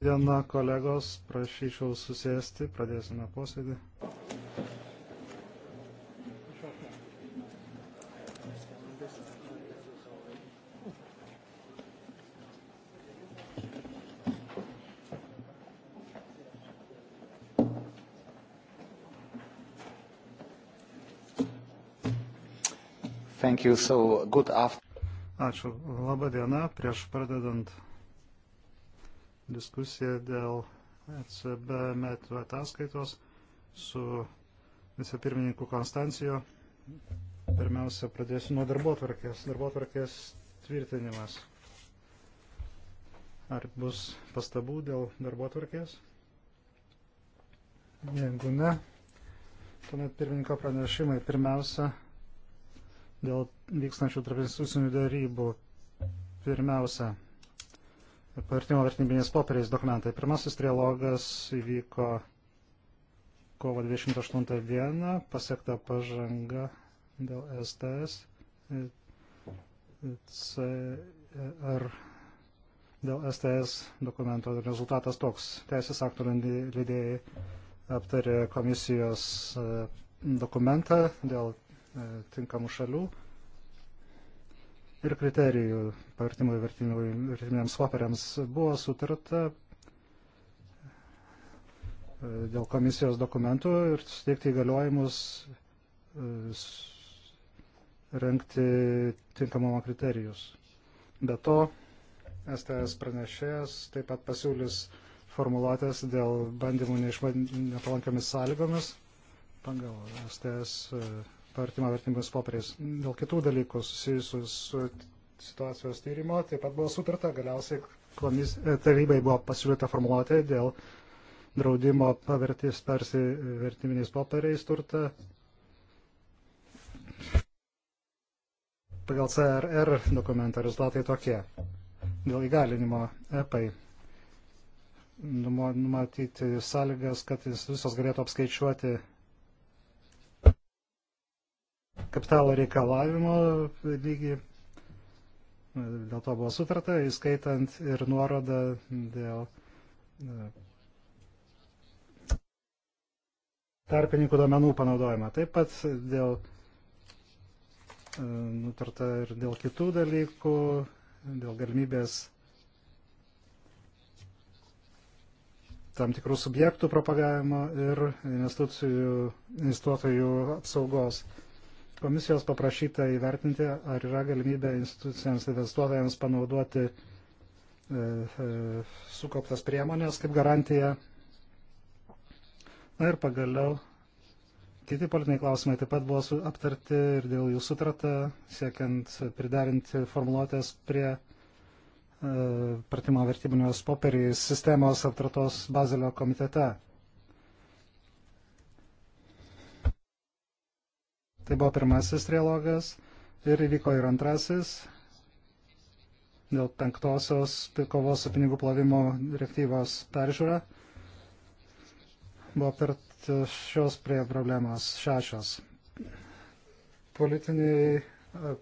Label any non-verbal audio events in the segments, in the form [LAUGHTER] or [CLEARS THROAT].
Diena, kolegos, prašyčiau susėsti, pradėsime posėdį. Thank you. So good afternoon. Ačiū. Labą dieną. Prieš pradedant diskusiją dėl ECB metų ataskaitos su vicepirmininku Konstancijo. Pirmiausia, pradėsiu nuo darbotvarkės. Darbotvarkės tvirtinimas. Ar bus pastabų dėl darbotvarkės? Jeigu ne, tuomet pirmininko pranešimai. Pirmiausia, dėl vykstančių tarp institucinių darybų. Pirmiausia, Partimo vertybiniais popieriais dokumentai. Pirmasis trialogas įvyko kovo 28 dieną, pasiekta pažanga dėl STS, CR, dėl STS dokumento rezultatas toks. Teisės aktų leidėjai aptarė komisijos e, dokumentą dėl e, tinkamų šalių ir kriterijų pavertimui vertiminiams popieriams buvo sutarta e, dėl komisijos dokumentų ir suteikti įgaliojimus e, renkti tinkamumo kriterijus. Be to, STS pranešėjas taip pat pasiūlys formuluotės dėl bandymų neišman... nepalankiomis sąlygomis pagal STS vertimo vertimus popieriais. Dėl kitų dalykų susijusių su situacijos tyrimo taip pat buvo sutarta, galiausiai komis, e, tarybai buvo pasiūlyta formuluoti dėl draudimo pavertis tarsi vertiminiais popieriais turtą. Pagal CRR dokumentą rezultatai tokie. Dėl įgalinimo EPAI numatyti sąlygas, kad jis visos galėtų apskaičiuoti kapitalo reikalavimo lygį. Dėl to buvo sutarta, įskaitant ir nuorodą dėl e, tarpininkų domenų panaudojimą. Taip pat dėl e, nutarta ir dėl kitų dalykų, dėl galimybės tam tikrų subjektų propagavimo ir investuotojų apsaugos. Komisijos paprašyta įvertinti, ar yra galimybė institucijams investuotojams panaudoti e, e, sukauptas priemonės kaip garantiją. Na ir pagaliau kiti politiniai klausimai taip pat buvo aptarti ir dėl jų sutrata, siekiant pridarinti formuluotės prie e, pratimo vertybinės popieriais sistemos aptartos Bazelio komitete. Tai buvo pirmasis trilogas ir įvyko ir antrasis dėl penktosios kovos su pinigų plovimo direktyvos peržiūra. Buvo per šios prie problemos šešios. Politiniai e,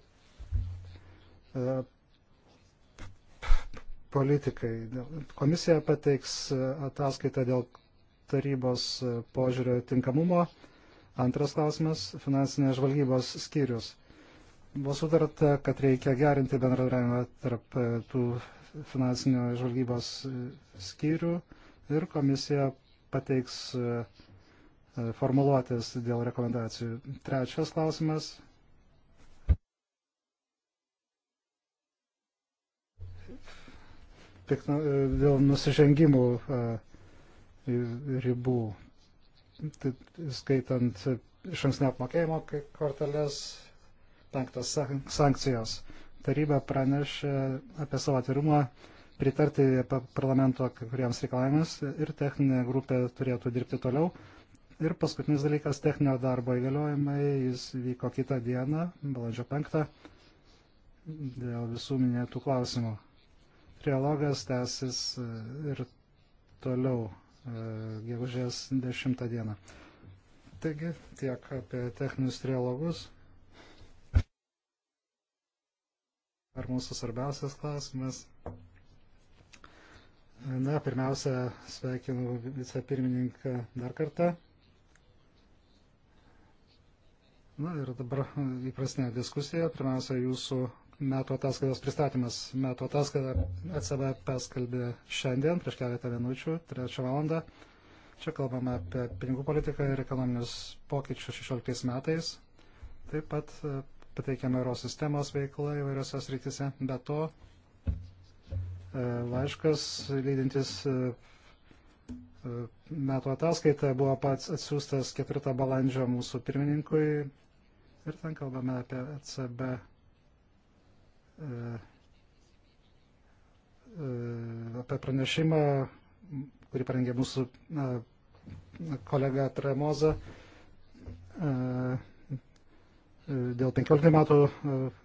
e, politikai. Komisija pateiks ataskaitą dėl tarybos e, požiūrio tinkamumo Antras klausimas - finansinės žvalgybos skyrius. Buvo sutarta, kad reikia gerinti bendradarbiavimą tarp e, tų finansinio žvalgybos e, skyrių ir komisija pateiks e, formuluotės dėl rekomendacijų. Trečias klausimas. Pikna, dėl nusižengimų ribų. Tai skaitant iš anksnio apmokėjimo korteles, penktas sankcijos. Taryba pranešė apie savo atvirumą pritarti parlamento kuriems reikalavimus ir techninė grupė turėtų dirbti toliau. Ir paskutinis dalykas - techninio darbo įgaliojimai. Jis vyko kitą dieną, balandžio 5, dėl visų minėtų klausimų. Trialogas tęsis ir toliau gegužės 10 dieną. Taigi tiek apie techninius trialogus. Ar mūsų svarbiausias klausimas? Na, pirmiausia, sveikinu vicepirmininką dar kartą. Na ir dabar įprastinė diskusija. Pirmiausia, jūsų metų ataskaitos pristatymas. Metų ataskaitą ECB paskelbė šiandien, prieš keletą minučių, trečią valandą. Čia kalbame apie pinigų politiką ir ekonominius pokyčius 16 metais. Taip pat e, pateikiame euro sistemos veiklą įvairiose srityse. Be to, e, laiškas lydintis e, metų ataskaita buvo pats atsiųstas 4 balandžio mūsų pirmininkui. Ir ten kalbame apie ECB E, e, apie pranešimą, kurį parengė mūsų e, kolega Tremoza dėl 15 metų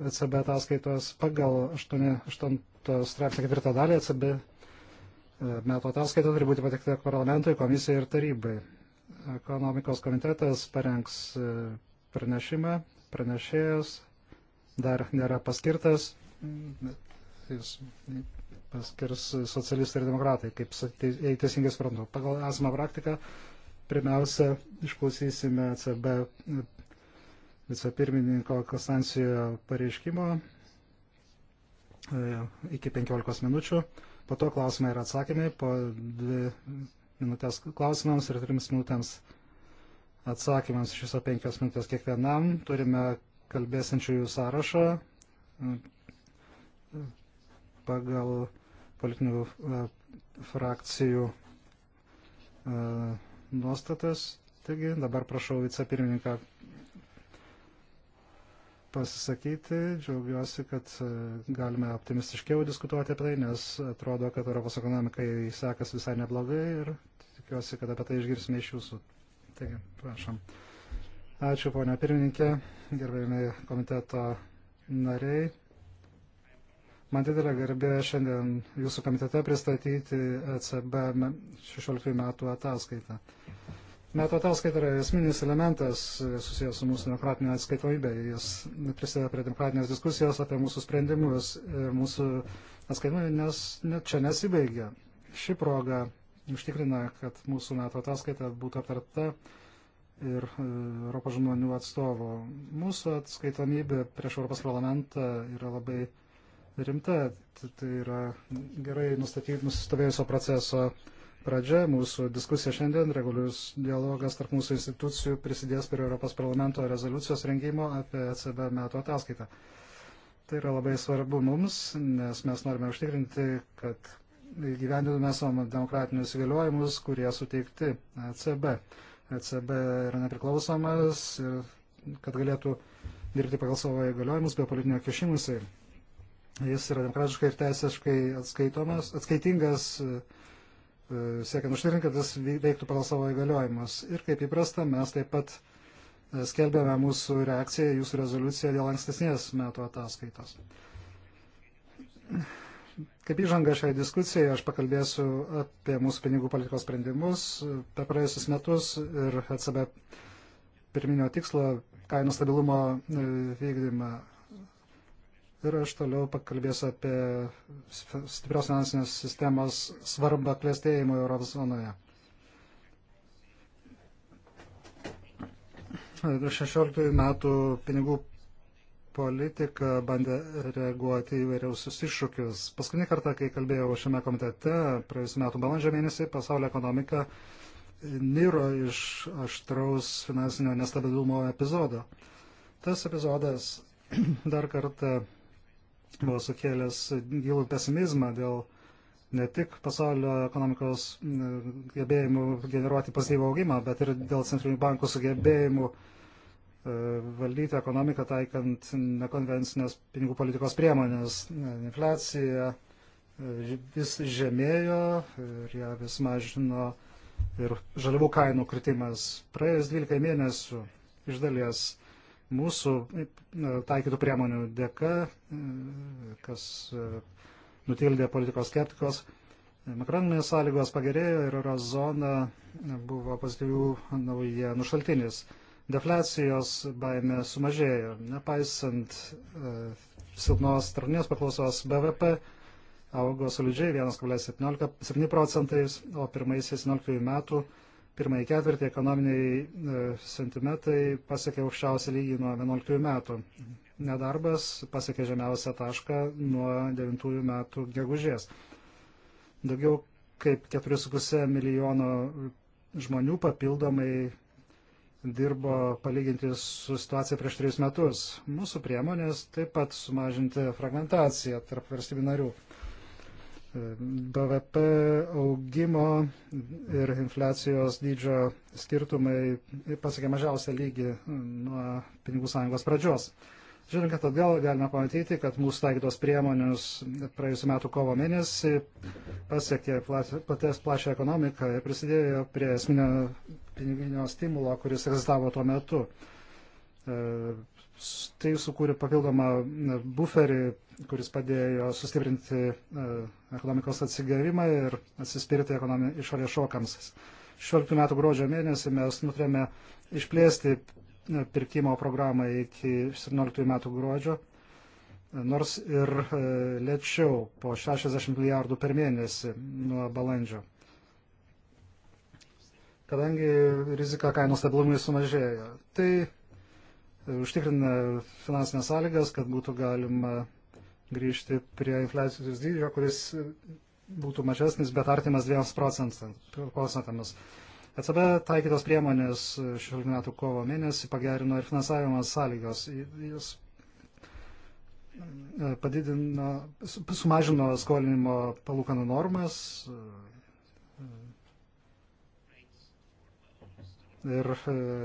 ECB ataskaitos pagal 8, 8 straipsnio ketvirtą dalį ECB metų ataskaita turi būti patikta parlamentui, komisijai ir tarybai. Ekonomikos komitetas parengs pranešimą, pranešėjas dar nėra paskirtas, jis paskirs socialistai ir demokratai, kaip teisingai suprantu. Pagal esamą praktiką, pirmiausia, išklausysime ECB vicepirmininko Konstancijoje pareiškimo e, iki 15 minučių. Po to klausimai ir atsakymai, po 2 minutės klausimams ir 3 minutėms atsakymams iš viso 5 minutės kiekvienam. Turime kalbėsinčiųjų sąrašą pagal politinių e, frakcijų e, nuostatas. Taigi dabar prašau vicepirmininką pasisakyti. Džiaugiuosi, kad e, galime optimistiškiau diskutuoti apie tai, nes atrodo, kad Europos ekonomikai sekas visai neblogai ir tikiuosi, kad apie tai išgirsime iš jūsų. Taigi, prašom. Ačiū, ponia pirmininkė, gerbėjami komiteto nariai. Man didelė garbė šiandien jūsų komitete pristatyti ECB 16 metų ataskaitą. Metų ataskaita yra esminis elementas susijęs su mūsų demokratinė atskaitomybė. Jis prisideda prie demokratinės diskusijos apie mūsų sprendimus ir mūsų atskaitomybė, nes net čia nesibaigia. Ši proga užtikrina, kad mūsų metų ataskaita būtų aptarta ir e, Europos žmonių atstovo. Mūsų atskaitomybė prieš Europos parlamentą yra labai rimta. Tai yra gerai nusistovėjusio proceso pradžia. Mūsų diskusija šiandien, regulius dialogas tarp mūsų institucijų prisidės prie Europos parlamento rezoliucijos rengimo apie ECB metų ataskaitą. Tai yra labai svarbu mums, nes mes norime užtikrinti, kad gyvendiname savo demokratinius įgaliojimus, kurie suteikti ECB. ECB yra nepriklausomas ir kad galėtų dirbti pagal savo įgaliojimus be politinio kišimusai. Jis yra demokratiškai ir teisiškai atskaitomas, atskaitingas, e, siekiant užtikrinti, kad jis veiktų pagal savo įgaliojimus. Ir kaip įprasta, mes taip pat e, skelbėme mūsų reakciją, jūsų rezoliuciją dėl ankstesnės metų ataskaitos. Kaip įžanga šiai diskusijai, aš pakalbėsiu apie mūsų pinigų politikos sprendimus e, per praėjusius metus ir ECB pirminio tikslo kainų stabilumo vykdymą ir aš toliau pakalbėsiu apie stiprios finansinės sistemos svarbą klėstėjimo Eurozonoje. 16 metų pinigų politika bandė reaguoti įvairiausius iššūkius. Paskutinį kartą, kai kalbėjau šiame komitete, praėjusiu metu balandžio mėnesį, pasaulio ekonomika niro iš aštraus finansinio nestabilumo epizodo. Tas epizodas [CLEARS THROAT] dar kartą buvo sukėlęs gilų pesimizmą dėl ne tik pasaulio ekonomikos e, gebėjimų generuoti pozityvą augimą, bet ir dėl centrinių bankų sugebėjimų e, valdyti ekonomiką taikant nekonvencinės pinigų politikos priemonės. E, infliacija vis žemėjo ir ją vis mažino ir žaliavų kainų kritimas. Praėjus 12 mėnesių iš dalies Mūsų taikytų priemonių dėka, e, kas e, nutildė politikos skeptikos, makroninės sąlygos pagerėjo ir eurozona buvo pozityvių naujienų šaltinis. Deflecijos baime sumažėjo, nepaisant e, silpnos tarpinės paklausos BVP augo solidžiai 1,17 procentais, o pirmaisiais 17 metų pirmąjį ketvirtį ekonominiai e, sentimentai pasiekė aukščiausią lygį nuo 11 metų. Nedarbas pasiekė žemiausią tašką nuo 9 metų gegužės. Daugiau kaip 4,5 milijono žmonių papildomai dirbo palyginti su situacija prieš 3 metus. Mūsų priemonės taip pat sumažinti fragmentaciją tarp valstybių narių. BVP augimo ir infliacijos dydžio skirtumai pasiekė mažiausią lygį nuo pinigų sąjungos pradžios. Žiūrint, kad atgal galime pamatyti, kad mūsų taikytos priemonės praėjusiu metu kovo mėnesį pasiekė platės plačią ekonomiką ir prisidėjo prie esminio piniginio stimulo, kuris egzistavo tuo metu e, tai sukūrė papildomą buferį, kuris padėjo sustiprinti e, ekonomikos atsigavimą ir atsispirti išorės šokams. 16 metų gruodžio mėnesį mes nutrėme išplėsti e, pirkimo programą iki 17 metų gruodžio, e, nors ir lėčiau po 60 milijardų per mėnesį nuo balandžio. Kadangi rizika kainų stabilumui sumažėjo, tai užtikrina finansinės sąlygas, kad būtų galima grįžti prie infliacijos dydžio, kuris būtų mažesnis, bet artimas 2 procentams. ECB e taikytos priemonės šių metų kovo mėnesį pagerino ir finansavimo sąlygos. Jis e, padidino, sumažino skolinimo palūkanų normas e, ir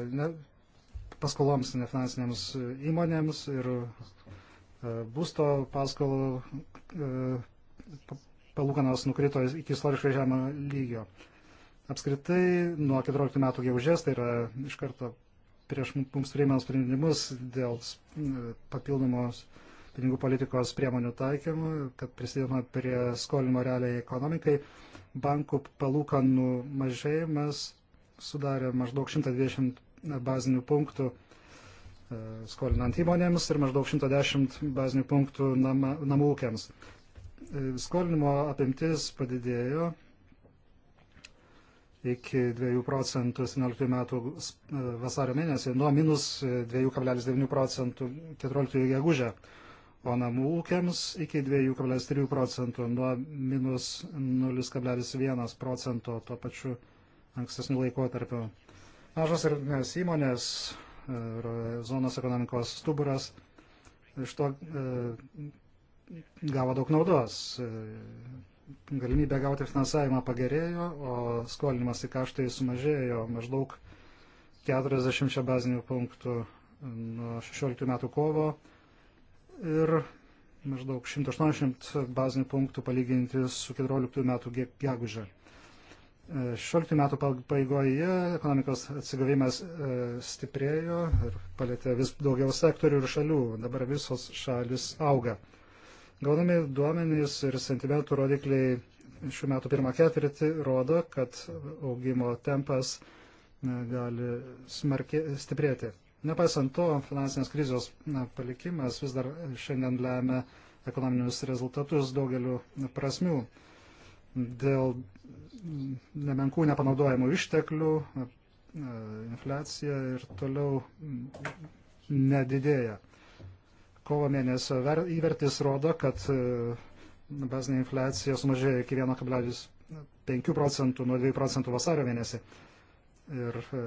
ne, paskoloms nefinansinėms e, įmonėms ir e, būsto paskolų e, palūkanos nukrito iki istoriškai žemą lygio. Apskritai, nuo 14 metų gegužės, tai yra iš karto prieš mums priimant sprendimus dėl papildomos pinigų politikos priemonių taikymų, kad prisidėtume prie skolimo realiai ekonomikai, bankų palūkanų mažėjimas sudarė maždaug 120 bazinių punktų e, skolinant įmonėms ir maždaug 110 bazinių punktų nama, namų ūkiams. E, skolinimo apimtis padidėjo iki 2 procentų 17 metų e, vasario mėnesį, nuo minus 2,9 procentų 14 gegužę, o namų ūkiams iki 2,3 procentų, nuo minus 0,1 procento tuo pačiu ankstesniu laikotarpiu. Mažos ir nes įmonės ir e, zonos ekonomikos stuburas iš to e, gavo daug naudos. E, galimybė gauti finansavimą pagerėjo, o skolinimas į kaštai sumažėjo maždaug 40 bazinių punktų e, nuo 16 metų kovo ir maždaug 180 bazinių punktų palyginti su 14 metų gegužė. 16 metų paigoje ekonomikos atsigavimas e, stiprėjo ir palėtė vis daugiau sektorių ir šalių. Dabar visos šalis auga. Gaunami duomenys ir sentimentų rodikliai šių metų pirmą ketvirtį rodo, kad augimo tempas e, gali smarkiai stiprėti. Nepaisant to, finansinės krizės palikimas vis dar šiandien lemia ekonominius rezultatus daugeliu prasmių dėl nemenkų nepanaudojimų išteklių, e, infliacija ir toliau nedidėja. Kovo mėnesio įvertis rodo, kad e, bazinė infliacija sumažėjo iki 1,5 procentų nuo 2 procentų vasario mėnesį. Ir e,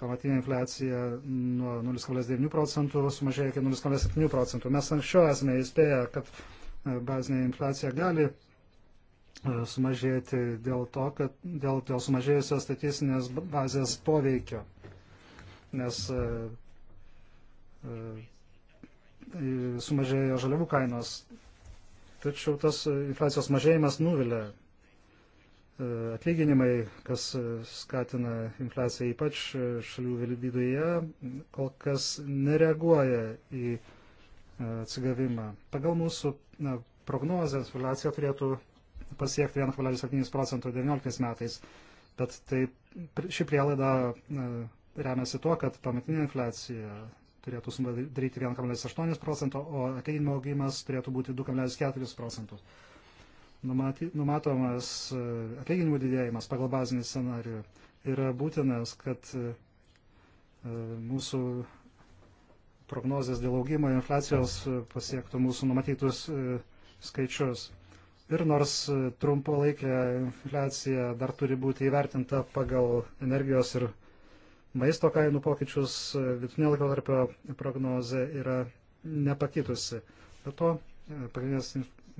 pamatinė infliacija nuo 0,9 procentų sumažėjo iki 0,7 procentų. Mes anksčiau esame įspėję, kad bazinė infliacija gali E, sumažėti dėl to, kad dėl, dėl sumažėjusios statistinės bazės poveikio. Nes e, e, sumažėjo žaliavų kainos. Tačiau tas infliacijos mažėjimas nuvilia atlyginimai, kas skatina infliaciją ypač šalių viduje, kol kas nereaguoja į atsigavimą. Pagal mūsų na, prognozę infliacija turėtų pasiekti 1,7 procentų 19 metais, bet tai ši prielaida e, remiasi tuo, kad pamatinė infliacija turėtų sudaryti 1,8 procento, o atlyginimo augimas turėtų būti 2,4 procentus. Numatomas e, atlyginimų didėjimas pagal bazinį scenarių yra būtinas, kad e, mūsų prognozijas dėl augimo ir infliacijos pasiektų mūsų numatytus skaičius. Ir nors trumpalaikė infliacija dar turi būti įvertinta pagal energijos ir maisto kainų pokyčius, vidutinio laikotarpio prognozė yra nepakitusi. Be to, pagrindinės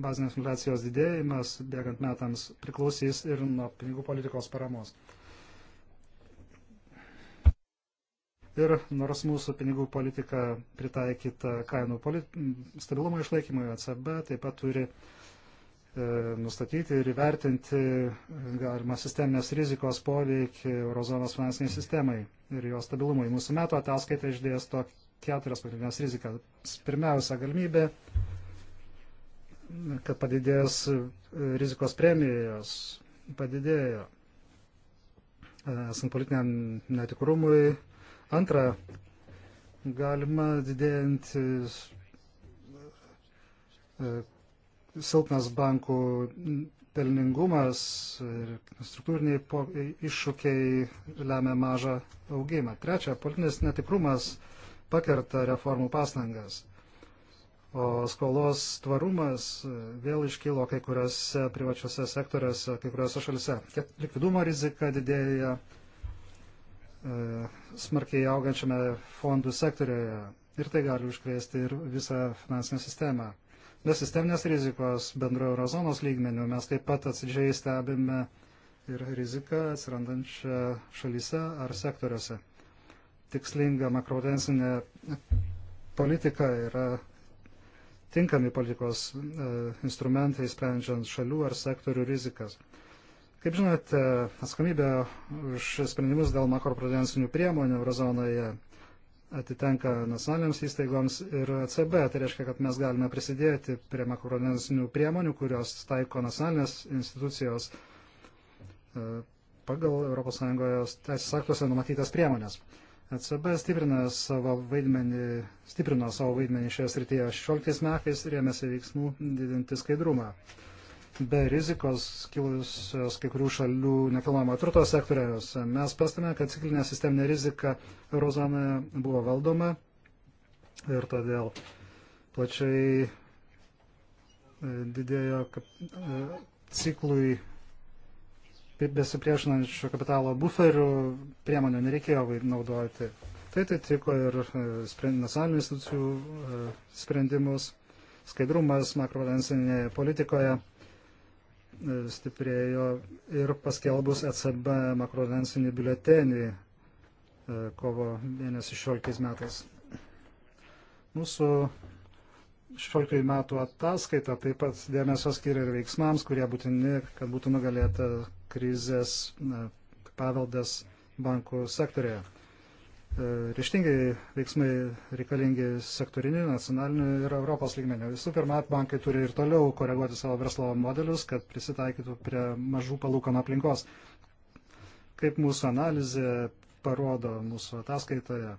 bazinės infliacijos didėjimas bėgant metams priklausys ir nuo pinigų politikos paramos. Ir nors mūsų pinigų politika pritaikyta kainų politi stabilumo išlaikymui, ECB taip pat turi uh, E, nustatyti ir įvertinti galima sisteminės rizikos poveikį Eurozonos finansiniai sistemai ir jo stabilumui. Mūsų metų ataskaita išdėsto keturias pagrindinės rizikas. Pirmiausia, galimybė, kad padidės rizikos premijos, padidėjo e, esant politiniam netikrumui. Antra, galima didėjant e, silpnas bankų pelningumas ir struktūriniai iššūkiai lemia mažą augimą. Trečia, politinis netikrumas pakerta reformų pastangas. O skolos tvarumas vėl iškilo kai kuriuose privačiuose sektoriuose, kai kuriuose šalise. Likvidumo rizika didėja e, smarkiai augančiame fondų sektoriuje ir tai gali užkrėsti ir visą finansinę sistemą. Be sisteminės rizikos bendro eurozonos lygmenių mes taip pat atsidžiai stebime ir riziką atsirandančią šalyse ar sektoriuose. Tikslinga makrotensinė politika yra tinkami politikos e, instrumentai sprendžiant šalių ar sektorių rizikas. Kaip žinote, atsakomybė už sprendimus dėl makroprudencinių priemonių eurozonoje atitenka nacionaliniams įstaigoms ir ECB. Tai reiškia, kad mes galime prisidėti prie makroekonominių priemonių, kurios taiko nacionalinės institucijos e, pagal ES teisės aktuose numatytas priemonės. ECB stiprina savo vaidmenį, stiprino savo vaidmenį šioje srityje 16 metais ir ėmėsi veiksmų didinti skaidrumą be rizikos kilusios kai kurių šalių nekilnojamo turto sektoriaus. Mes pastame, kad ciklinė sisteminė rizika eurozonoje buvo valdoma ir todėl plačiai e, didėjo e, ciklui besipriešinančių kapitalo buferių priemonių nereikėjo naudoti. Tai atitiko ir e, nacionalinių institucijų sprendimus, skaidrumas makrovalensinėje politikoje E, stiprėjo ir paskelbus ECB makrodensinį biuletenį e, kovo mėnesį 16 metais. Mūsų 16 metų ataskaita taip pat dėmesio skiria ir veiksmams, kurie būtini, kad būtų nugalėta krizės paveldas bankų sektorėje. E, ryštingai veiksmai reikalingi sektoriniu, nacionaliniu ir Europos lygmeniu. Visų pirma, bankai turi ir toliau koreguoti savo verslo modelius, kad prisitaikytų prie mažų palūkanų aplinkos. Kaip mūsų analizė parodo mūsų ataskaitoje,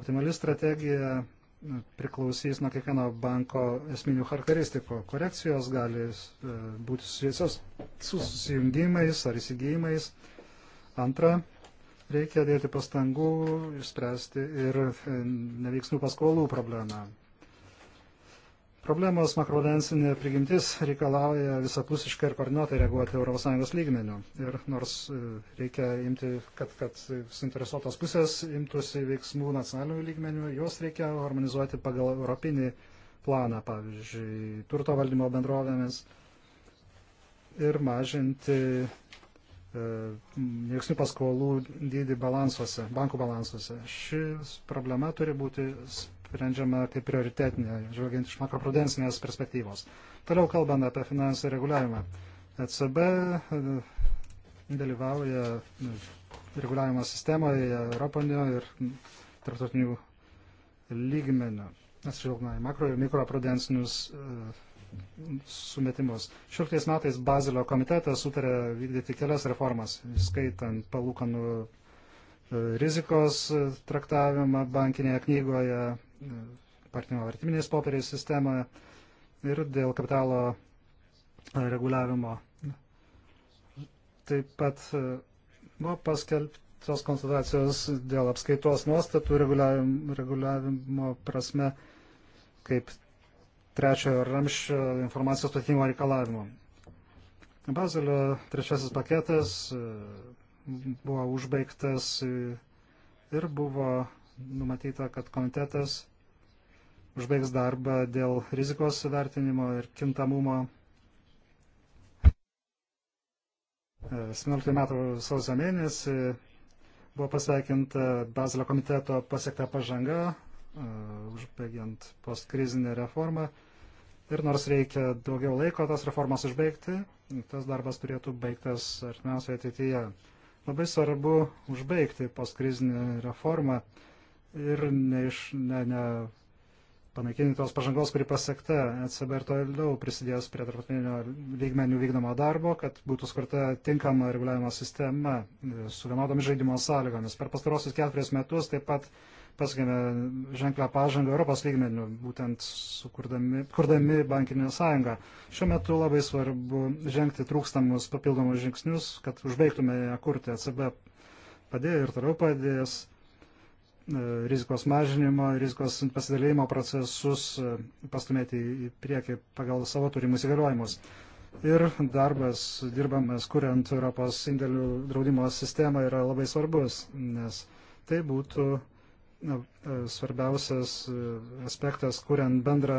optimali strategija priklausys nuo kiekvieno banko esminių charakteristikų. Korekcijos gali e, būti susijusios su susijungimais ar įsigijimais. Antra, Reikia dėti pastangų išspręsti ir e, neveiksnių paskolų problemą. Problemos makrodensinė prigimtis reikalauja visapusiškai ir koordinuotai reaguoti ES lygmeniu. Ir nors e, reikia imti, kad, kad suinteresuotos pusės imtųsi veiksmų nacionalinių lygmenių, juos reikia harmonizuoti pagal europinį planą, pavyzdžiui, turto valdymo bendrovėmis ir mažinti neveiksnių paskolų dydį balansuose, bankų balansuose. Šis problema turi būti sprendžiama kaip prioritetinė, žvelgiant iš makroprudensinės perspektyvos. Toliau kalbant apie finansų reguliavimą. ECB e, dalyvauja e, reguliavimo sistemoje Europonio ir tarptautinių lygmenių, atsižvelgna į makro ir mikroprudencinius e, sumetimus. Šiurktais metais Bazilio komitetas sutarė vykdyti kelias reformas, skaitant palūkanų e, rizikos e, traktavimą bankinėje knygoje, e, partnimo vertiminiais popieriais sistemoje ir dėl kapitalo reguliavimo. Taip pat buvo paskelbtos konsultacijos dėl apskaitos nuostatų reguliavimo prasme, kaip trečiojo ramščio informacijos patinimo reikalavimo. Bazelio trečiasis paketas e, buvo užbaigtas e, ir buvo numatyta, kad komitetas užbaigs darbą dėl rizikos vertinimo ir kintamumo 17 e, metų sausio mėnesį buvo pasveikinta Bazilio komiteto pasiekta pažanga, E, užbaigiant postkrizinę reformą. Ir nors reikia daugiau laiko tas reformas užbaigti, tas darbas turėtų baigtas artimiausioje ateityje. Labai svarbu užbaigti postkrizinę reformą ir neiš, ne, ne, panaikinti tos pažangos, kuri pasiekta. ECB ir toliau prisidės prie tarptautinio lygmenių vykdomo darbo, kad būtų skurta tinkama reguliavimo sistema e, su vienodomis žaidimo sąlygomis. Per pastarosius keturis metus taip pat pasakėme ženklę pažangą Europos lygmenių, būtent sukurdami kurdami bankinę sąjungą. Šiuo metu labai svarbu žengti trūkstamus papildomus žingsnius, kad užbaigtume ją kurti. ECB padėjo ir toliau padės e, rizikos mažinimo, rizikos pasidalėjimo procesus e, pastumėti į priekį pagal savo turimus įgaliojimus. Ir darbas dirbamas, kuriant Europos indėlių draudimo sistemą, yra labai svarbus, nes tai būtų E, svarbiausias e, aspektas, kuriant bendrą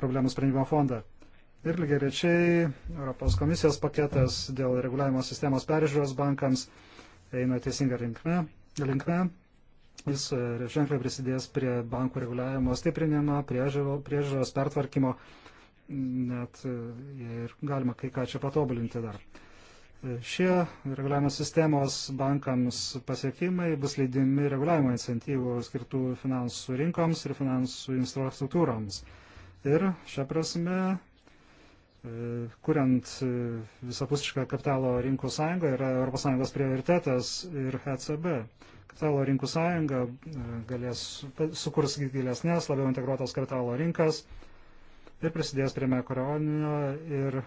problemų sprendimo fondą. Ir lygiai rečiai Europos komisijos paketas dėl reguliavimo sistemos peržiūros bankams eina teisinga linkme. linkme. Jis e, ženkliai prisidės prie bankų reguliavimo stiprinimo, priežiūros pertvarkymo, net ir galima kai ką čia patobulinti dar. Šie reguliavimo sistemos bankams pasiekimai bus leidimi reguliavimo incentyvų skirtų finansų rinkoms ir finansų infrastruktūroms. Ir šią prasme, e, kuriant e, visapusišką kapitalo rinkų sąjungą, yra ES prioritetas ir ECB. Kapitalo rinkų sąjunga e, galės sukurs gilesnės, labiau integruotas kapitalo rinkas ir prisidės prie makaronio ir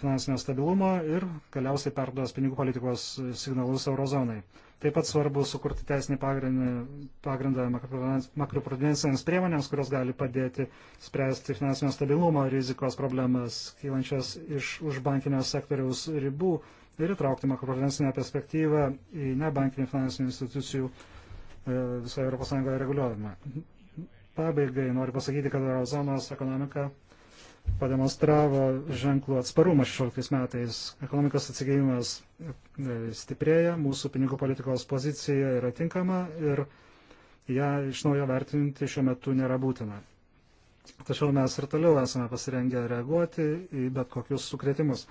finansinio stabilumo ir galiausiai perduos pinigų politikos signalus eurozonai. Taip pat svarbu sukurti teisinį pagrindą makroprudencinėms priemonėms, kurios gali padėti spręsti finansinio stabilumo rizikos problemas, kylančias iš už bankinio sektoriaus ribų ir įtraukti makroprudencinę perspektyvą į nebankinių finansinių institucijų e, visoje ES reguliavimą. Pabaigai noriu pasakyti, kad eurozonos ekonomika pademonstravo ženklų atsparumą 16 metais. Ekonomikos atsigavimas e, stiprėja, mūsų pinigų politikos pozicija yra tinkama ir ją iš naujo vertinti šiuo metu nėra būtina. Tačiau mes ir toliau esame pasirengę reaguoti į bet kokius sukretimus.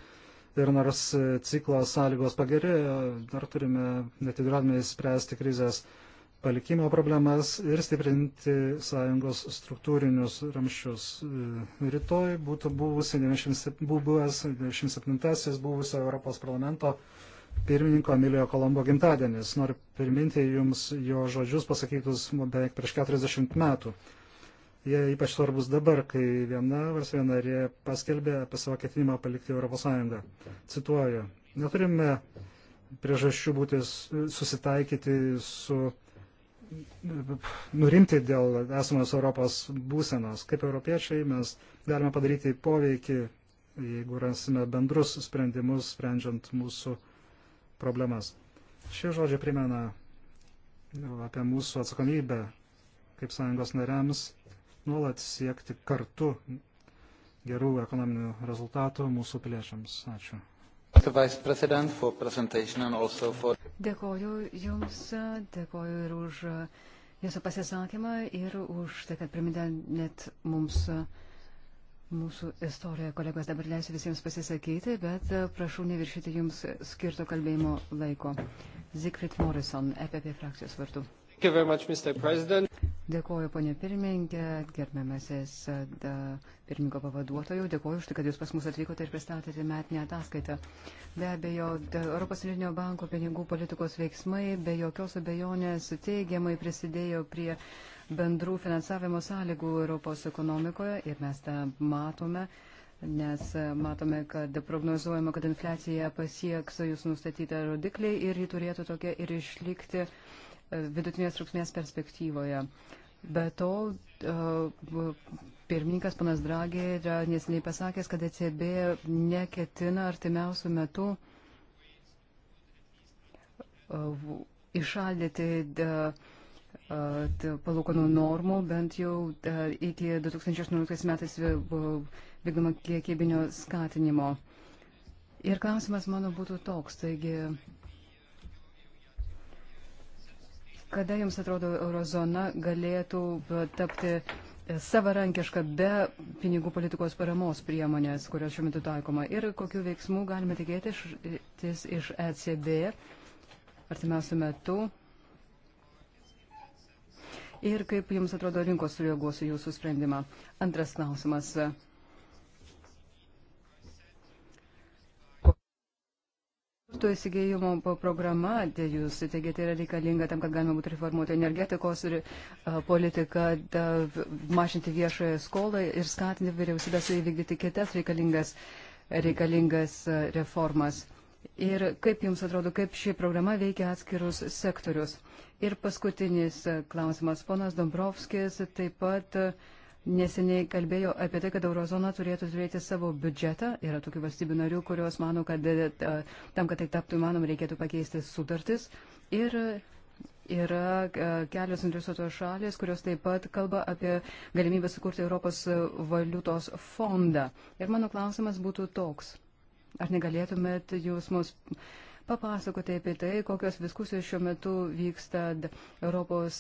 Ir nors e, ciklo sąlygos pagerėjo, dar turime netidrodami spręsti krizės palikimo problemas ir stiprinti sąjungos struktūrinius ramščius. E, rytoj būtų buvusi, buvęs 97-asis buvusio Europos parlamento pirmininko Emilio Kolombo gimtadienis. Noriu priminti jums jo žodžius pasakytus beveik prieš 40 metų. Jie ypač svarbus dabar, kai viena valstybė narė paskelbė apie savo ketinimą palikti Europos Sąjungą. Cituoju, neturime priežasčių būti susitaikyti su nurimti dėl esamos Europos būsenos. Kaip europiečiai mes galime padaryti poveikį, jeigu rasime bendrus sprendimus, sprendžiant mūsų problemas. Šie žodžiai primena apie mūsų atsakomybę kaip sąjungos nariams nuolat siekti kartu gerų ekonominių rezultatų mūsų piliečiams. Ačiū. Dėkoju Jums, dėkoju ir už Jūsų pasisakymą ir už tai, kad priminė net mums mūsų istoriją. Kolegos, dabar leisiu visiems pasisakyti, bet prašau neviršyti Jums skirto kalbėjimo laiko. Zikrit Morrison, EPP frakcijos vardu. Dėkuoju, ponė pirmininkė, gerbiamasis pirmininko pavaduotojų, dėkuoju už tai, kad jūs pas mus atvykote ir pristatėte metinę ataskaitą. Be abejo, Europos Linio banko pinigų politikos veiksmai be jokios abejonės teigiamai prisidėjo prie bendrų finansavimo sąlygų Europos ekonomikoje ir mes tą matome nes matome, kad prognozuojama, kad infliacija pasieks jūs nustatytą rodiklį ir ji turėtų tokia ir išlikti vidutinės trukmės perspektyvoje. Be to, e, pirmininkas panas Dragė yra nesiniai pasakęs, kad ECB neketina artimiausių metų išaldyti e, e, palūkanų normų, bent jau iki 2018 metais vykdomo kiekybinio skatinimo. Ir klausimas mano būtų toks, taigi Kada jums atrodo eurozona galėtų tapti e, savarankiška be pinigų politikos paramos priemonės, kurios šiuo metu taikoma ir kokiu veiksmu galime tikėtis iš ECB artimiausių metų? Ir kaip jums atrodo rinkos sureaguos į jūsų sprendimą? Antras klausimas. to įsigijimo programa, tai jūs teigiate, tai yra reikalinga tam, kad galima būtų reformuoti energetikos ir e, politiką, da, mažinti viešoje skolą ir skatinti vyriausybės įvykdyti kitas reikalingas, reikalingas e, reformas. Ir kaip Jums atrodo, kaip ši programa veikia atskirus sektorius? Ir paskutinis e, klausimas. Ponas Dombrovskis taip pat uh, neseniai kalbėjo apie tai, kad eurozona turėtų turėti savo biudžetą. Yra tokių valstybių narių, kurios mano, kad e, tam, kad tai taptų įmanom, reikėtų pakeisti sutartis. Ir yra e, kelios interesuotos šalės, kurios taip pat kalba apie galimybę sukurti Europos valiutos fondą. Ir mano klausimas būtų toks. Ar negalėtumėt jūs mus papasakoti apie tai, kokios diskusijos šiuo metu vyksta Europos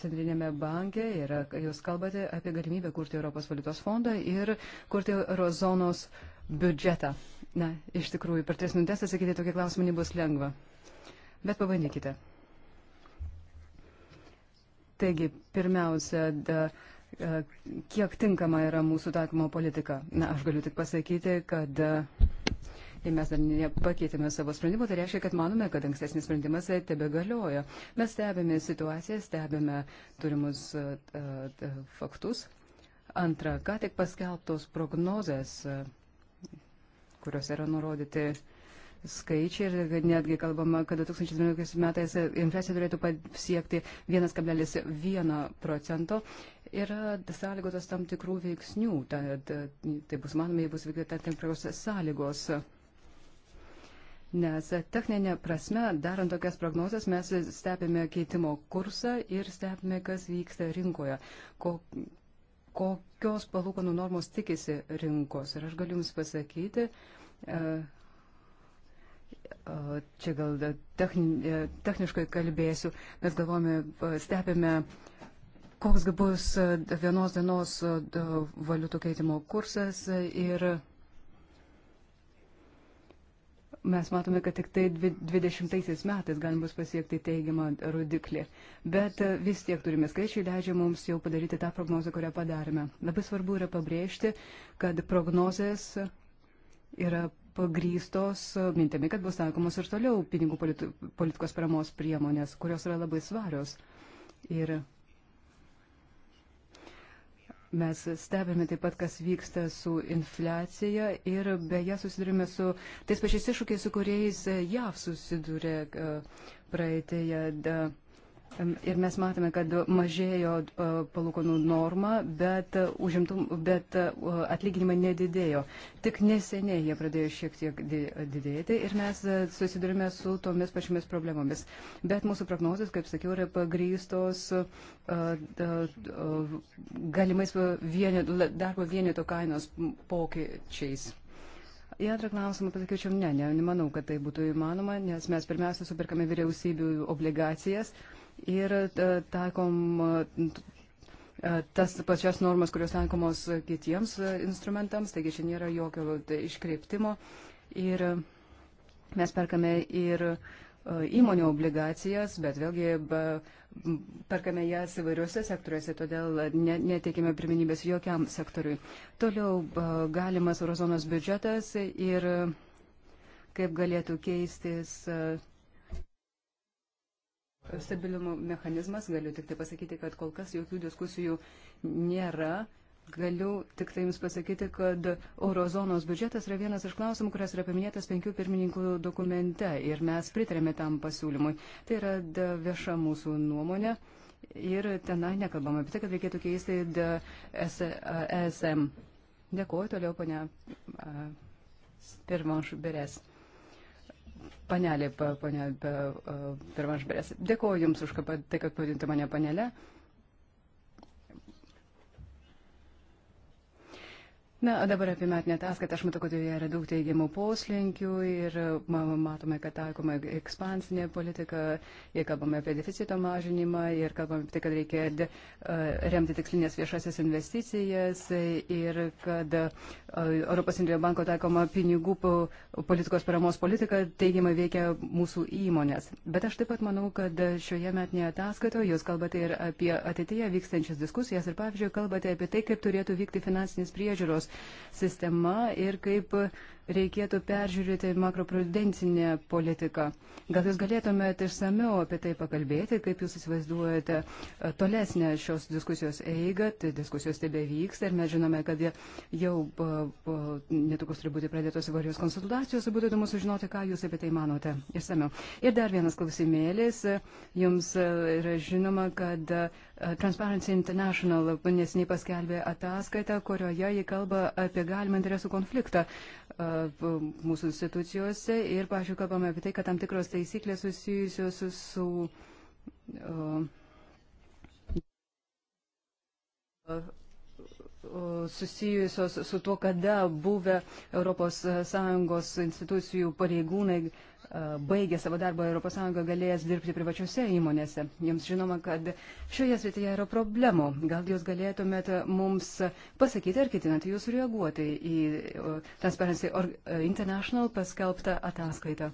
centrinėme banke ir jūs kalbate apie galimybę kurti Europos valiutos fondą ir kurti eurozonos biudžetą. Na, iš tikrųjų, per tris minutės atsakyti tokį klausimą nebus lengva. Bet pabandykite. Taigi, pirmiausia, da, kiek tinkama yra mūsų taikomo politika. Na, aš galiu tik pasakyti, kad ir mes dar nepakeitėme savo sprendimo, tai reiškia, kad manome, kad ankstesnis sprendimas tebe galiojo. Mes stebime situaciją, stebime turimus faktus. Antra, ką tik paskelbtos prognozės, kurios yra nurodyti skaičiai ir netgi kalbama, kad 2019 metais infliacija turėtų pasiekti 1,1 procento. Yra sąlygotas tam tikrų veiksnių, tai, tai bus manoma, jei bus vykdyta tam tikros sąlygos nes techninė prasme, darant tokias prognozes, mes stebime keitimo kursą ir stebime, kas vyksta rinkoje, ko, kokios palūkanų normos tikisi rinkos. Ir aš galiu Jums pasakyti, e, e, čia gal techni, e, techniškai kalbėsiu, mes galvome, stebime koks bus vienos dienos valiutų keitimo kursas ir mes matome, kad tik tai 20 metais galim bus pasiekti teigiamą rodiklį. Bet e, vis tiek turime skaičiai, leidžia mums jau padaryti tą prognozę, kurią padarėme. Labai svarbu yra pabrėžti, kad prognozės yra pagrystos mintimi, kad bus taikomos ir toliau pinigų politikos paramos priemonės, kurios yra labai svarios. Ir Mes stebime taip pat, kas vyksta su infliacija ir beje susidurime su tais pačiais iššūkiais, su kuriais e, JAV susidūrė e, praeitėje. Da, Ir mes matome, kad mažėjo e, palūkanų norma, bet, e, užimtum, bet e, atlyginimai nedidėjo. Tik neseniai jie pradėjo šiek tiek didėti ir mes susidurime su tomis pačiamis problemomis. Bet mūsų prognozijas, kaip sakiau, yra pagrystos galimais vieneto, darbo vieneto kainos pokyčiais. Į antrą klausimą pasakyčiau, ne, ne, nemanau, kad tai būtų įmanoma, nes mes pirmiausia superkame vyriausybių obligacijas. Uh, ir e, taikom e, tas pačias normas, kurios taikomos kitiems e, instrumentams, taigi čia nėra jokio tai, iškreiptimo. Ir mes perkame ir įmonių obligacijas, bet vėlgi be, perkame jas įvairiuose sektoriuose, todėl ne, neteikime pirminybės jokiam sektoriui. Toliau galimas eurozonos biudžetas ir kaip galėtų keistis. Uh, stabilumo mechanizmas, galiu tik tai pasakyti, kad kol kas jokių diskusijų nėra. Galiu tik tai Jums pasakyti, kad eurozonos biudžetas yra vienas iš klausimų, kurias yra paminėtas penkių pirmininkų dokumente ir mes pritarėme tam pasiūlymui. Tai yra vieša mūsų nuomonė ir tenai nekalbama apie tai, kad reikėtų keisti ESM. Dėkuoju toliau, ponia Pirmanš Beres panelė, panelė Pirmašberės. Dėkuoju Jums už tai, kad pavadinti mane panelę. Na, o dabar apie metinę ataskaitą. Aš matau, kad joje yra daug teigiamų poslinkių ir matome, kad taikoma ekspansinė politika, ir kalbame apie deficito mažinimą, ir kalbame apie tai, kad reikia remti tikslinės viešasias investicijas, ir kad Europos Centrinio banko taikoma pinigų politikos paramos politika teigiamai veikia mūsų įmonės. Bet aš taip pat manau, kad šioje metinėje ataskaitoje jūs kalbate ir apie ateityje vykstančias diskusijas ir, pavyzdžiui, kalbate apie tai, kaip turėtų vykti finansinis priežiūros sistema ir kaip reikėtų peržiūrėti makroprudencinę politiką. Gal jūs galėtumėte išsameu apie tai pakalbėti, kaip jūs įsivaizduojate e, tolesnę šios diskusijos eigą, tai diskusijos tebe vyksta ir mes žinome, kad jau e, e, netrukus turi būti pradėtos įvairios konsultacijos, būtų įdomu sužinoti, ką jūs apie tai manote išsameu. Ir dar vienas klausimėlis, jums yra žinoma, kad Transparency International nesiniai paskelbė ataskaitą, kurioje jį kalba apie galimą interesų konfliktą. Uh, mūsų institucijose ir, pažiūrėjau, kalbame apie tai, kad tam tikros taisyklės susijusios su. susijusios su tuo, kada buvę ES institucijų pareigūnai E, baigę savo darbą ES galės dirbti privačiose įmonėse. Jums žinoma, kad šioje srityje yra problemų. Gal jūs galėtumėt mums pasakyti, ar ketinate jūs reaguoti į e, Transparency e, International paskelbtą ataskaitą.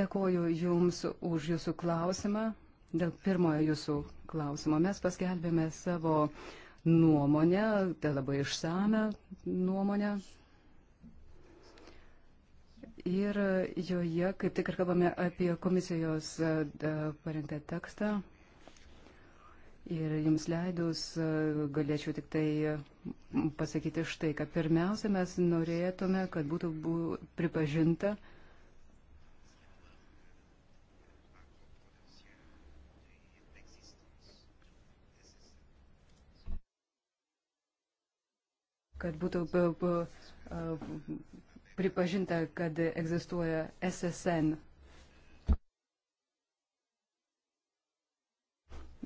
Dėkoju Jums už Jūsų klausimą. Dėl pirmojo Jūsų klausimo mes paskelbėme savo nuomonę, tai labai išsame nuomonę Ir joje kaip tik ir kalbame apie komisijos e, parengtą tekstą. Ir jums leidus e, galėčiau tik tai pasakyti štai, kad pirmiausia mes norėtume, kad būtų bū, pripažinta, kad būtų pripažinta, kad egzistuoja SSN.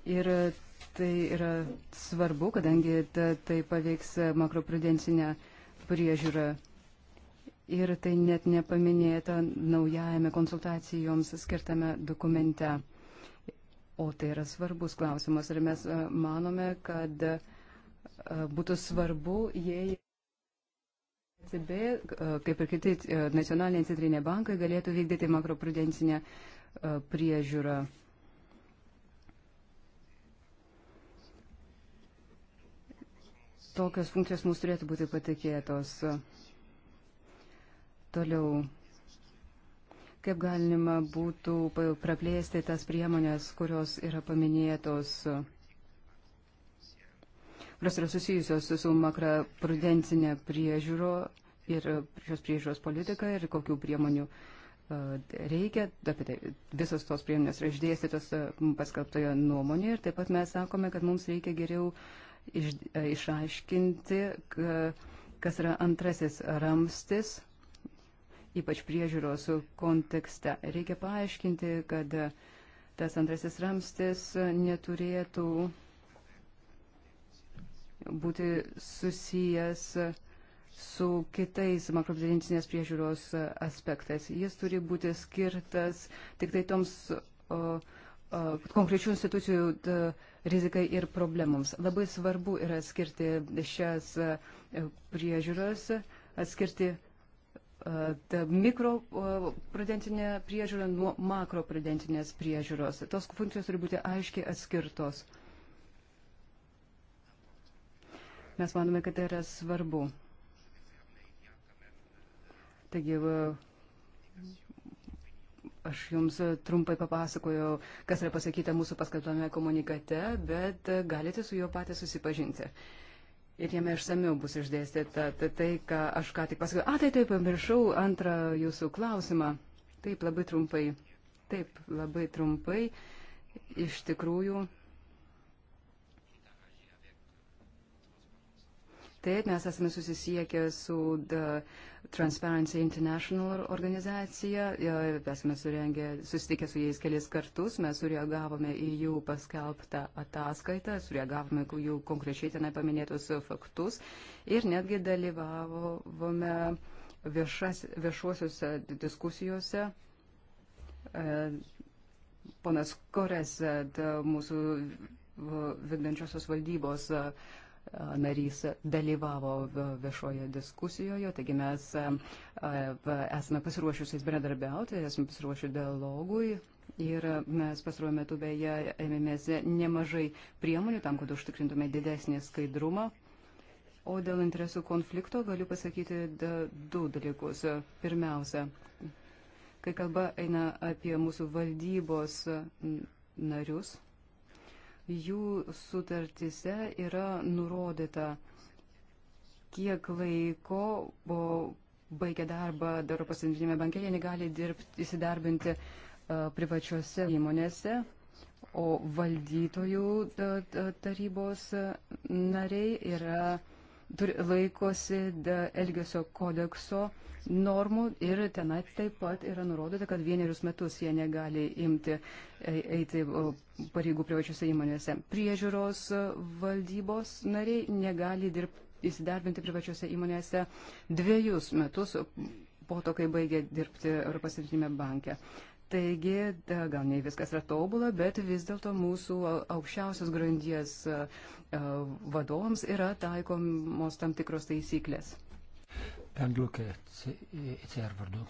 Ir tai yra svarbu, kadangi tai paveiks makroprudencinę priežiūrą. Ir tai net nepaminėta naujajame konsultacijoms skirtame dokumente. O tai yra svarbus klausimas. Ir mes e, manome, kad e, būtų svarbu, jei. ECB, kaip ir kiti e, nacionaliniai centriniai bankai, galėtų vykdyti makroprudencinę e, priežiūrą. Tokios funkcijos mums turėtų būti patikėtos. Toliau, kaip galima būtų praplėsti tas priemonės, kurios yra paminėtos kurios yra susijusios su makroprudencinė priežiūro ir šios priežiūros politika ir kokių priemonių e, reikia. Apie tai visos tos priemonės yra išdėstytos e, paskelbtoje nuomonėje ir taip pat mes sakome, kad mums reikia geriau iš, e, išaiškinti, kas yra antrasis ramstis ypač priežiūros kontekste. Reikia paaiškinti, kad tas antrasis ramstis neturėtų būti susijęs su kitais makroprudencinės priežiūros e, aspektais. Jis turi būti skirtas tik tai toms o, o, konkrečių institucijų da, rizikai ir problemams. Labai svarbu yra skirti šias e, priežiūros, atskirti e, mikroprudentinė priežiūra nuo makroprudentinės priežiūros. Tos funkcijos turi būti aiškiai atskirtos. Mes manome, kad tai yra svarbu. Taigi, aš jums trumpai papasakojau, kas yra pasakyta mūsų paskelbtame komunikate, bet galite su juo patys susipažinti. Ir jame išsamiau bus išdėstyta tai, ką aš ką tik pasakiau. A, tai taip, pamiršau antrą jūsų klausimą. Taip, labai trumpai. Taip, labai trumpai. Iš tikrųjų, Taip, mes esame susisiekę su Transparency International organizacija, esame surengę, susitikę su jais kelis kartus, mes sureagavome į jų paskelbtą ataskaitą, sureagavome jų konkrečiai tenai paminėtus faktus ir netgi dalyvavome viešas, viešuosiuose diskusijose. E, ponas Kores, e, mūsų vykdančiosios valdybos e, narys dalyvavo viešoje diskusijoje, taigi mes esame pasiruošusiais bendradarbiauti, esame pasiruošę dialogui Ir mes pastaruoju metu beje ėmėmės nemažai priemonių tam, kad užtikrintume didesnį skaidrumą. O dėl interesų konflikto galiu pasakyti du dalykus. Pirmiausia, kai kalba eina apie mūsų valdybos narius, jų sutartise yra nurodyta, kiek laiko baigia darbą Europos centrinėme banke, jie negali dirbti, įsidarbinti e, privačiuose įmonėse, o valdytojų tarybos e, nariai yra laikosi Elgesio kodekso normų ir tenai taip pat yra nurodyta, kad vienerius metus jie negali imti, e, eiti pareigų privačiose įmonėse. Priežiūros valdybos nariai negali dirbti, įsidarbinti privačiose įmonėse dviejus metus po to, kai baigė dirbti Europos centrinėme banke. Taigi, gal ne viskas yra tobula, bet vis dėlto mūsų aukščiausios grandies vadovams yra taikomos tam tikros taisyklės. Pendliukė, ECR vardu.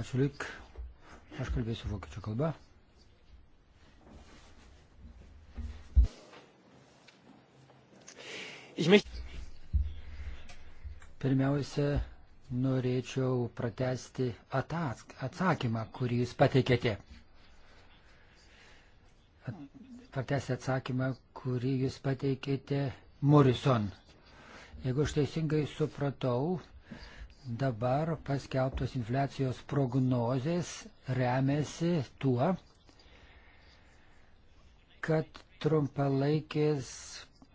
Ačiū lik. Aš kalbėsiu vokiečių kalba. Pirmiausia, norėčiau pratesti atask, atsakymą, kurį jūs pateikėte. At, pratesti atsakymą, kurį jūs pateikėte Morrison. Jeigu aš teisingai supratau, dabar paskelbtos infliacijos prognozės remiasi tuo, kad trumpalaikės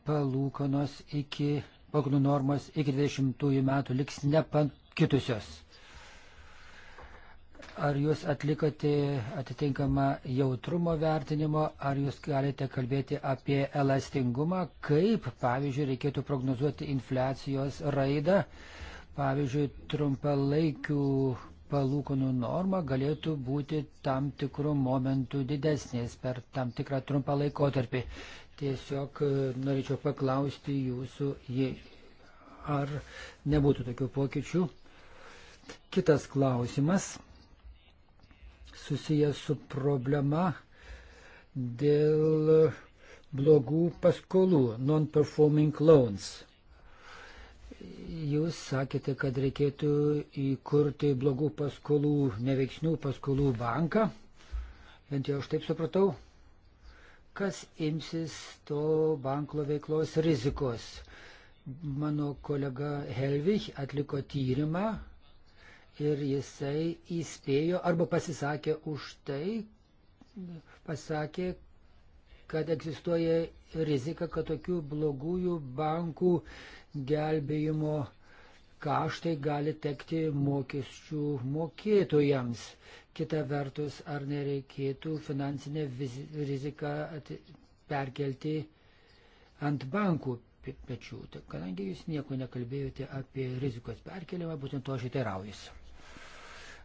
palūkanos iki palūkanų normos iki 20 metų liks nepan, kitusios. Ar jūs atlikote atitinkamą jautrumo vertinimo, ar jūs galite kalbėti apie elastingumą, kaip, pavyzdžiui, reikėtų prognozuoti infliacijos raidą, pavyzdžiui, trumpalaikių palūkanų norma galėtų būti tam tikrų momentų didesnės per tam tikrą trumpą laikotarpį. Tiesiog e, norėčiau paklausti jūsų, jei ar nebūtų tokių pokyčių Kitas klausimas susijęs su problema dėl blogų paskolų, non-performing loans. Jūs sakėte, kad reikėtų įkurti blogų paskolų, neveiksnių paskolų banką. Bent jau aš taip supratau. Kas imsis to banko veiklos rizikos? Mano kolega Helvich atliko tyrimą ir jisai įspėjo arba pasisakė už tai, pasakė, kad egzistuoja rizika, kad tokių blogųjų bankų gelbėjimo kaštai gali tekti mokesčių mokėtojams. Kita vertus, ar nereikėtų finansinę riziką perkelti ant bankų pečių. Kadangi jūs nieko nekalbėjote apie rizikos perkeliamą, būtent to aš įteraujusiu.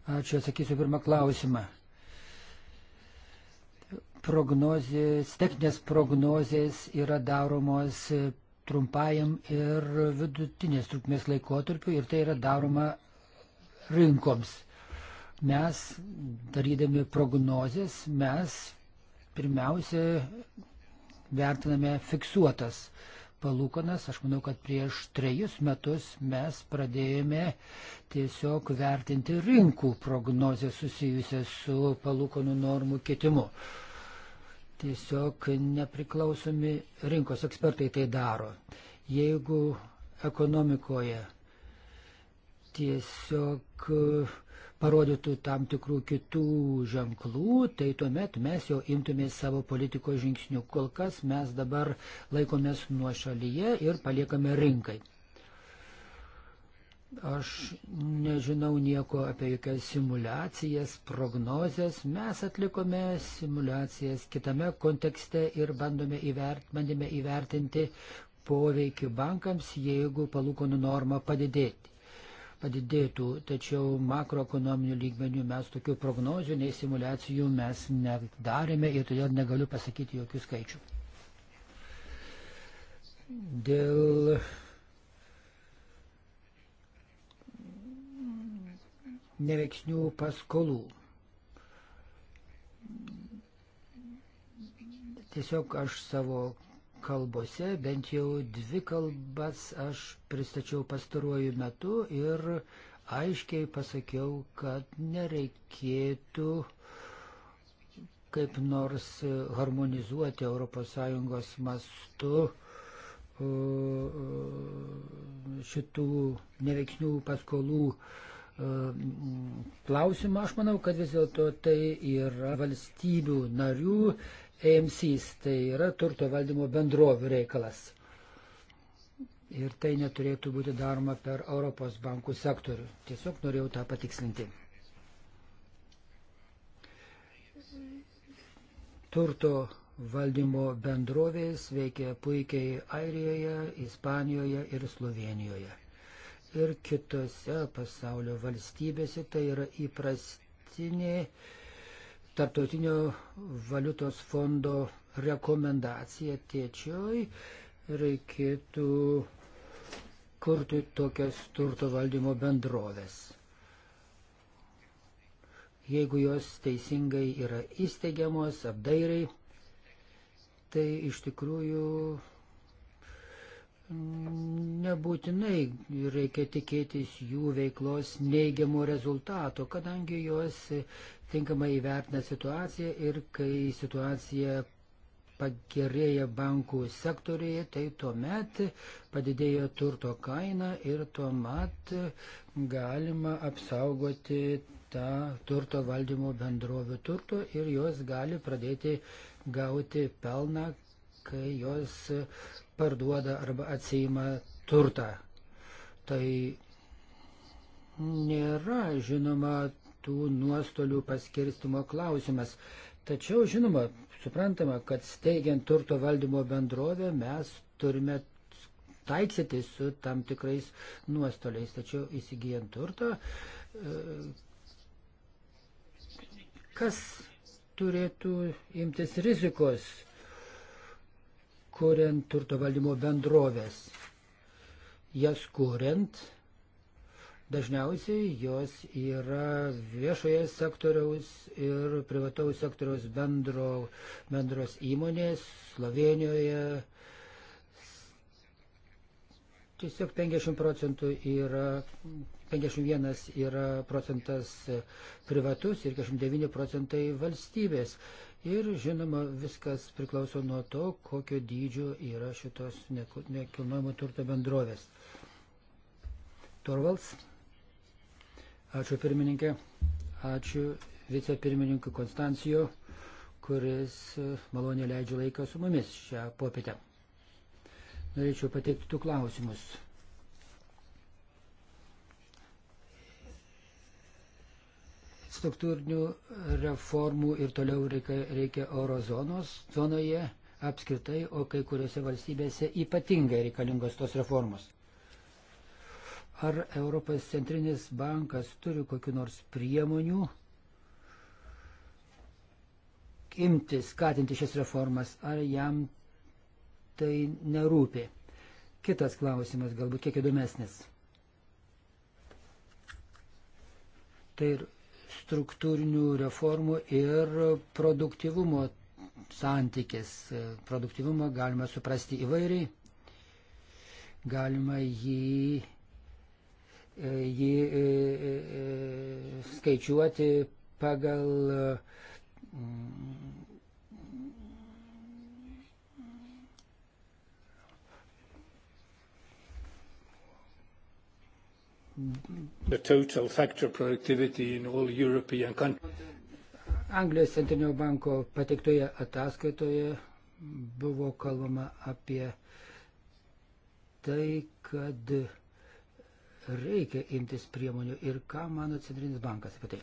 Ačiū, atsakysiu pirmą klausimą. Prognozės, techninės prognozės yra daromos trumpajam ir vidutinės trukmės laikotarpiu ir tai yra daroma rinkoms. Mes, darydami prognozės, mes pirmiausia vertiname fiksuotas uh, palūkanas. Aš manau, kad prieš trejus metus mes pradėjome tiesiog vertinti rinkų prognozijas susijusias su palūkanų normų kitimu. Tiesiog nepriklausomi rinkos ekspertai tai daro. Jeigu ekonomikoje tiesiog parodytų tam tikrų kitų ženklų, tai tuomet mes jau imtumės savo politikos žingsnių. Kol kas mes dabar laikomės nuo šalyje ir paliekame rinkai. Aš nežinau nieko apie jokias simulacijas, prognozes. Mes atlikome simulacijas kitame kontekste ir bandome įvert, bandėme įvertinti poveikį bankams, jeigu palūkonų norma padidėti padidėtų, tačiau makroekonominių lygmenių mes tokių prognozių, nei simulacijų mes nedarėme ir todėl negaliu pasakyti jokių skaičių. Dėl neveiksnių paskolų. Tiesiog aš savo kalbose, bent jau dvi kalbas aš pristačiau pastaruoju metu ir aiškiai pasakiau, kad nereikėtų kaip nors harmonizuoti ES mastu uh, uh, šitų neveiksnių paskolų uh, klausimą. Aš manau, kad vis dėlto tai yra valstybių narių AMCs, tai yra turto valdymo bendrovių reikalas. Ir tai neturėtų būti daroma per Europos bankų sektorių. Tiesiog norėjau tą patikslinti. Turto valdymo bendrovės veikia puikiai Airijoje, Ispanijoje ir Slovenijoje. Ir kitose pasaulio valstybėse tai yra įprastinė uh, Tartautinio valiutos fondo rekomendacija tiečioj reikėtų kurti tokias turto valdymo bendrovės. Jeigu jos teisingai yra įsteigiamos, apdairiai, tai iš tikrųjų nebūtinai reikia tikėtis jų veiklos neigiamų rezultatų, kadangi jos tinkamai įvertina situaciją ir kai situacija pagerėja bankų sektorėje, tai tuomet padidėja turto kaina ir tuomet galima apsaugoti tą turto valdymo bendrovių turto ir jos gali pradėti gauti pelną, kai jos parduoda arba atsima turtą. Tai nėra, žinoma, tų nuostolių paskirstimo klausimas. Tačiau, žinoma, suprantama, kad steigiant turto valdymo bendrovę mes turime taiksyti su tam tikrais nuostoliais. Tačiau įsigijant turtą, kas turėtų imtis rizikos, kuriant turto valdymo bendrovės? Jas kuriant Dažniausiai jos yra viešoje sektoriaus ir privataus sektoriaus bendro, bendros įmonės Slovenijoje. Tiesiog 50 procentų yra, 51 yra procentas privatus ir 49 procentai valstybės. Ir žinoma, viskas priklauso nuo to, kokio dydžio yra šitos nekilnojamo turto bendrovės. Torvalds. Ačiū pirmininkė, ačiū vicepirmininkui Konstancijo, kuris e, malonė leidžia laiką su mumis šią popietę. Norėčiau pateikti tų klausimus. struktūrinių reformų ir toliau reikia, reikia eurozonos zonoje apskritai, o kai kuriuose valstybėse ypatingai reikalingos tos reformos. Ar Europos centrinis bankas turi kokiu nors priemonių imti, skatinti šias reformas, ar jam tai nerūpi? Kitas klausimas, galbūt kiek įdomesnis. Tai ir struktūrinių reformų ir produktivumo santykis. Produktivumą galima suprasti įvairiai, galima jį E, jį e, e, skaičiuoti pagal mm, The total factor productivity in all European countries. Anglijos centrinio banko pateiktoje ataskaitoje buvo kalbama apie tai, kad reikia imtis priemonių ir ką mano Centrinis bankas apie tai.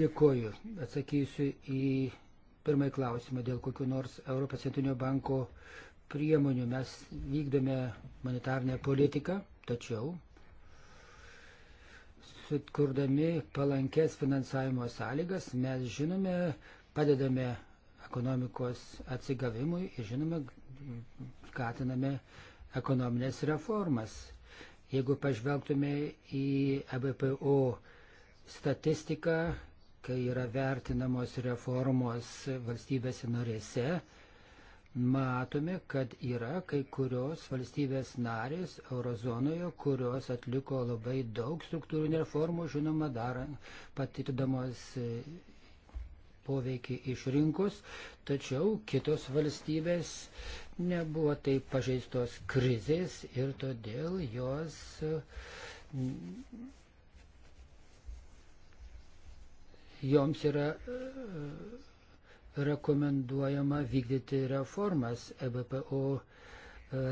Dėkoju. Atsakysiu į pirmąjį klausimą dėl kokiu nors Europos Centrinio banko priemonių. Mes vykdome monetarnę politiką, tačiau sutkurdami palankės finansavimo sąlygas mes žinome, padedame ekonomikos atsigavimui ir žinome, skatiname ekonominės reformas. Jeigu pažvelgtume į ABPO e statistiką, kai yra vertinamos reformos valstybėse norėse, matome, kad yra kai kurios valstybės narės eurozonoje, kurios atliko labai daug struktūrinių reformų, žinoma, dar patitydamos poveikį iš rinkos, tačiau kitos valstybės nebuvo taip pažeistos krizės ir todėl jos joms yra rekomenduojama vykdyti reformas EBPO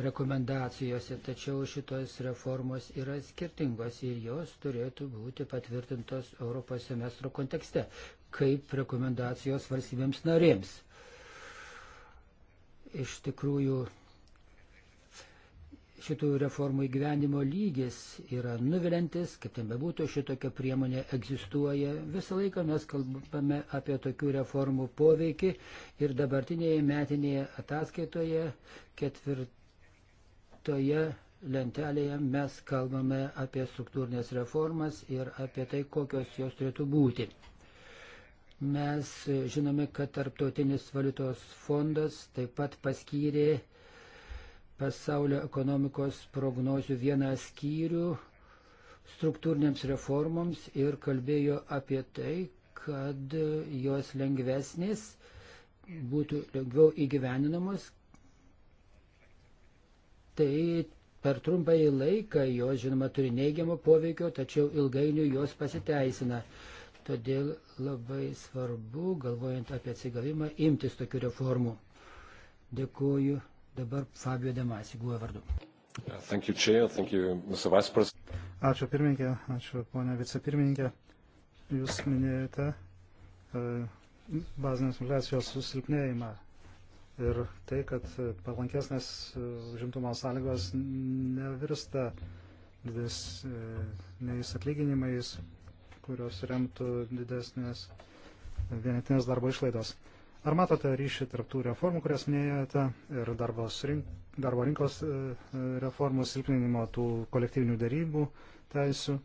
rekomendacijose, tačiau šitos reformos yra skirtingos ir jos turėtų būti patvirtintos Europos semestro kontekste kaip rekomendacijos valstybėms narėms. Iš tikrųjų, šitų reformų įgyvenimo lygis yra nuvilintis, kaip ten bebūtų, šitokia priemonė egzistuoja. Visą laiką mes kalbame apie tokių reformų poveikį ir dabartinėje metinėje ataskaitoje ketvirtoje lentelėje mes kalbame apie struktūrinės reformas ir apie tai, kokios jos turėtų būti. Mes žinome, kad Tarptautinis valiutos fondas taip pat paskyrė pasaulio ekonomikos prognozių vieną skyrių struktūrinėms reformoms ir kalbėjo apie tai, kad jos lengvesnės būtų lengviau įgyveninamos. Tai per trumpąjį laiką jos, žinoma, turi neigiamą poveikio, tačiau ilgainiui jos pasiteisina. Todėl labai svarbu, galvojant apie atsigavimą, imtis tokių reformų. Dėkuoju dabar Fabio Demasi, guoja e vardu. Thank you, Chair. Thank you, Mr. Vice President. Ačiū pirmininkė, ačiū ponia vicepirmininkė. Jūs minėjote e, bazinės infliacijos susilpnėjimą ir tai, kad palankesnės e, užimtumo sąlygos nevirsta didesniais atlyginimais, kurios remtų didesnės vienetinės darbo išlaidos. Ar matote ryšį tarptų reformų, kurias minėjote, ir rink, darbo rinkos e, e, reformų silpninimo tų kolektyvinių darybų teisių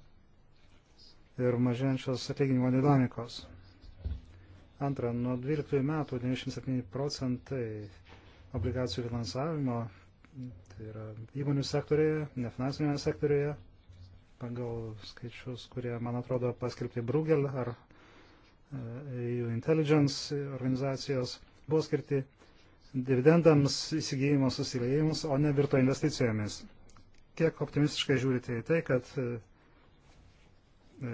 ir mažėjančios atlyginimo dinamikos? Antra, nuo 12 metų 97 procentai obligacijų finansavimo, tai yra įmonių sektorėje, nefinansinėme sektorėje, pagal skaičius, kurie, man atrodo, paskelbti Brugel ar EU Intelligence organizacijos, buvo skirti dividendams, įsigijimo susiliejimams, o ne virto investicijomis. Kiek optimistiškai žiūrite į tai, kad e, e,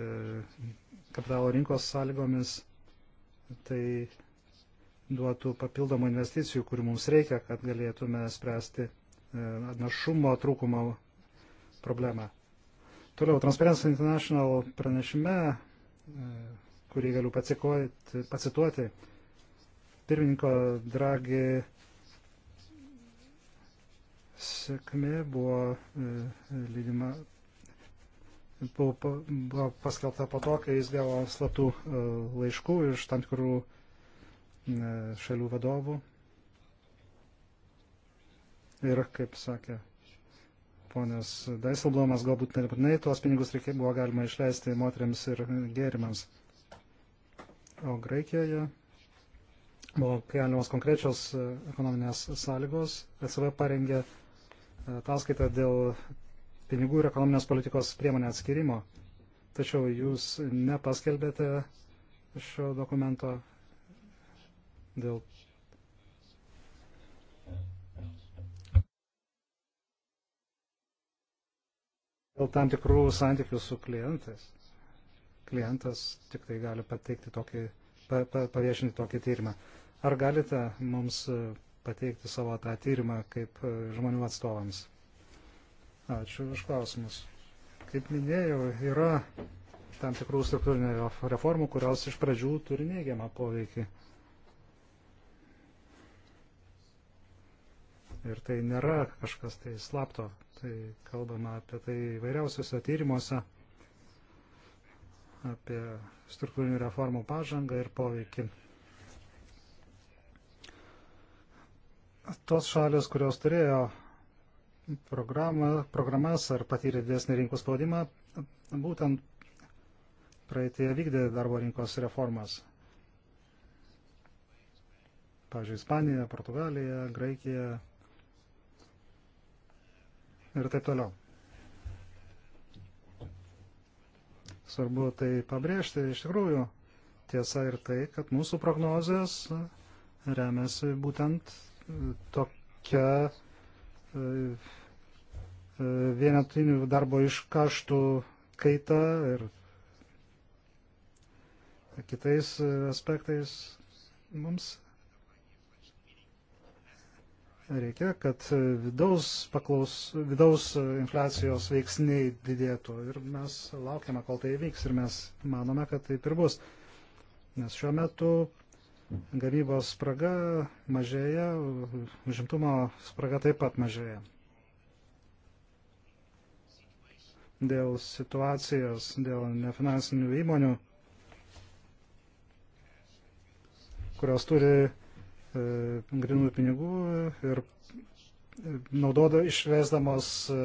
kapitalo rinkos sąlygomis tai duotų papildomų investicijų, kurių mums reikia, kad galėtume spręsti e, našumo trūkumo problemą. Toliau, Transparency International pranešime, e, kurį galiu pacituoti, pirmininko Dragi sėkmė buvo e, lydima buvo paskelbta po to, kai jis gavo slaptų e, laiškų iš tam tikrų šalių vadovų. Ir, kaip sakė ponės Daiselblomas, galbūt nebūtinai tuos pinigus reikia, buvo galima išleisti moteriams ir gėrimams. O Graikijoje buvo keliamos konkrečios e, ekonominės sąlygos. ECB parengė e, ataskaitą dėl pinigų ir ekonominės politikos priemonė atskirimo. Tačiau jūs nepaskelbėte šio dokumento dėl dėl tam tikrų santykių su klientais. Klientas tik tai gali pateikti tokį, pa, pa, paviešinti tokį tyrimą. Ar galite mums e, pateikti savo tą tyrimą kaip e, žmonių atstovams? Ačiū už klausimus. Kaip minėjau, yra tam tikrų struktūrinių reformų, kurios iš pradžių turi neigiamą poveikį. Ir tai nėra kažkas tai slapto tai kalbama apie tai įvairiausiuose tyrimuose, apie struktūrinių reformų pažangą ir poveikį. Tos šalis, kurios turėjo programą, programas ar patyrė didesnį rinkų spaudimą, būtent praeitėje vykdė darbo rinkos reformas. Pavyzdžiui, Ispanija, Portugalija, Graikija, ir taip toliau. Svarbu tai pabrėžti, iš tikrųjų tiesa ir tai, kad mūsų prognozijas remiasi būtent e, tokia e, e, vienetinių darbo iškaštų kaita ir kitais aspektais mums reikia, kad vidaus, paklaus, vidaus e, infliacijos veiksniai didėtų. Ir mes laukiame, kol tai vyks ir mes manome, kad taip ir bus. Nes šiuo metu gamybos spraga mažėja, užimtumo spraga taip pat mažėja. Dėl situacijos, dėl nefinansinių įmonių, kurios turi E, grinų pinigų ir e, naudodo išvesdamos e,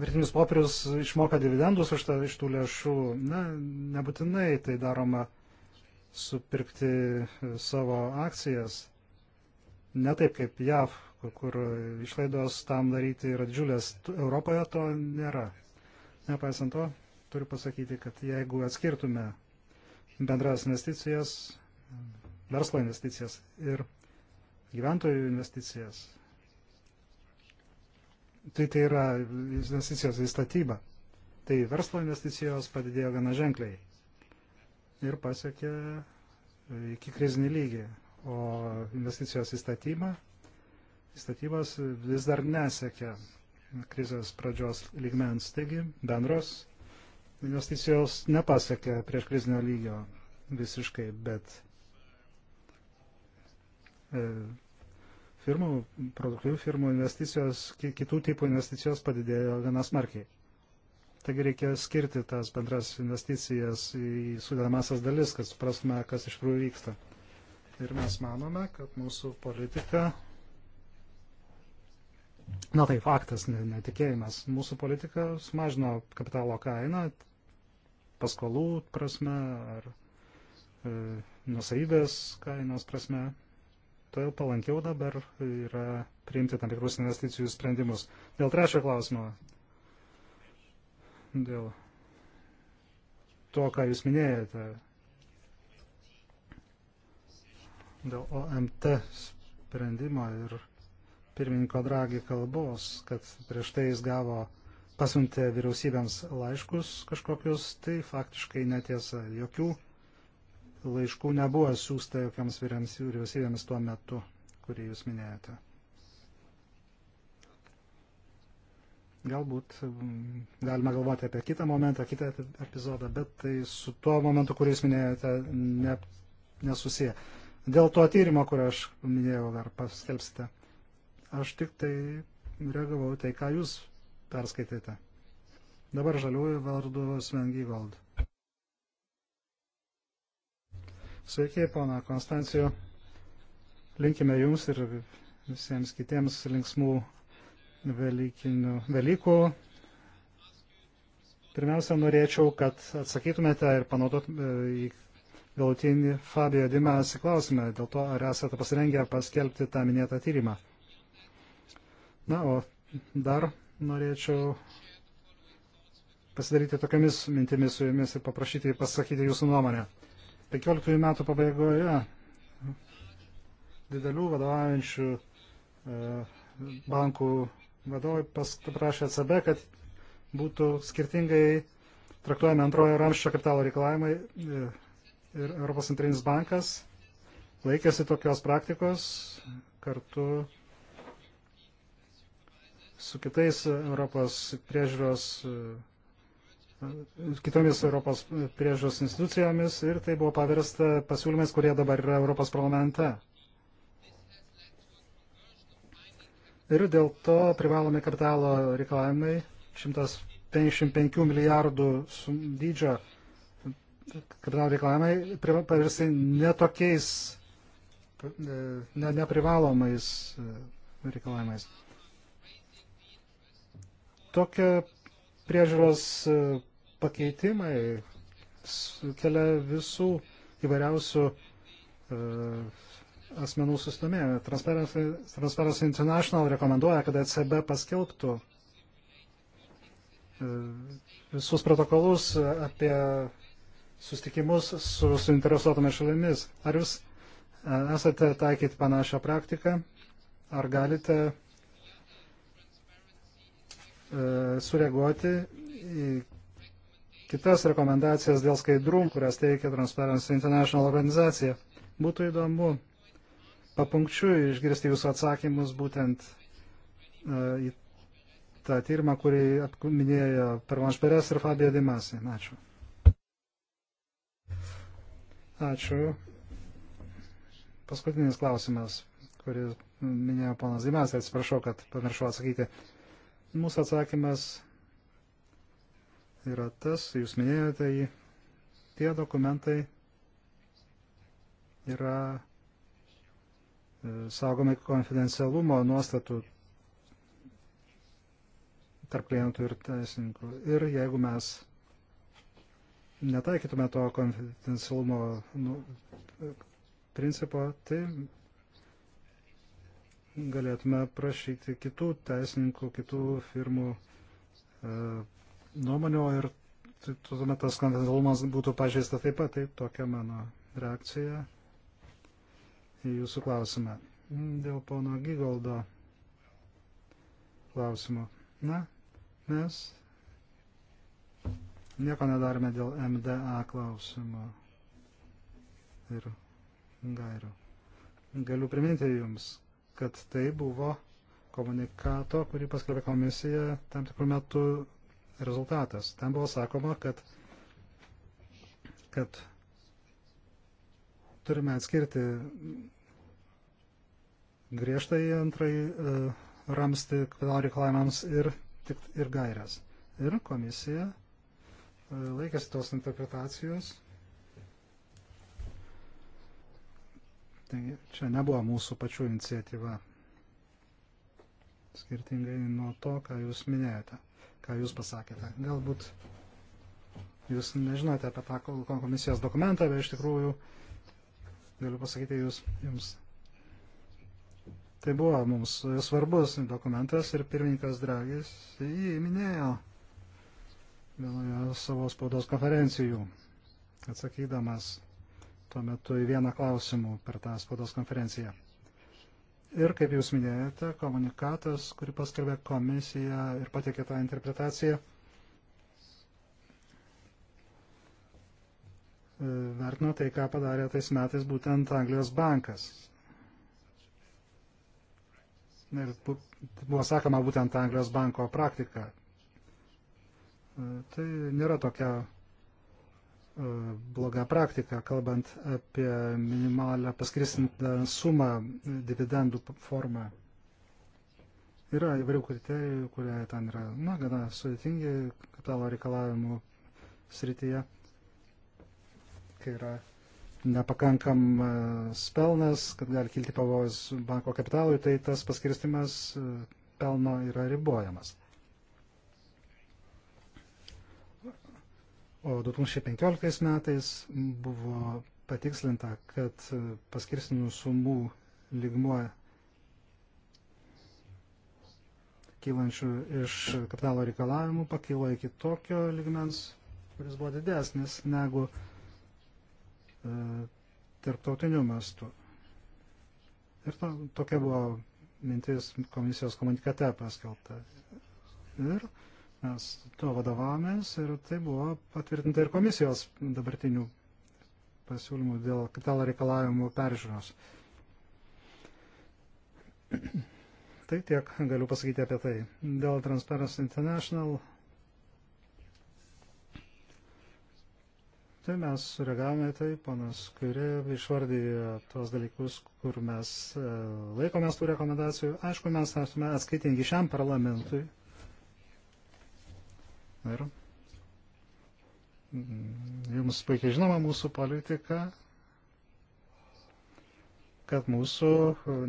vertinius popierius išmoka dividendus už tą, iš tų lėšų. Na, nebūtinai tai daroma supirkti savo akcijas. Ne taip kaip JAV, kur išlaidos tam daryti yra didžiulės. Europoje to nėra. Nepaisant to, turiu pasakyti, kad jeigu atskirtume bendras investicijas, verslo investicijas ir gyventojų investicijas. Tai tai yra investicijos į statybą. Tai verslo investicijos padidėjo gana ženkliai ir pasiekė iki krizinį lygį, o investicijos į statybą, į statybas vis dar nesiekia krizės pradžios lygmens. Taigi bendros investicijos nepasiekė prieš krizinio lygio visiškai, bet E, firmų, produktyvių firmų investicijos, kitų tipų investicijos padidėjo gana smarkiai. Taigi reikia skirti tas bendras investicijas į sudedamasias dalis, kad suprastume, kas iš tikrųjų vyksta. Ir mes manome, kad mūsų politika, na tai faktas, netikėjimas, mūsų politika sumažino kapitalo kainą, paskolų prasme ar e, nusavybės kainos prasme, to jau palankiau dabar yra priimti tam tikrus investicijų sprendimus. Dėl trečio klausimo, dėl to, ką jūs minėjote, dėl OMT sprendimo ir pirmininko Dragi kalbos, kad prieš tai jis gavo pasiuntė vyriausybėms laiškus kažkokius, tai faktiškai netiesa. Jokių laiškų nebuvo siūsta jokiams vyriausybėms tuo metu, kurį jūs minėjote. Galbūt mm, galima galvoti apie kitą momentą, kitą epizodą, bet tai su tuo momentu, kurį jūs minėjote, ne, nesusiję. Dėl to tyrimo, kurio aš minėjau, dar paskelbsite. Aš tik tai reagavau tai, ką jūs perskaitėte. Dabar žaliųjų vardu Sven Gygold. Sveiki, pana Konstancijo. Linkime jums ir visiems kitiems linksmų Velykų. Pirmiausia, norėčiau, kad atsakytumėte ir panaudotumėte į galutinį Fabio Dimasi klausimą dėl to, ar esate pasirengę paskelbti tą minėtą tyrimą. Na, o dar norėčiau pasidaryti tokiamis mintimis su jumis ir paprašyti pasakyti jūsų nuomonę. 15 metų pabaigoje didelių vadovaujančių e, bankų vadovai paprašė ECB, kad būtų skirtingai traktuojami antrojo ramščio kapitalo reikalavimai e, ir Europos centrinis bankas laikėsi tokios praktikos kartu su kitais Europos priežiūros e, kitomis Europos priežos institucijomis ir tai buvo paversta pasiūlymais, kurie dabar yra Europos parlamente. Ir dėl to privalomi kapitalo reikalavimai 155 milijardų dydžio kapitalo reikalavimai paversti netokiais, ne, e, neprivalomais e, reikalavimais. Tokia priežiūros e, pakeitimai kelia visų įvairiausių e, asmenų susidomėjimą. Transparency International rekomenduoja, kad ECB paskelbtų e, visus protokolus apie sustikimus su suinteresuotomis šalimis. Ar jūs esate taikyti panašią praktiką? Ar galite E, sureaguoti į kitas rekomendacijas dėl skaidrumų, kurias teikia Transparency International organizacija. Būtų įdomu papunkčiui išgirsti jūsų atsakymus būtent e, į tą tyrimą, kurį minėjo Pervanš Perės ir Fabija Dimasi. Ačiū. Ačiū. Paskutinis klausimas, kurį minėjo ponas Dimasi, atsiprašau, kad pamiršau atsakyti. Mūsų atsakymas yra tas, jūs minėjote jį, tie dokumentai yra e, saugomi konfidencialumo nuostatų tarp klientų ir teisininkų. Ir jeigu mes netaikytume to konfidencialumo nu, principo, tai galėtume prašyti kitų teisininkų, kitų firmų e, nuomonių ir tuomet tas konfidencialumas būtų pažeista taip pat, tai tokia mano reakcija į jūsų klausimą. Dėl pono Gygoldo klausimo. Na, mes nieko nedarome dėl MDA klausimo ir gairių. Galiu priminti jums, kad tai buvo komunikato, kurį paskelbė komisija tam tikrų metų rezultatas. Ten buvo sakoma, kad, kad turime atskirti griežtai antrai e, ramsti kapitalų reikalavimams ir, tik, ir gairias. Ir komisija e, laikėsi tos interpretacijos Tai čia nebuvo mūsų pačių iniciatyva. Skirtingai nuo to, ką jūs minėjote, ką jūs pasakėte. Galbūt jūs nežinote apie tą komisijos dokumentą, bet iš tikrųjų galiu pasakyti jūs, jums. Tai buvo mums svarbus dokumentas ir pirmininkas Dragis jį minėjo vienoje savo spaudos konferencijų, atsakydamas tuo metu į vieną klausimų per tą spaudos konferenciją. Ir, kaip jūs minėjote, komunikatas, kurį paskelbė komisija ir patikė tą interpretaciją, e, vertino tai, ką padarė tais metais būtent Anglijos bankas. Ir buvo sakoma būtent Anglijos banko praktika. E, tai nėra tokia bloga praktika, kalbant apie minimalę paskirstintą sumą dividendų formą. Yra įvairių kriterijų, kurie ten yra, na, gana sudėtingi kapitalo reikalavimų srityje, kai yra nepakankamas pelnas, kad gali kilti pavojus banko kapitalui, tai tas paskirstimas pelno yra ribojamas. O 2015 metais buvo patikslinta, kad paskirstinų sumų lygmuo kylančių iš kapitalo reikalavimų pakilo iki tokio ligmens, kuris buvo didesnis negu e, tarptautiniu mastu. Ir to, tokia buvo mintis komisijos komunikate paskelbta. Ir e, Mes tuo vadovavomės ir tai buvo patvirtinta ir komisijos dabartinių pasiūlymų dėl kapitalo reikalavimų peržiūros. Tai tiek galiu pasakyti apie tai. Dėl Transparency International tai mes sureagavome tai, panas Kuri išvardyjo tuos dalykus, kur mes e, laikomės tų rekomendacijų. Aišku, mes esame atskaitingi šiam parlamentui Ir mm, jums puikiai žinoma mūsų politika, kad mūsų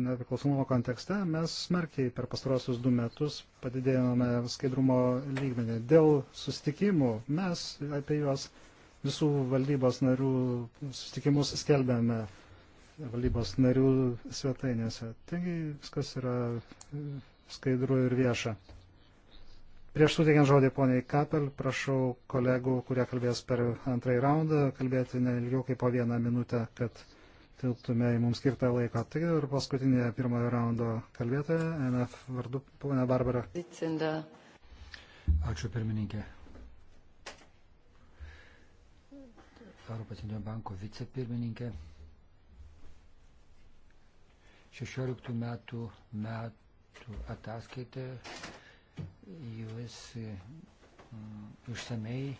nepriklausomumo kontekste mes smarkiai per pastarosius du metus padidėjome skaidrumo lygmenį. Dėl sustikimų mes apie juos visų valdybos narių sustikimus skelbėme valdybos narių svetainėse. Taigi viskas yra skaidru ir vieša. Prieš suteikiant žodį poniai Kapel, prašau kolegų, kurie kalbės per antrąjį raundą, kalbėti ne ilgiau kaip po vieną minutę, kad tiltume į mums skirtą laiką. Taigi ir paskutinė pirmojo raundo kalbėtoja, NF vardu, ponia Barbara. Ačiū pirmininkė. Europos Centrinio banko vicepirmininkė. 16 metų, metų ataskaitė jūs mm, išsamei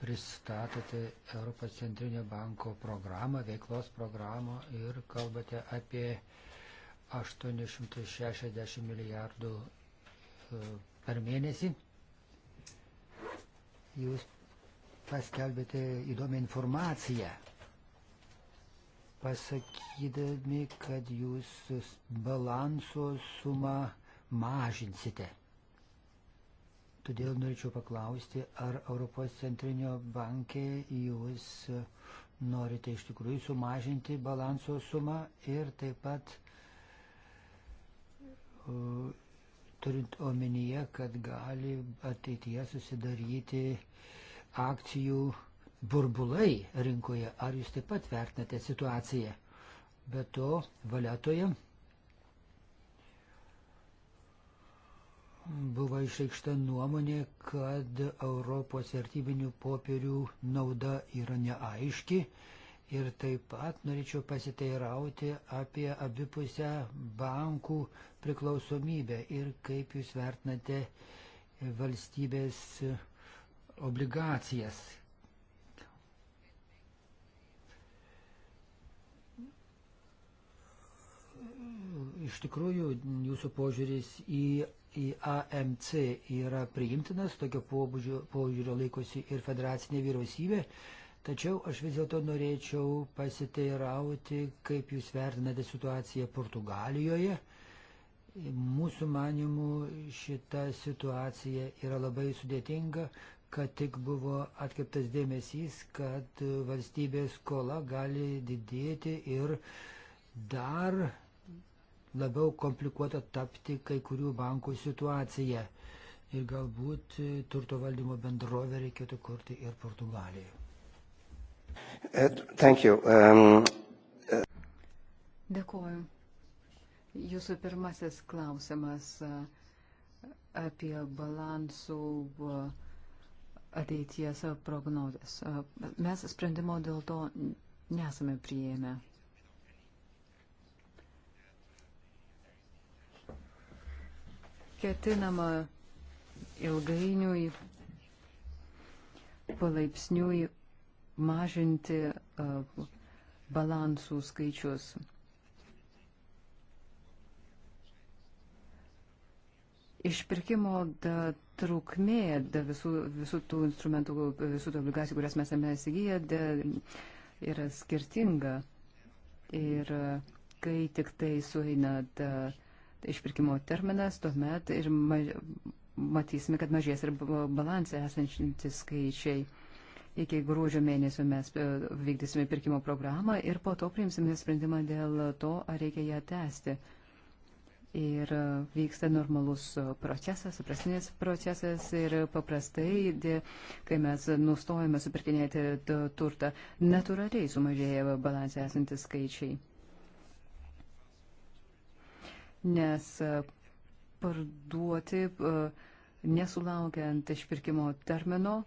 pristatote Europos centrinio banko programą, veiklos programą ir kalbate apie 860 milijardų e, per mėnesį. Jūs paskelbėte įdomią informaciją, pasakydami, kad jūs balanso sumą mažinsite. Todėl norėčiau paklausti, ar Europos centrinio bankė jūs norite iš tikrųjų sumažinti balanso sumą ir taip pat e, turint omenyje, kad gali ateityje susidaryti akcijų burbulai rinkoje. Ar jūs taip pat vertinate situaciją? Be to, valetoje buvo išreikšta nuomonė, kad Europos vertybinių popierių nauda yra neaiški. Ir taip pat norėčiau pasiteirauti apie abipusę bankų priklausomybę ir kaip jūs vertinate valstybės obligacijas. Iš tikrųjų, jūsų požiūris į į AMC yra priimtinas, tokio požiūrio laikosi ir federacinė vyriausybė, tačiau aš vis dėlto norėčiau pasiteirauti, kaip jūs vertinate situaciją Portugalijoje. Mūsų manimų šita situacija yra labai sudėtinga, kad tik buvo atkreiptas dėmesys, kad valstybės skola gali didėti ir dar labiau komplikuota tapti kai kurių bankų situacija. Ir galbūt e, turto valdymo bendrovę reikėtų kurti ir Portugalijoje. Um, uh... Dėkuoju. Jūsų pirmasis klausimas e, apie balansų ateities prognozes. Mes sprendimo dėl to nesame priėmę. ketinama ilgainiui palaipsniui mažinti uh, balansų skaičius. Išpirkimo da, trukmė da, visų, visų tų instrumentų, visų tų obligacijų, kurias mes esame įsigiję, da, yra skirtinga. Ir kai tik tai sueina da, išpirkimo terminas, tuomet ir maž, matysime, kad mažės ir balansė esančiantys skaičiai. Iki gruodžio mėnesio mes e, vykdysime pirkimo programą ir po to priimsime sprendimą dėl to, ar reikia ją tęsti. Ir e, vyksta normalus procesas, suprasinės procesas ir paprastai, kai mes nustojame supirkinėti turtą, natūraliai sumažėja balansė esantys skaičiai nes e, parduoti e, nesulaukiant išpirkimo termino,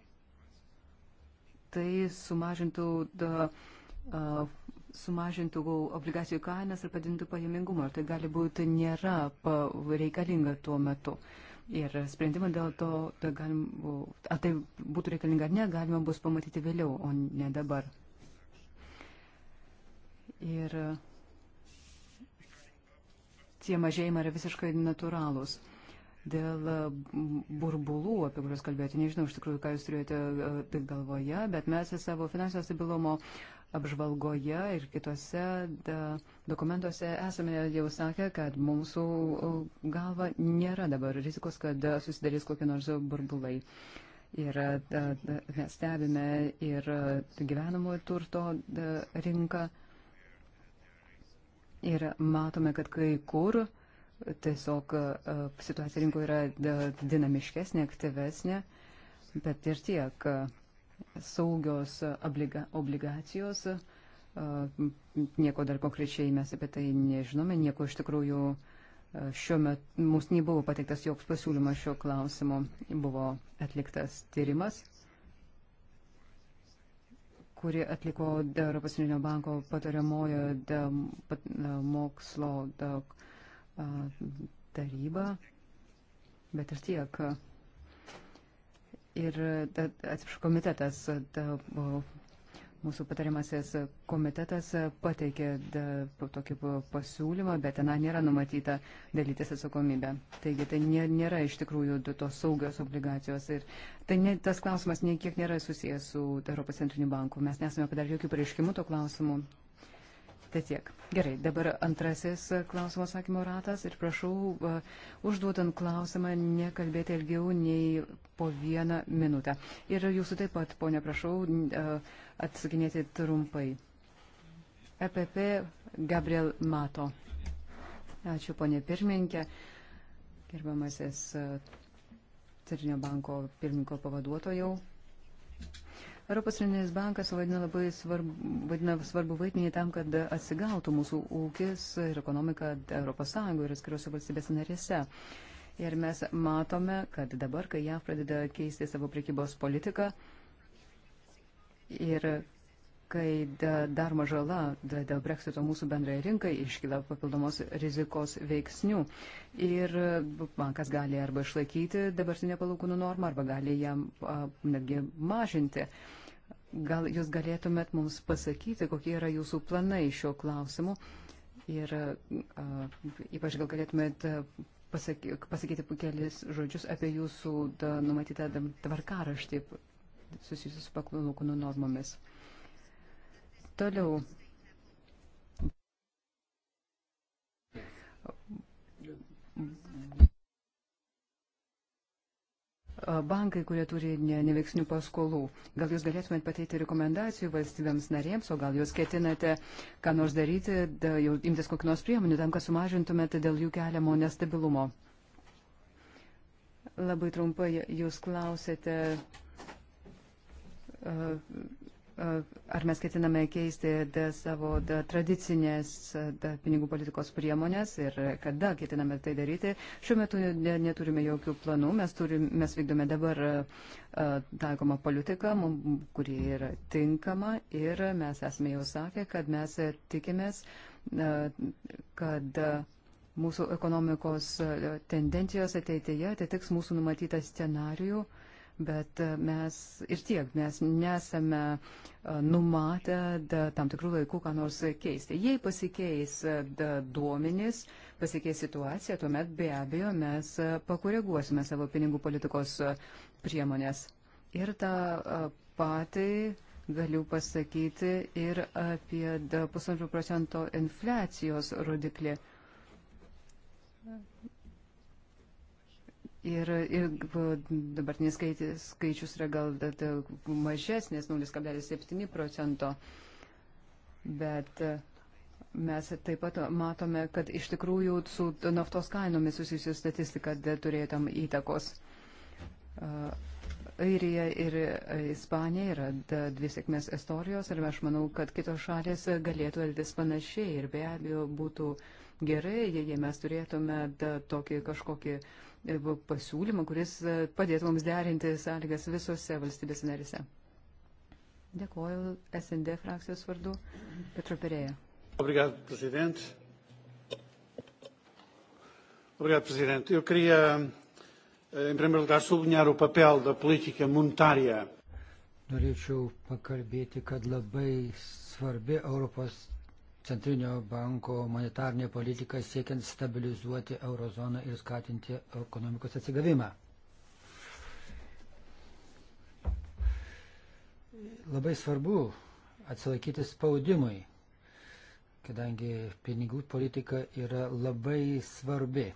tai sumažintų, da, sumažintų obligacijų kainas ir padintų pajamingumą. Ir tai gali būti nėra reikalinga tuo metu. Ir sprendimą dėl to, tai galim, ar tai būtų reikalinga ar ne, galima bus pamatyti vėliau, o ne dabar. Ir uh, tie mažėjimai yra visiškai natūralūs. Dėl e, burbulų, apie kuriuos kalbėjote, nežinau iš tikrųjų, ką jūs turėjote e, galvoje, bet mes savo finansinio stabilumo apžvalgoje ir kitose da, dokumentuose esame jau sakę, kad mūsų e, galva nėra dabar rizikos, kad susidarys kokie nors burbulai. Ir da, da, mes stebime ir gyvenamojo turto da, rinką. Ir matome, kad kai kur tiesiog e, situacija rinkoje yra e, dinamiškesnė, aktyvesnė, bet ir tiek e, saugios obliga, obligacijos, nieko dar konkrečiai mes apie tai nežinome, nieko iš tikrųjų šiuo metu mums nebuvo pateiktas joks pasiūlymas šio klausimu, buvo atliktas tyrimas kuri atliko Europos Unijos banko patariamojo mokslo da, taryba. Bet ir tiek. Ir atsiprašau, komitetas da, Mūsų patarimasis komitetas pateikė da, tokį pasiūlymą, bet ten nėra numatyta dalytis atsakomybė. Taigi tai nėra iš tikrųjų tos saugios obligacijos. Ir tai ne, tas klausimas nei kiek nėra susijęs su Europos centriniu banku. Mes nesame padarę jokių pareiškimų to klausimu. Tai tiek. Gerai, dabar antrasis klausimo atsakymo ratas ir prašau uh, užduodant klausimą nekalbėti ilgiau nei po vieną minutę. Ir jūsų taip pat, ponė, prašau uh, atsakinėti trumpai. EPP Gabriel Mato. Ačiū, ponė pirmininkė. Gerbamasis e, Centrinio banko pirmininko pavaduotojau. Europos Centrinis bankas vadina labai svarbu, vadina svarbu vaidmenį tam, kad atsigautų mūsų ūkis ir ekonomika Europos Sąjungoje ir atskiriuose valstybės narėse. Ir mes matome, kad dabar, kai JAV pradeda keisti savo prekybos politiką ir kai daroma žala dėl breksito mūsų bendrai rinkai iškyla papildomos rizikos veiksnių. Ir bankas gali arba išlaikyti dabartinę palūkanų normą, arba gali ją netgi mažinti. Uh, Gal jūs galėtumėt mums pasakyti, kokie yra jūsų planai šiuo klausimu ir a, ypač gal galėtumėt pasaky, pasakyti kelis žodžius apie jūsų da, numatytą tvarkaraštį susijusius su paklūnų normomis. Toliau. bankai, kurie turi ne, neveiksnių paskolų. Gal jūs galėtumėte pateikti rekomendacijų valstybėms narėms, o gal jūs ketinate ką nors daryti, da, jau imtis kokių nors priemonių tam, kad sumažintumėte dėl jų keliamo nestabilumo. Labai trumpai jūs klausėte. Uh, ar mes ketiname keisti da, savo da, tradicinės da, pinigų politikos priemonės ir kada ketiname tai daryti. Šiuo metu ne, neturime jokių planų, mes, turim, mes vykdome dabar taikomą politiką, kuri yra tinkama ir mes esame jau sakę, kad mes tikimės, kad mūsų ekonomikos tendencijos ateityje atitiks mūsų numatytą scenarijų. Uh, bet e, mes ir tiek, mes nesame e, numatę da, tam tikrų laikų, ką nors keisti. Jei pasikeis e, da, duomenys, pasikeis situacija, tuomet be abejo mes pakoreguosime savo pinigų politikos priemonės. Ir tą patį galiu pasakyti ir apie pusantrų procento infliacijos rodiklį. Ir, ir dabartinis skaičius yra gal mažesnis, 0,7 procento. Bet e, mes taip pat matome, kad iš tikrųjų su naftos kainomis susijusi statistika turėjo tam įtakos. E, Airija ir Ispanija yra dvi sėkmės istorijos ir aš manau, kad kitos šalės galėtų elgtis panašiai ir be abejo būtų gerai, jei mes turėtume tokį kažkokį uh, E, pasiūlymą, kuris e, padėtų mums derinti sąlygas visose valstybės narėse. Dėkuoju SND frakcijos vardu Petro Perėja. Obrigado, presidente. Obrigado, presidente. Eu queria, eh, em primeiro lugar, sublinhar o papel da política monetária. Norėčiau pakalbėti, kad labai svarbi Europos Centrinio banko monetarnė politika siekiant stabilizuoti eurozoną ir skatinti ekonomikos atsigavimą. Labai svarbu atsilaikyti spaudimui, kadangi pinigų politika yra labai svarbi.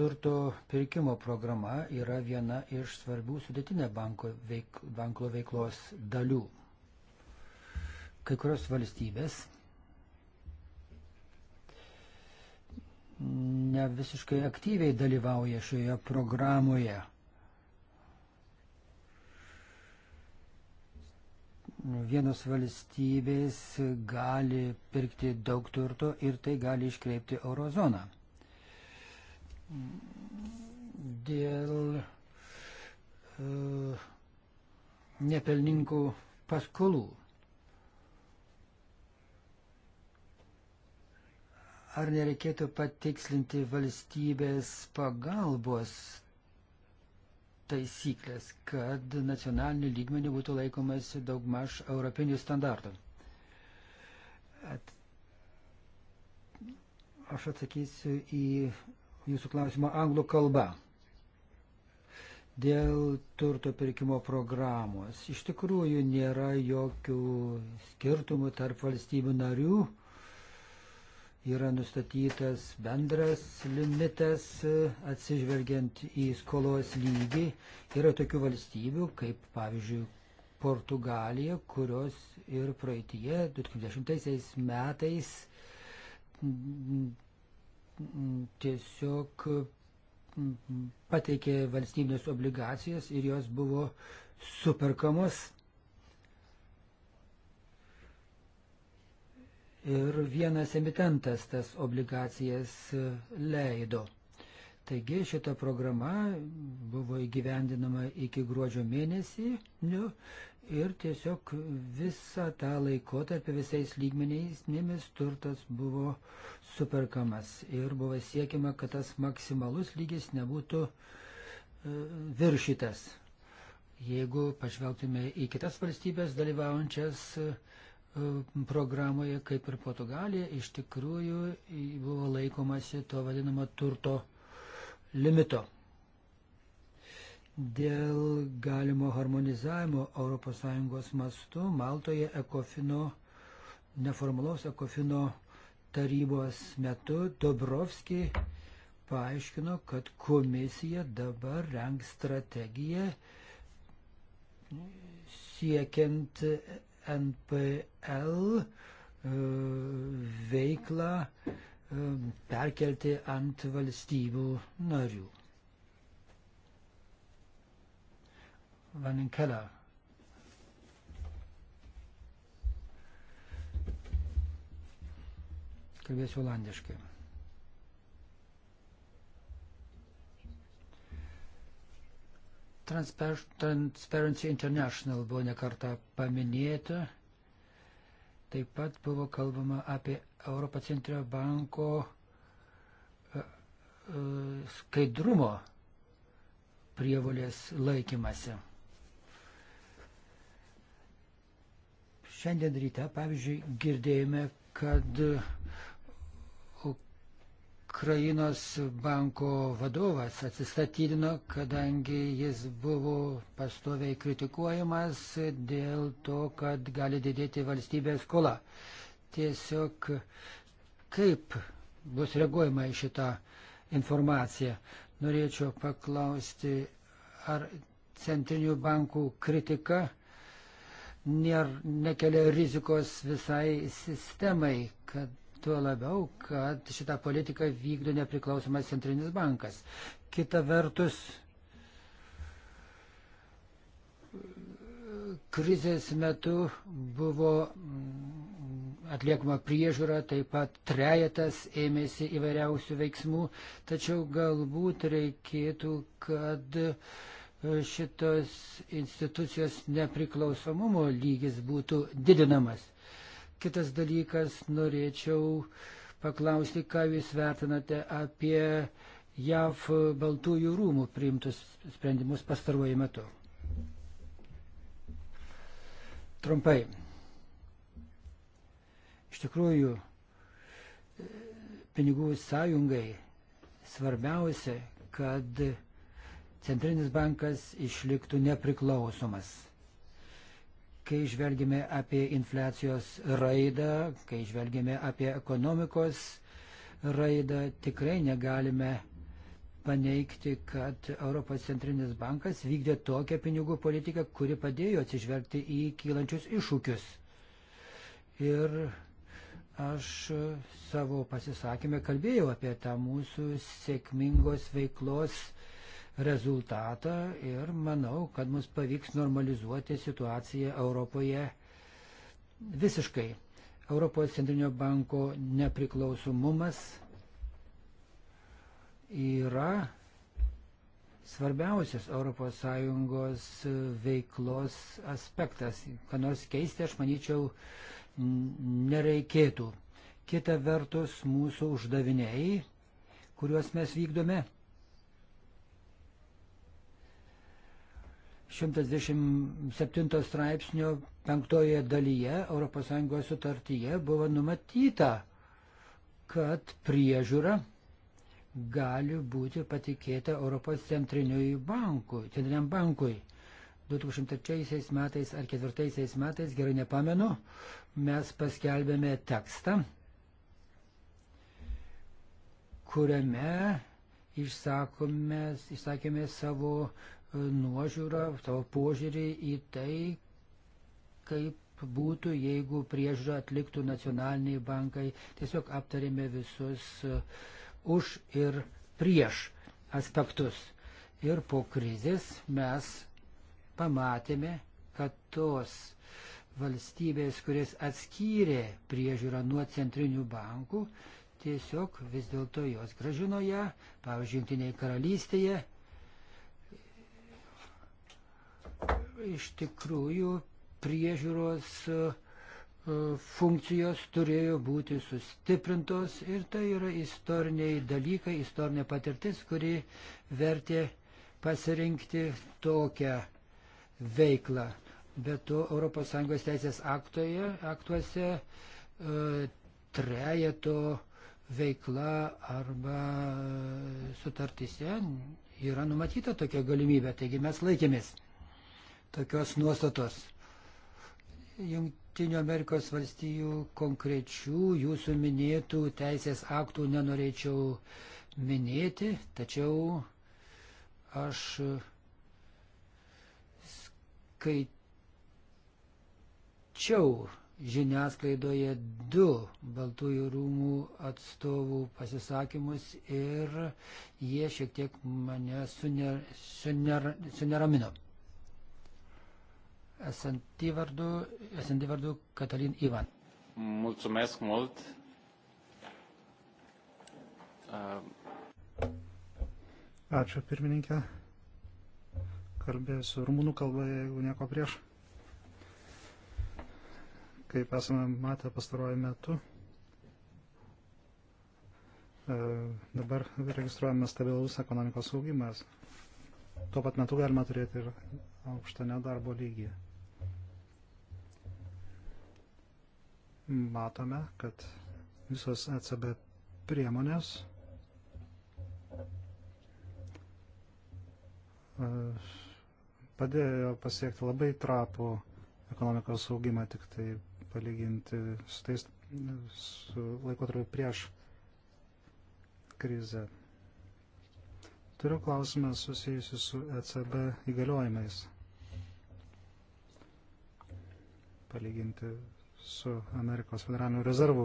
Turto pirkimo programa yra viena iš svarbių sudėtinė banko, veik, banko veiklos dalių kai kurios valstybės ne visiškai aktyviai dalyvauja šioje programoje. Vienos valstybės gali pirkti daug turto ir tai gali iškreipti eurozoną. Dėl e, nepelninkų paskolų. ar nereikėtų patikslinti valstybės pagalbos taisyklės, kad nacionaliniu lygmeniu būtų laikomasi daugmaž europinių standartų. At... Aš atsakysiu į jūsų klausimą anglų kalba. Dėl turto pirkimo programos. Iš tikrųjų nėra jokių skirtumų tarp valstybių narių yra nustatytas bendras limitas e, atsižvelgiant į skolos lygį. Yra tokių valstybių, kaip pavyzdžiui Portugalija, kurios ir praeitie 2010 metais tiesiog pateikė valstybinės obligacijas ir jos buvo superkamos ir vienas emitentas tas obligacijas e, leido. Taigi šita programa buvo įgyvendinama iki gruodžio mėnesį nu, ir tiesiog visą tą laikotarpį visais lygmeniais turtas buvo superkamas ir buvo siekiama, kad tas maksimalus lygis nebūtų e, viršytas. Jeigu pažvelgtume į kitas valstybės dalyvaujančias e, programoje, kaip ir Portugalija, iš tikrųjų buvo laikomasi to vadinamo turto limito. Dėl galimo harmonizavimo ES mastu Maltoje ekofino, neformalaus ekofino tarybos metu Dobrovski paaiškino, kad komisija dabar rengs strategiją siekiant NPL e, veiklą e, perkelti ant valstybių narių. Vaninkela. Kalbėsiu olandiškai. Transper Transparency International buvo nekarta paminėta. Taip pat buvo kalbama apie Europos centrinio banko e, e, skaidrumo prievolės laikymasi. Šiandien ryte, pavyzdžiui, girdėjome, kad Ukrainos banko vadovas atsistatydino, kadangi jis buvo pastoviai kritikuojamas dėl to, kad gali didėti valstybės skola. Tiesiog kaip bus reaguojama į šitą informaciją. Norėčiau paklausti, ar centrinių bankų kritika nėr, nekelia rizikos visai sistemai, kad Tuo labiau, kad šitą politiką vykdo nepriklausomas centrinis bankas. Kita vertus, krizės metu buvo mm, atliekama priežiūra, taip pat trejetas ėmėsi įvairiausių veiksmų, tačiau galbūt reikėtų, kad e, šitos institucijos nepriklausomumo lygis būtų didinamas. Kitas dalykas, norėčiau paklausti, ką Jūs vertinate apie JAV Baltųjų rūmų priimtus sprendimus pastaruoju metu. Trumpai. Iš tikrųjų, pinigų sąjungai svarbiausia, kad Centrinis bankas išliktų nepriklausomas kai žvelgime apie infliacijos raidą, kai žvelgime apie ekonomikos raidą, tikrai negalime paneigti, kad Europos centrinis bankas vykdė tokią pinigų politiką, kuri padėjo atsižvelgti į kylančius iššūkius. Ir aš savo pasisakymę kalbėjau apie tą mūsų sėkmingos veiklos rezultatą ir manau, kad mums pavyks normalizuoti situaciją Europoje visiškai. Europos centrinio banko nepriklausomumas yra svarbiausias ES veiklos aspektas. Ką nors keisti, aš manyčiau, nereikėtų. Kita vertus, mūsų uždaviniai, kuriuos mes vykdome, 127 straipsnio penktoje dalyje ES sutartyje buvo numatyta, kad priežiūra gali būti patikėta Europos centriniui bankui, centriniam bankui. 2003 metais ar 2004 metais, gerai nepamenu, mes paskelbėme tekstą, kuriame išsakome, išsakėme savo nuožiūrą, savo požiūrį į tai, kaip būtų, jeigu priežiūrą atliktų nacionaliniai bankai. Tiesiog aptarėme visus e, už ir prieš aspektus. Ir po krizės mes pamatėme, kad tos valstybės, kuris atskyrė priežiūrą nuo centrinių bankų, tiesiog vis dėlto jos gražino ją, pavyzdžiui, Junktinėje karalystėje iš tikrųjų priežiūros e, e, funkcijos turėjo būti sustiprintos ir tai yra istoriniai dalykai, istorinė patirtis, kuri vertė pasirinkti tokią veiklą. Bet to ES teisės aktoje, aktuose e, trejeto veikla arba sutartise yra numatyta tokia galimybė, taigi mes laikėmės tokios nuostatos. Junktinių Amerikos valstijų konkrečių jūsų minėtų teisės aktų nenorėčiau minėti, tačiau aš skaičiau žiniasklaidoje du Baltųjų rūmų atstovų pasisakymus ir jie šiek tiek mane suner, suner, suneramino. Suner SND vardu, SND vardu Catalin Ivan. Mulțumesc mult. Uh, Ačiū pirmininkė. Kalbėsiu rumunų kalbą, jeigu nieko prieš. Kaip esame matę pastaruoju metu, e, dabar registruojame stabilus ekonomikos augimas. Tuo pat metu galima turėti ir aukštą nedarbo lygį. matome, kad visos ECB priemonės e, padėjo pasiekti labai trapų ekonomikos augimą, tik tai palyginti su tais su laikotarpiu prieš krizę. Turiu klausimą susijusiu su ECB įgaliojimais. Palyginti su Amerikos federalinių rezervų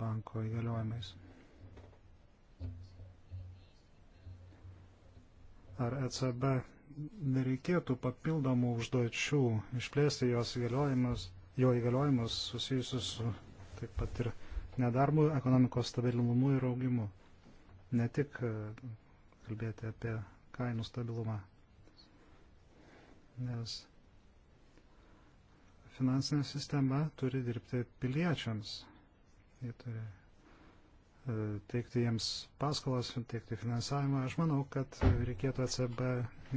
banko įgaliojimais. Ar ECB nereikėtų papildomų užduočių išplėsti jos įgaliojimus, jo įgaliojimus susijusius su taip pat ir nedarbu, ekonomikos stabilumu ir augimu. Ne tik e, kalbėti apie kainų stabilumą. Nes finansinė sistema turi dirbti piliečiams. Jie turi e, teikti jiems paskolas, teikti finansavimą. Aš manau, kad reikėtų ECB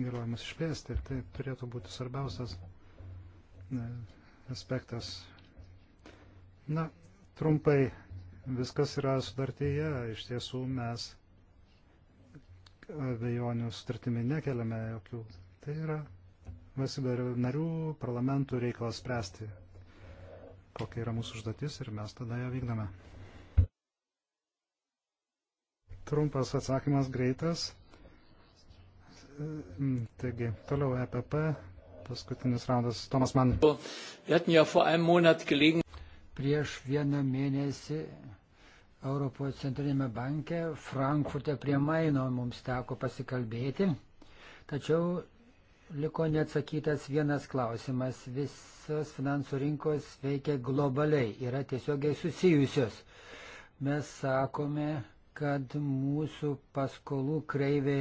įgaliojimus išplėsti. Tai turėtų būti svarbiausias e, aspektas. Na, trumpai, viskas yra sudartyje. Iš tiesų mes abejonių sutartimi nekeliame jokių. Tai yra valstybių narių parlamentų reikalas spręsti, kokia yra mūsų užduotis ir mes tada ją vykdome. Trumpas atsakymas greitas. Taigi, toliau EPP, paskutinis raundas, Tomas man. Prieš vieną mėnesį Europos centrinėme banke Frankfurte prie Maino mums teko pasikalbėti, tačiau liko neatsakytas vienas klausimas. Visos finansų rinkos veikia globaliai, yra tiesiogiai susijusios. Mes sakome, kad mūsų paskolų kreivė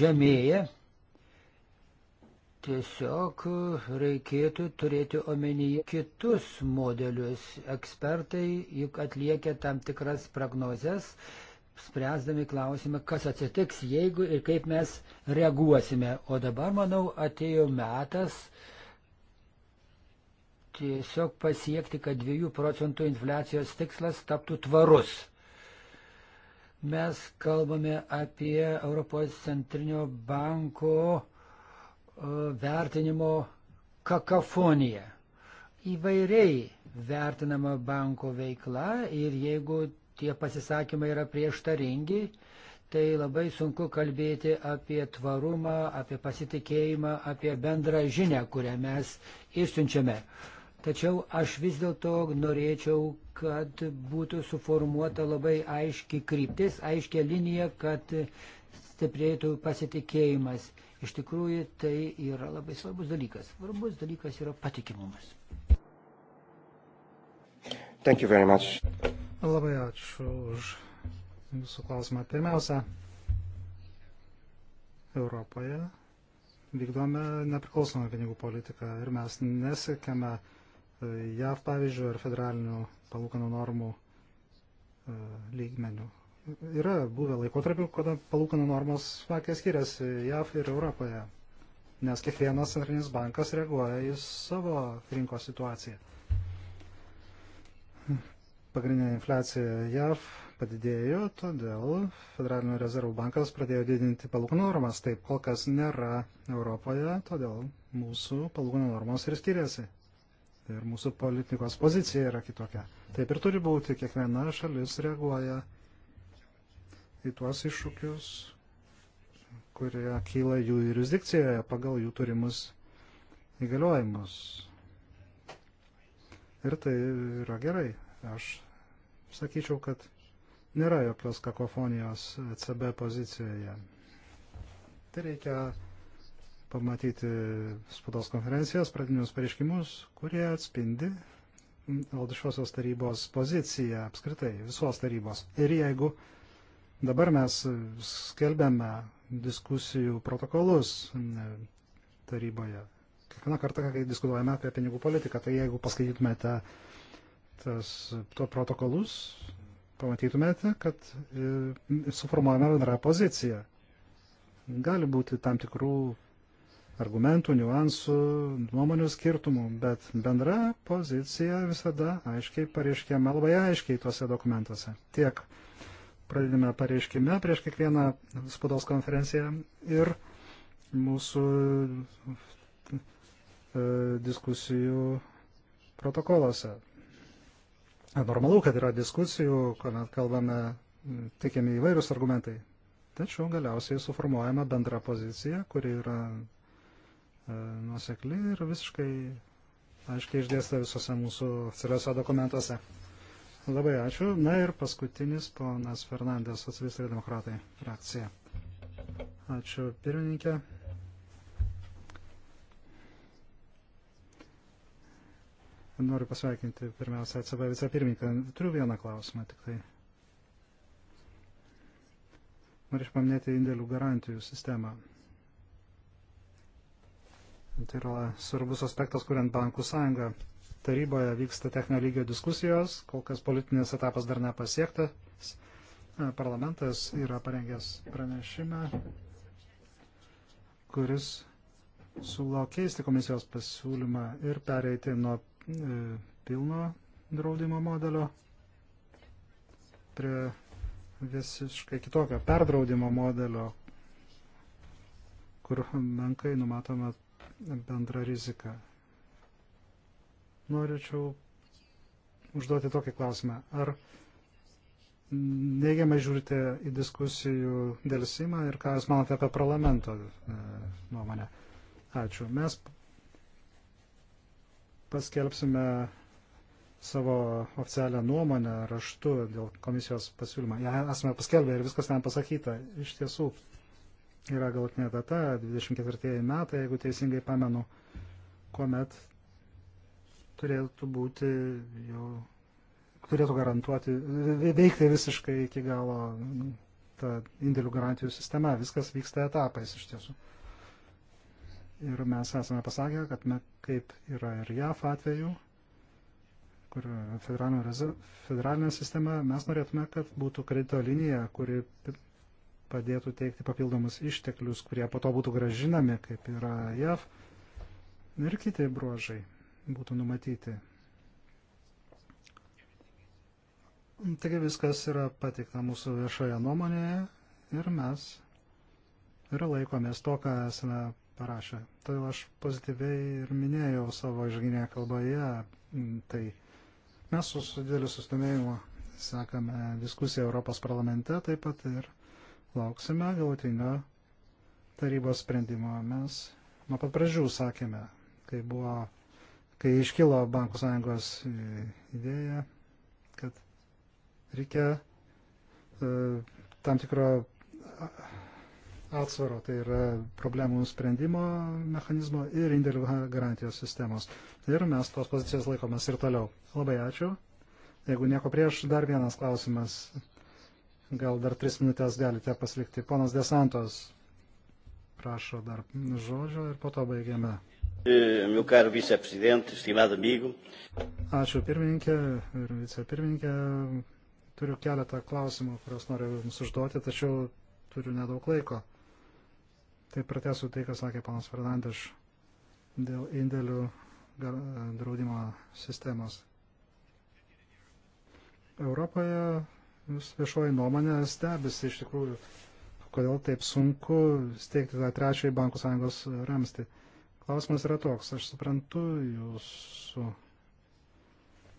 žemėja. Tiesiog reikėtų turėti omenyje kitus modelius. Ekspertai juk atliekia tam tikras prognozes, spręsdami klausimą, kas atsitiks, jeigu ir kaip mes reaguosime. O dabar, manau, atėjo metas tiesiog pasiekti, kad 2 procentų infliacijos tikslas taptų tvarus. Mes kalbame apie Europos centrinio banko e, vertinimo kakafoniją. Įvairiai vertinama banko veikla ir jeigu tie pasisakymai yra prieštaringi, tai labai sunku kalbėti apie tvarumą, apie pasitikėjimą, apie bendrą žinę, kurią mes išsiunčiame. Tačiau aš vis dėlto norėčiau, kad būtų suformuota labai aiški kryptis, aiškia linija, kad stiprėtų pasitikėjimas. Iš tikrųjų, tai yra labai svarbus dalykas. Svarbus dalykas yra patikimumas. Thank you very much. Labai ačiū už jūsų klausimą. Pirmiausia, Europoje vykdome nepriklausomą pinigų politiką ir mes nesiekėme e, JAV pavyzdžių ar federalinių palūkanų normų e, lygmenių. Yra buvę laikotarpių, kada palūkanų normos smakiai skiriasi JAV ir Europoje, nes kiekvienas centrinis bankas reaguoja į savo rinkos situaciją pagrindinė infliacija JAV padidėjo, todėl Federalinio rezervų bankas pradėjo didinti palūkanų normas. Taip kol kas nėra Europoje, todėl mūsų palūkanų normos ir skiriasi. Ir mūsų politikos pozicija yra kitokia. Taip ir turi būti, kiekviena šalis reaguoja į tuos iššūkius, kurie kyla jų jurisdikcijoje pagal jų turimus įgaliojimus. Ir tai yra gerai. Aš sakyčiau, kad nėra jokios kakofonijos ECB pozicijoje. Tai reikia pamatyti spaudos konferencijas, pradinius pareiškimus, kurie atspindi valdišosios tarybos poziciją apskritai, visos tarybos. Ir jeigu dabar mes skelbiame diskusijų protokolus taryboje, kiekvieną kartą, kai diskutuojame apie pinigų politiką, tai jeigu paskaitytumėte ta tas, to protokolus, pamatytumėte, kad e, suformuojame bendrą poziciją. Gali būti tam tikrų argumentų, niuansų, nuomonių skirtumų, bet bendra pozicija visada aiškiai pareiškiama, labai aiškiai tuose dokumentuose. Tiek pradedame pareiškime prieš kiekvieną spaudos konferenciją ir mūsų e, diskusijų protokoluose. Normalu, kad yra diskusijų, kuomet kalbame, teikiami įvairūs argumentai. Tačiau galiausiai suformuojama bendra pozicija, kuri yra e, nuosekli ir visiškai aiškiai išdėsta visose mūsų oficialiuose dokumentuose. Labai ačiū. Na ir paskutinis ponas Fernandės, socialistai ir demokratai frakcija. Ačiū pirmininkė. Noriu pasveikinti pirmiausia ECB vicepirmininką. Turiu vieną klausimą tik tai. Norėčiau paminėti indėlių garantijų sistemą. Tai yra svarbus aspektas, kuriant bankų sąjungą. Taryboje vyksta techninio lygio diskusijos, kol kas politinės etapas dar nepasiektas. Parlamentas yra parengęs pranešimą, kuris siūlo keisti komisijos pasiūlymą ir pereiti nuo E, pilno draudimo modelio prie visiškai kitokio perdraudimo modelio, kur menkai numatome bendrą riziką. Norėčiau užduoti tokį klausimą. Ar neigiamai žiūrite į diskusijų dėlsimą ir ką Jūs manote apie parlamento e, nuomonę? Ačiū. Mes paskelbsime savo oficialią nuomonę raštu dėl komisijos pasiūlymą. Ja esame paskelbę ir viskas ten pasakyta. Iš tiesų yra galutinė data, 24 metai, jeigu teisingai pamenu, kuomet turėtų būti jau turėtų garantuoti, veikti visiškai iki galo ta indėlių garantijų sistema. Viskas vyksta etapais iš tiesų. Ir mes esame pasakę, kad me, kaip yra ir JAF atveju, kur federalinė, federalinė sistema, mes norėtume, kad būtų kredito linija, kuri padėtų teikti papildomus išteklius, kurie po to būtų gražinami, kaip yra JAV. Ir kiti bruožai būtų numatyti. Taigi viskas yra pateikta mūsų viešoje nuomonėje ir mes ir laikomės to, ką esame parašė. Todėl aš pozityviai ir minėjau savo išginėje kalboje. Tai mes su, su dideliu sustumėjimu sekame diskusiją Europos parlamente taip pat ir lauksime galutinio tarybos sprendimo. Mes nuo pat pradžių sakėme, kai buvo, kai iškilo Bankų sąjungos e, idėja, kad reikia e, tam tikro atsvaro, tai yra problemų sprendimo mechanizmo ir indėlių garantijos sistemos. Ir mes tos pozicijos laikomės ir toliau. Labai ačiū. Jeigu nieko prieš, dar vienas klausimas. Gal dar tris minutės galite pasilikti. Ponas Desantos prašo dar žodžio ir po to baigiame. E, meu caro viceprezidente, estimado amigo. Ačiū pirmininkė ir vicepirmininkė. Turiu keletą klausimų, kuriuos noriu Jums užduoti, tačiau turiu nedaug laiko. Tai pratesu tai, ką sakė panas Fernandes dėl indėlių draudimo sistemos. Europoje vis viešoji nuomonė stebisi iš tikrųjų, kodėl taip sunku steigti tą trečiąjį bankų sąjungos ramstį. Klausimas yra toks, aš suprantu jūsų,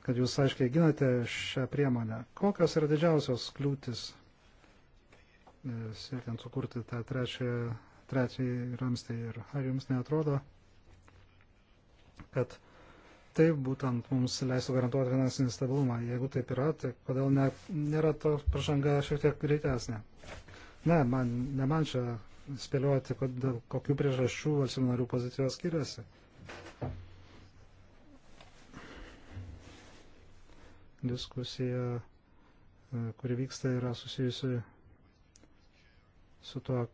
kad jūs aiškiai ginate šią priemonę. Kokios yra didžiausios kliūtis e, siekiant sukurti tą trečiąją trečiai ramstį. Ir ar jums neatrodo, kad tai būtent mums leistų garantuoti finansinį stabilumą? Jeigu taip yra, tai kodėl ne, nėra to pažanga šiek tiek greitesnė? Ne, man, ne man čia spėlioti, kod, dėl kokių priežasčių valstybių narių pozicijos skiriasi. Diskusija, e, kuri vyksta, yra susijusi su tuo,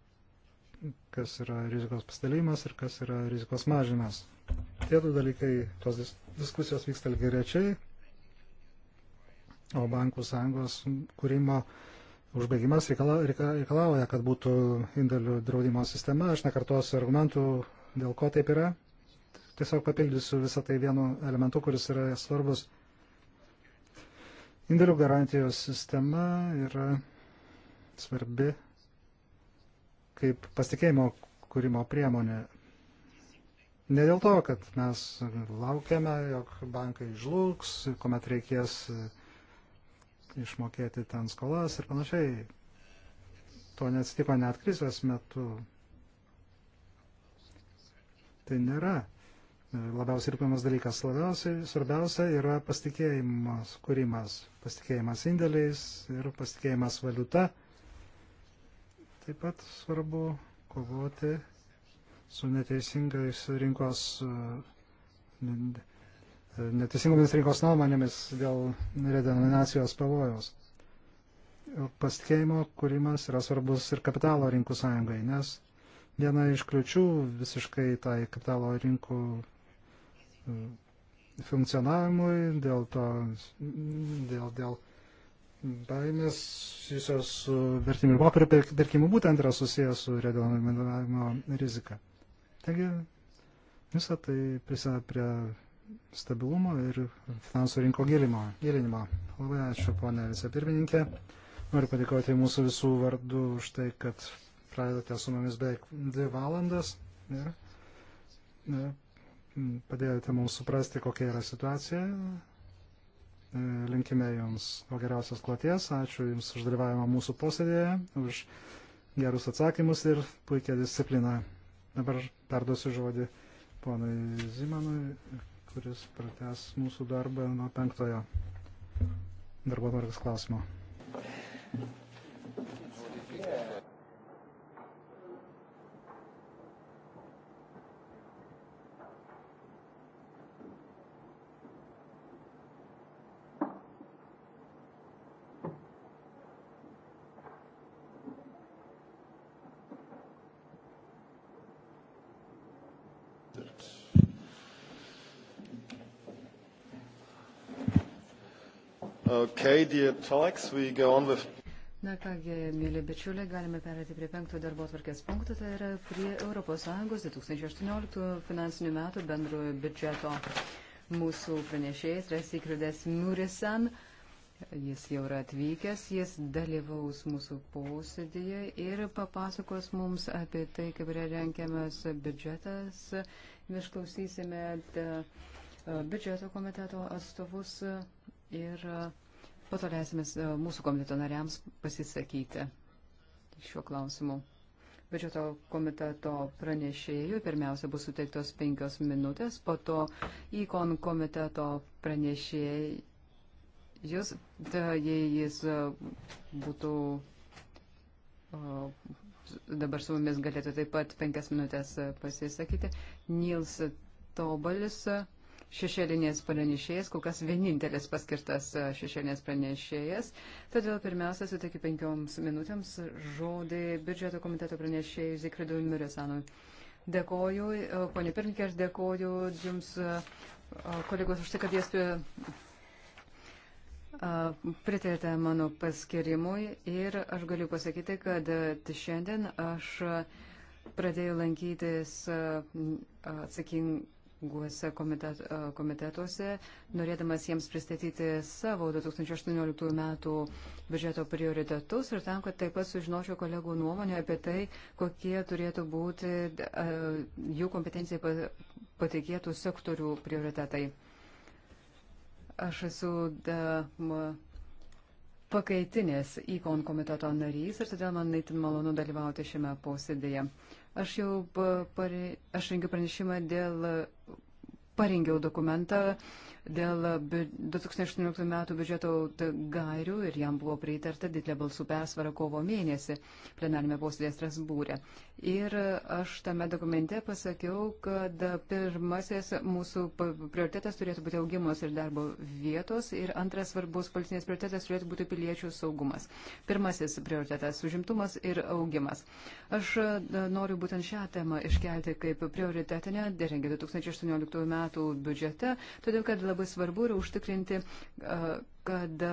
kas yra rizikos pasidalimas ir kas yra rizikos mažinimas. Tie du dalykai, tos diskusijos vyksta lygiai rečiai, o bankų sąjungos kūrimo užbaigimas reikalauja, kad būtų indėlių draudimo sistema. Aš nekartosiu argumentų, dėl ko taip yra. Tiesiog papildysiu visą tai vienu elementu, kuris yra svarbus. Indėlių garantijos sistema yra svarbi kaip pasitikėjimo kūrimo priemonė. Ne dėl to, kad mes laukiame, jog bankai žlugs, kuomet reikės e, išmokėti ten skolas ir panašiai. To neatsitiko net krizės metu. Tai nėra e, labiausiai rūpimas dalykas. Labiausiai svarbiausia yra pasitikėjimas kūrimas, pasitikėjimas indėliais ir pasitikėjimas valiuta Taip pat svarbu kovoti su neteisingais rinkos, e, e, neteisingomis rinkos nuomonėmis dėl redenominacijos pavojaus. Pasitikėjimo kūrimas yra svarbus ir kapitalo rinkų sąjungai, nes viena iš kliučių visiškai tai kapitalo rinkų e, funkcionavimui, dėl to, dėl, dėl baimės susijusios su vertimių popierių pirkimu būtent yra susijęs su redenominavimo rizika. Taigi visą tai prisideda prie stabilumo ir finansų rinko gilimo, gilinimo. Labai ačiū, ponė vicepirmininkė. Noriu padėkoti mūsų visų vardų už tai, kad pradedate su mumis beveik dvi valandas ir padėjote mums suprasti, kokia yra situacija. E, linkime Jums kuo geriausios kloties, ačiū Jums už dalyvavimą mūsų posėdėje, už gerus atsakymus ir puikia disciplina. Dabar perduosiu žodį ponui Zimanui, kuris pratęs mūsų darbą nuo penktojo darbo tvarkos klausimo. Thank you. Right. Okay, dear talks, we go on with... Na kągi, mėly bičiuliai, galime perėti prie penkto darbo atvarkės punkto, tai yra prie ES 2018 finansinių metų bendrojo biudžeto mūsų pranešėjas, Resikridas Murisan. Uh, Jis jau yra atvykęs, jis dalyvaus mūsų posėdėje ir papasakos mums apie tai, kaip yra renkiamas biudžetas. Mes klausysime e, biudžeto komiteto atstovus ir e, po to leisime e, mūsų komiteto nariams pasisakyti šiuo klausimu. Biudžeto komiteto pranešėjų pirmiausia bus suteiktos penkios minutės, po to įkon komiteto pranešėjai Jis, da, jei jis būtų dabar su mumis galėtų taip pat penkias minutės pasisakyti. Nils Tobalis, šešėlinės pranešėjas, kol kas vienintelis paskirtas šešėlinės pranešėjas. Todėl pirmiausia, suteikiu penkioms minutėms žodį biudžeto komiteto pranešėjui Zikridui Miresanui. Dėkoju, ponė Pirmininkė, aš dėkoju jums, kolegos, už tai, kad jūs pritarėte mano paskirimui ir aš galiu pasakyti, kad šiandien aš pradėjau lankytis atsakinguose komitet, komitetuose, norėdamas jiems pristatyti savo 2018 metų biudžeto prioritetus ir tam, kad taip pat sužinočiau kolegų nuomonę apie tai, kokie turėtų būbūti jų kompetencijai patikėtų sektorių prioritetai. Aš esu da, ma, pakaitinis įkon komiteto narys ir todėl man naitin malonu dalyvauti šiame posėdėje. Aš jau pare, aš rengiu pranešimą dėl, parengiau dokumentą, uh, dėl 2018 metų biudžeto gairių ir jam buvo pritarta didelė balsų persvara kovo mėnesį plenarime posėdėje Strasbūrė. Ir aš tame dokumente pasakiau, kad pirmasis mūsų prioritetas turėtų būti augimas ir darbo vietos ir antras svarbus politinės prioritetas turėtų būti piliečių saugumas. Pirmasis prioritetas - užimtumas ir augimas. Aš e, noriu būtent šią temą iškelti kaip prioritetinę, derengia 2018 metų biudžete, todėl kad labai labai svarbu yra užtikrinti, kad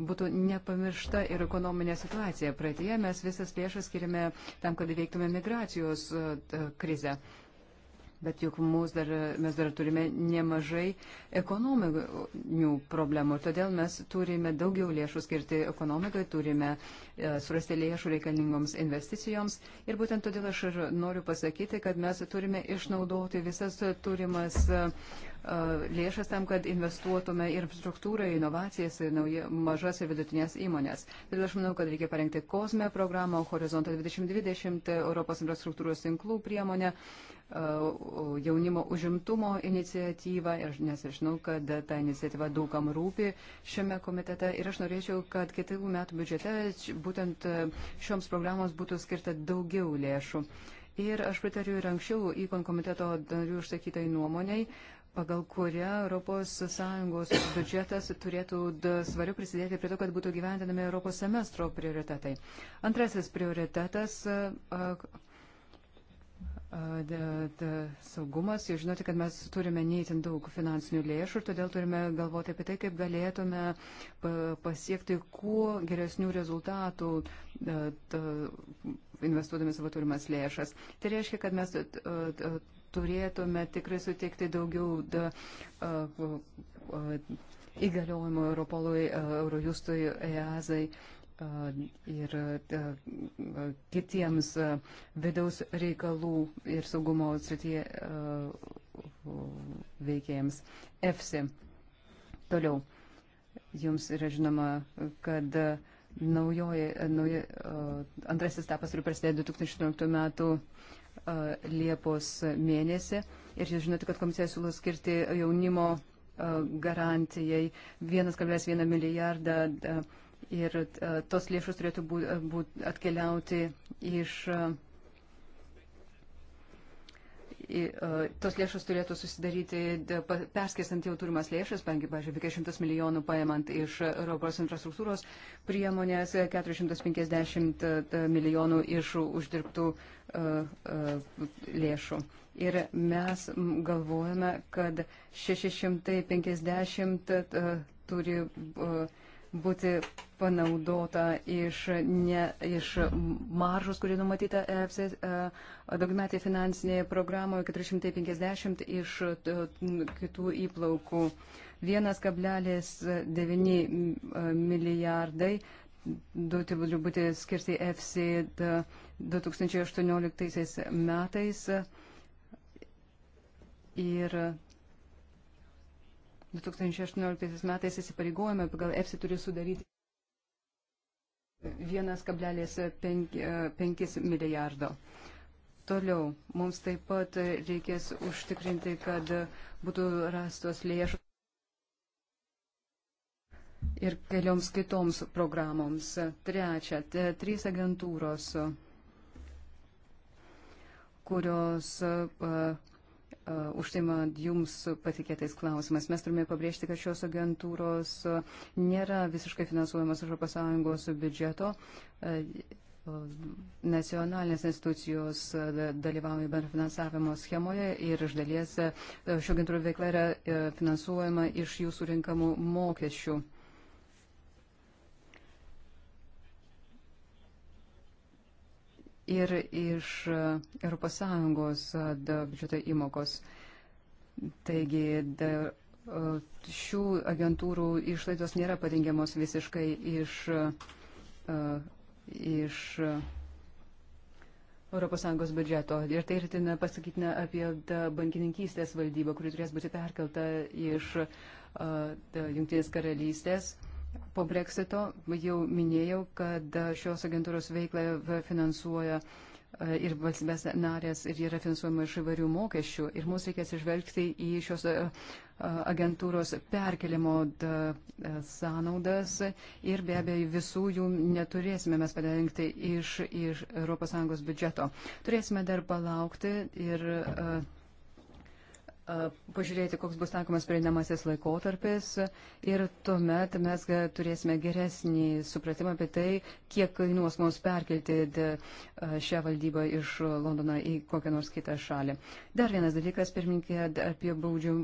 būtų nepamiršta ir ekonominė situacija. Praeitie mes visas lėšas skiriame tam, kad įveiktume migracijos krizę. Bet juk dar, mes dar turime nemažai ekonominių problemų. Todėl mes turime daugiau lėšų skirti ekonomikai, turime e, surasti lėšų reikalingoms investicijoms. Ir būtent todėl aš ir noriu pasakyti, kad mes turime išnaudoti visas turimas uh, lėšas tam, kad investuotume ir struktūrą, inovacijas, ir nauja, mažas ir vidutinės įmonės. Todėl aš manau, kad reikia parengti COSME programą, Horizontą 2020, Europos infrastruktūros tinklų priemonę, jaunimo užimtumo iniciatyvą, nes aš žinau, kad ta iniciatyva daugam rūpi šiame komitete ir aš norėčiau, kad kitų metų biudžete būtent šioms programos būtų skirta daugiau lėšų. Ir aš pritariu ir anksčiau įkon komiteto narių išsakytai nuomoniai, uh, pagal kurią ES biudžetas turėtų svariu prisidėti prie to, kad būtų gyventinami Europos semestro prioritetai. Antrasis prioritetas saugumas. Jūs žinote, kad mes turime neįtin daug finansinių lėšų ir todėl turime galvoti apie tai, kaip galėtume pasiekti kuo geresnių rezultatų investuodami savo turimas lėšas. Tai reiškia, kad mes turėtume tikrai suteikti daugiau da, uh, uh, įgaliojimų Europolui, uh, Eurojustui, EASai ir kitiems vidaus reikalų ir saugumo srityje veikėjams. EFSI. Toliau. Jums yra žinoma, kad naujoji, nauja, antrasis etapas turi prasidėti 2018 metų Liepos mėnesį. Ir jūs žinote, kad komisija siūlo skirti jaunimo garantijai 1,1 milijardą ir tos lėšos turėtų būti atkeliauti iš E, tos lėšos turėtų susidaryti perskirstant jau turimas lėšas, pavyzdžiui, 100 milijonų paėmant iš Europos infrastruktūros priemonės, 450 milijonų iš uždirbtų e, e, lėšų. Ir mes galvojame, kad 650 turi. Uh, būti panaudota iš, ne, iš maržos, kuri numatyta EFC e, dognatė finansinėje programoje 450 iš kitų įplaukų. 1,9 e, milijardai du tai turi būti skirti EFC 2018 metais. Ir 2018 metais įsipareigojame pagal EFSI turi sudaryti 1,5 e, milijardo. Toliau mums taip pat reikės užtikrinti, kad būtų rastos lėšos ir kelioms kitoms programoms. Trečia, trys agentūros, kurios uh, uh, e, užsima jums patikėtais klausimais. Mes turime pabrėžti, kad šios agentūros uh, nėra visiškai finansuojamas Europos Sąjungos biudžeto. Uh, nacionalinės institucijos uh, dalyvauja bendrafinansavimo schemoje ir iš dalies uh, šio agentūrų veikla yra finansuojama iš jų surinkamų mokesčių. Uh, ir iš ES biudžeto įmokos. Taigi da, šių agentūrų išlaidos nėra padengiamos visiškai iš, iš ES biudžeto. Ir tai rytina pasakytina apie bankininkystės valdybą, kuri turės būti perkelta iš Junktinės karalystės. Uh, Po breksito jau minėjau, kad šios agentūros veiklą finansuoja e, ir valstybės narės ir yra finansuojama iš įvairių mokesčių. Ir mums reikia atsižvelgti į šios e, agentūros perkelimo e, sąnaudas ir be abejo visų jų neturėsime mes padengti iš, iš ES biudžeto. Turėsime dar palaukti ir. Uh, pažiūrėti, koks bus taikomas prieinamasis laikotarpis ir tuomet mes turėsime geresnį supratimą apie tai, kiek kainuos mums perkelti šią valdybą iš Londono į kokią nors kitą šalį. Dar vienas dalykas, pirminkė, apie baudžių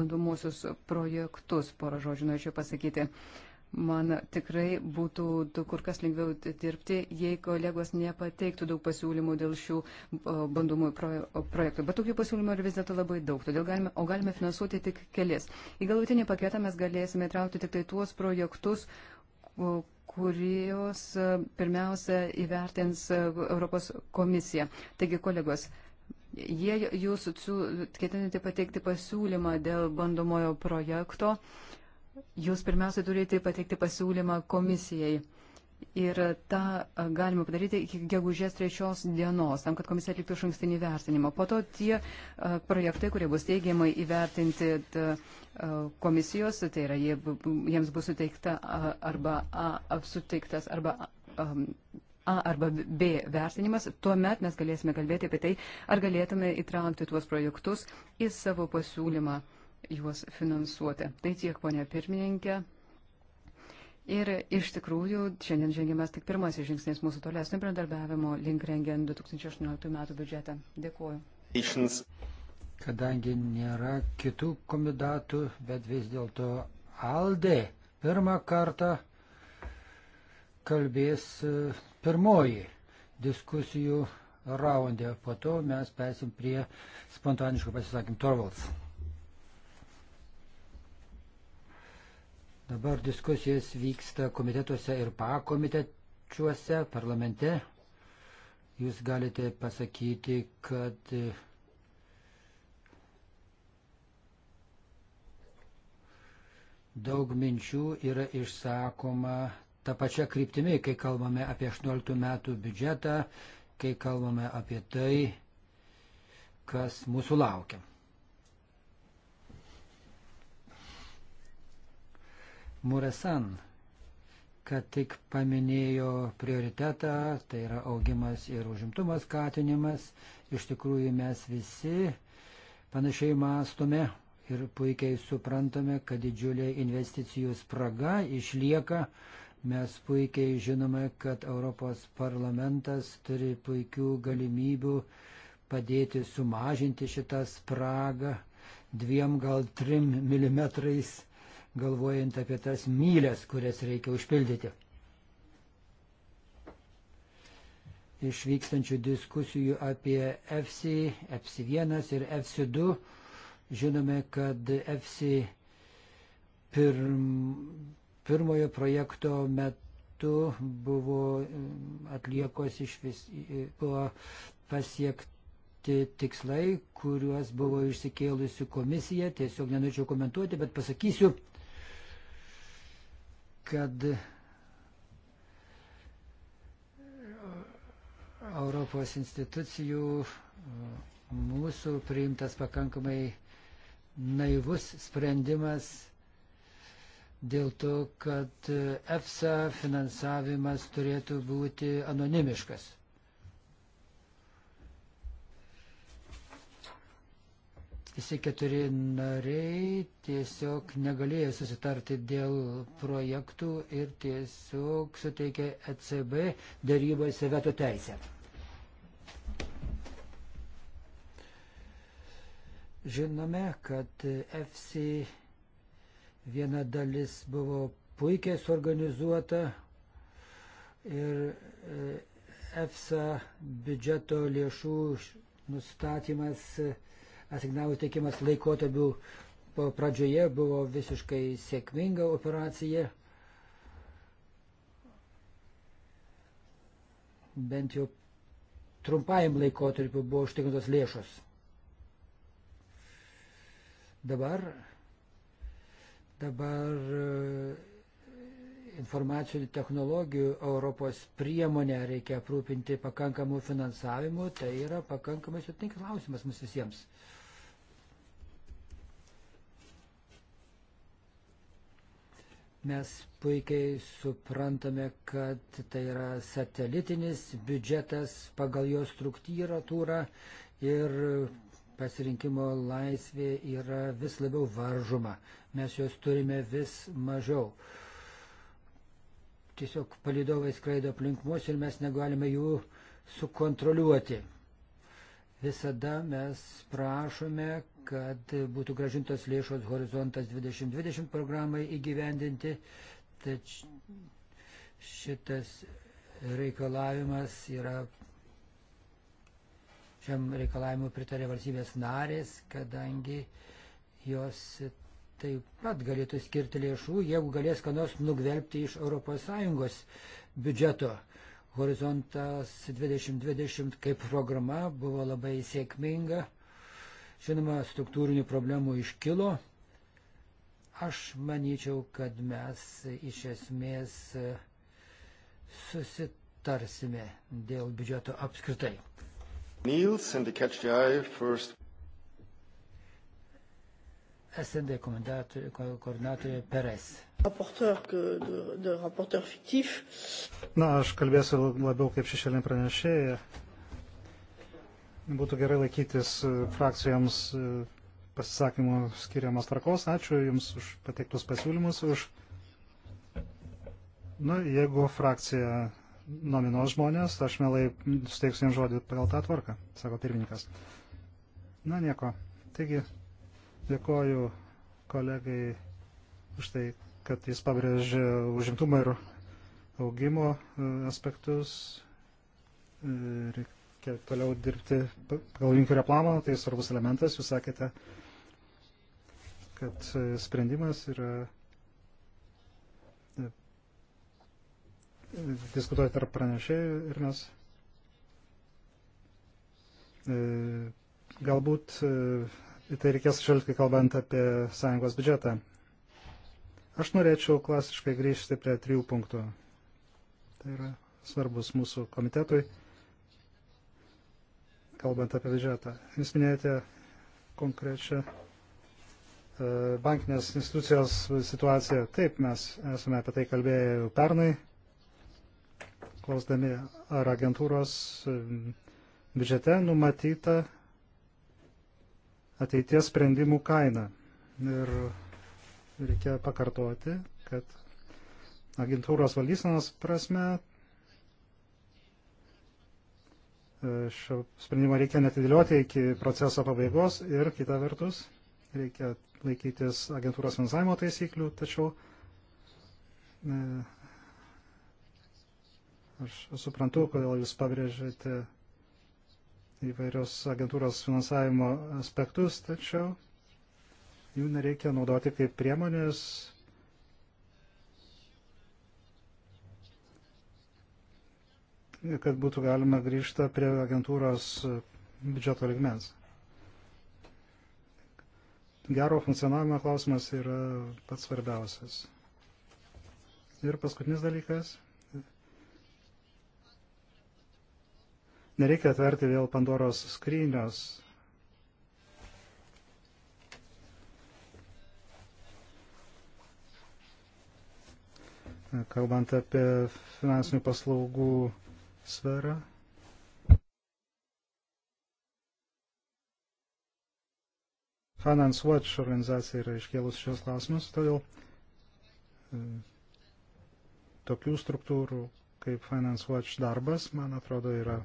bandomuosius projektus, porą žodžių norėčiau pasakyti. Uh, Man tikrai būtų kur kas lengviau dirbti, jei kolegos nepateiktų daug pasiūlymų dėl šių bandomųjų projektų. Bet tokių pasiūlymų yra vis dėlto labai daug, todėl galime, o galime finansuoti tik kelis. Į galutinį paketą mes galėsime traukti tik tai tuos projektus, kurios e, pirmiausia įvertins e, Europos komisija. Taigi, kolegos, jie jūs ketinate pateikti pasiūlymą dėl bandomojo projekto. Uh, jūs pirmiausia turite pateikti pasiūlymą komisijai. Ir tą galima padaryti iki gegužės trečios dienos, tam, kad komisija atliktų šankstinį vertinimą. Po to tie projektai, kurie bus teigiamai įvertinti komisijos, tai yra jie, jiems bus suteikta arba a, suteiktas arba a, A arba B vertinimas, tuomet mes galėsime kalbėti apie tai, ar galėtume įtraukti tuos projektus į savo pasiūlymą juos finansuoti. Tai tiek, ponė pirmininkė. Ir iš tikrųjų, šiandien žengėmės tik pirmasis žingsnis mūsų tolesnio bendradarbiavimo link rengiant 2018 metų biudžetą. Dėkuoju. Kadangi nėra kitų komidatų, bet vis dėlto Aldė pirmą kartą kalbės e, pirmoji diskusijų raundė. Po to mes pesim prie spontaniškų pasisakymų. Torvalds. Dabar diskusijos vyksta komitetuose ir pakomitečiuose parlamente. Jūs galite pasakyti, kad daug minčių yra išsakoma tą pačią kryptimį, kai kalbame apie 18 metų biudžetą, kai kalbame apie tai, kas mūsų laukia. Muresan, kad tik paminėjo prioritetą, tai yra augimas ir užimtumas skatinimas. Iš tikrųjų mes visi panašiai mąstome ir puikiai suprantame, kad didžiulė investicijų spraga išlieka. Mes puikiai žinome, kad Europos parlamentas turi puikių galimybių padėti sumažinti šitą spragą dviem gal trim milimetrais galvojant apie tas mylės, kurias reikia užpildyti. Išvykstančių diskusijų apie FC, FC1 ir FC2 žinome, kad FC pirm, pirmojo projekto metu buvo mm, atliekos iš vis, buvo pasiekti kiti tikslai, kuriuos buvo išsikėlusi komisija. Tiesiog nenorėčiau komentuoti, bet pasakysiu, kad Europos institucijų mūsų priimtas pakankamai naivus sprendimas dėl to, kad EFSA finansavimas turėtų būti anonimiškas. Visi keturi nariai tiesiog negalėjo susitarti dėl projektų ir tiesiog suteikė ECB darybose veto teisę. Žinome, kad FC viena dalis buvo puikiai suorganizuota ir EFSA biudžeto lėšų nustatymas asignavimų teikimas laikotarpių pradžioje buvo visiškai sėkminga operacija. Bent jau trumpajam laikotarpiu buvo užtikrintos lėšos. Dabar, dabar e, informacijų technologijų Europos priemonę reikia aprūpinti pakankamu finansavimu, tai yra pakankamai sutinkas klausimas mums visiems. Uh, Mes puikiai suprantame, kad tai yra satelitinis biudžetas pagal jo struktūrą ir pasirinkimo laisvė yra vis labiau varžoma. Mes jos turime vis mažiau tiesiog palidovai skraido aplink mus ir mes negalime jų sukontroliuoti. Visada mes prašome, kad būtų gražintos lėšos Horizontas 2020 programai įgyvendinti. Tačiau šitas reikalavimas yra, šiam reikalavimu pritarė valstybės narės, kadangi jos taip pat galėtų skirti lėšų, jeigu galės kanos nugvelbti iš ES biudžeto. Horizontas 2020 kaip programa buvo labai sėkminga Žinoma, struktūrinių problemų iškilo. Aš manyčiau, kad mes iš esmės e, susitarsime dėl biudžeto apskritai. Nils and the catch the eye first. SND koordinatorė Peres. Na, aš kalbėsiu labiau kaip šešėlinė pranešėja būtų gerai laikytis e, frakcijoms e, pasisakymų skiriamas tvarkos. Ačiū Jums už pateiktus pasiūlymus. Už... Na, jeigu frakcija nominuos žmonės, aš melai suteiksiu jiems žodį pagal tą tvarką, sako pirmininkas. Na, nieko. Taigi, dėkoju kolegai už tai, kad jis pabrėžė užimtumą ir augimo e, aspektus. Reikia reikia toliau dirbti pagal rinkų reklamą, tai svarbus elementas, jūs sakėte, kad e, sprendimas yra e, diskutuoti tarp pranešėjų ir mes e, galbūt tai reikės šalti kalbant apie sąjungos biudžetą. Aš norėčiau klasiškai grįžti prie trijų punktų. Tai yra svarbus mūsų komitetui kalbant apie biudžetą. Jūs minėjote konkrečią e, bankinės institucijos situaciją. Taip, mes esame apie tai kalbėję jau pernai, klausdami, ar agentūros e, biudžete numatyta ateities sprendimų kaina. Ir reikia pakartoti, kad agentūros valdysenos prasme E, šio sprendimo reikia netidėlioti iki proceso pabaigos ir kita vertus reikia laikytis agentūros finansavimo taisyklių, tačiau e, aš suprantu, kodėl jūs pabrėžėte įvairios agentūros finansavimo aspektus, tačiau jų nereikia naudoti kaip priemonės kad būtų galima grįžta prie agentūros biudžeto ligmens. Gero funkcionavimo klausimas yra pats svarbiausias. Ir paskutinis dalykas. Nereikia atverti vėl Pandoros skrynios. Kalbant apie finansinių paslaugų sferą. Finance Watch organizacija yra iškėlus šios klausimus, todėl e, tokių struktūrų kaip Finance Watch darbas, man atrodo, yra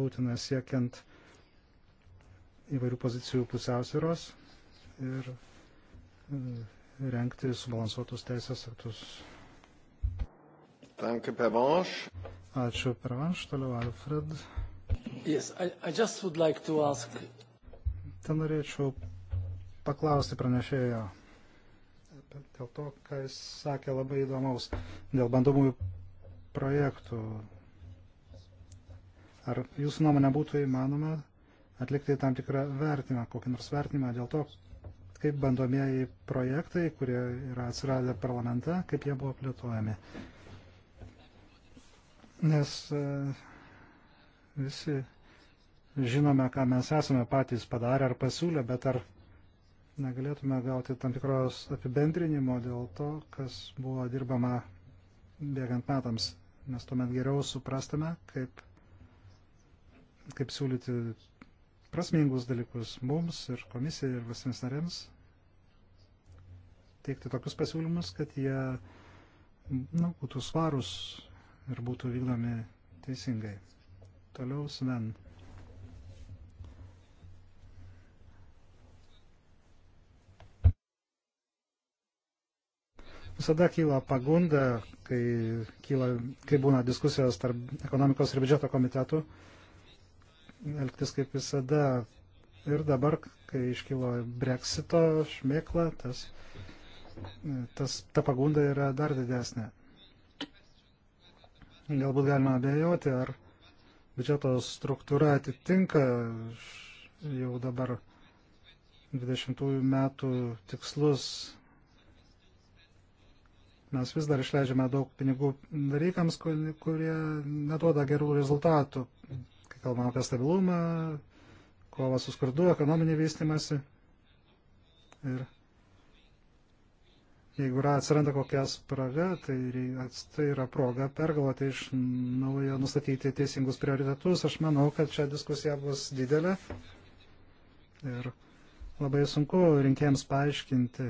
būtina siekiant įvairių pozicijų pusiausvyros ir e, renkti subalansuotus teisės aktus. Danke, Pervanche. Ačiū per vanš, toliau Alfred. Yes, I, I just would like to ask. Ten norėčiau paklausti pranešėjo dėl to, ką jis sakė labai įdomaus, dėl bandomųjų projektų. Ar jūsų nuomonė būtų įmanoma atlikti tam tikrą vertinimą, kokį nors vertinimą dėl to, kaip bandomieji projektai, kurie yra atsiradę parlamente, kaip jie buvo plėtojami nes e, visi žinome, ką mes esame patys padarę ar pasiūlę, bet ar negalėtume gauti tam tikros apibendrinimo dėl to, kas buvo dirbama bėgant metams, nes tuomet geriau suprastame, kaip, kaip siūlyti prasmingus dalykus mums ir komisijai ir visiems narėms, teikti tokius pasiūlymus, kad jie nu, būtų svarus ir būtų vykdomi teisingai. Toliau Sven. Visada kyla pagunda, kai, kyla, kai būna diskusijos tarp ekonomikos ir biudžeto komitetų, elgtis kaip visada. Ir dabar, kai iškilo breksito šmėkla, tas, tas, ta pagunda yra dar didesnė. Galbūt galima abejoti, ar biudžeto struktūra atitinka jau dabar 20 metų tikslus. Mes vis dar išleidžiame daug pinigų dalykams, kurie neduoda gerų rezultatų. Kai kalbame apie stabilumą, kovą su skurdu, ekonominį vystimąsi. Ir jeigu yra atsiranda kokia spraga, tai, tai yra proga pergalvoti iš naujo, nustatyti teisingus prioritetus. Aš manau, kad čia diskusija bus didelė ir labai sunku rinkėjams paaiškinti,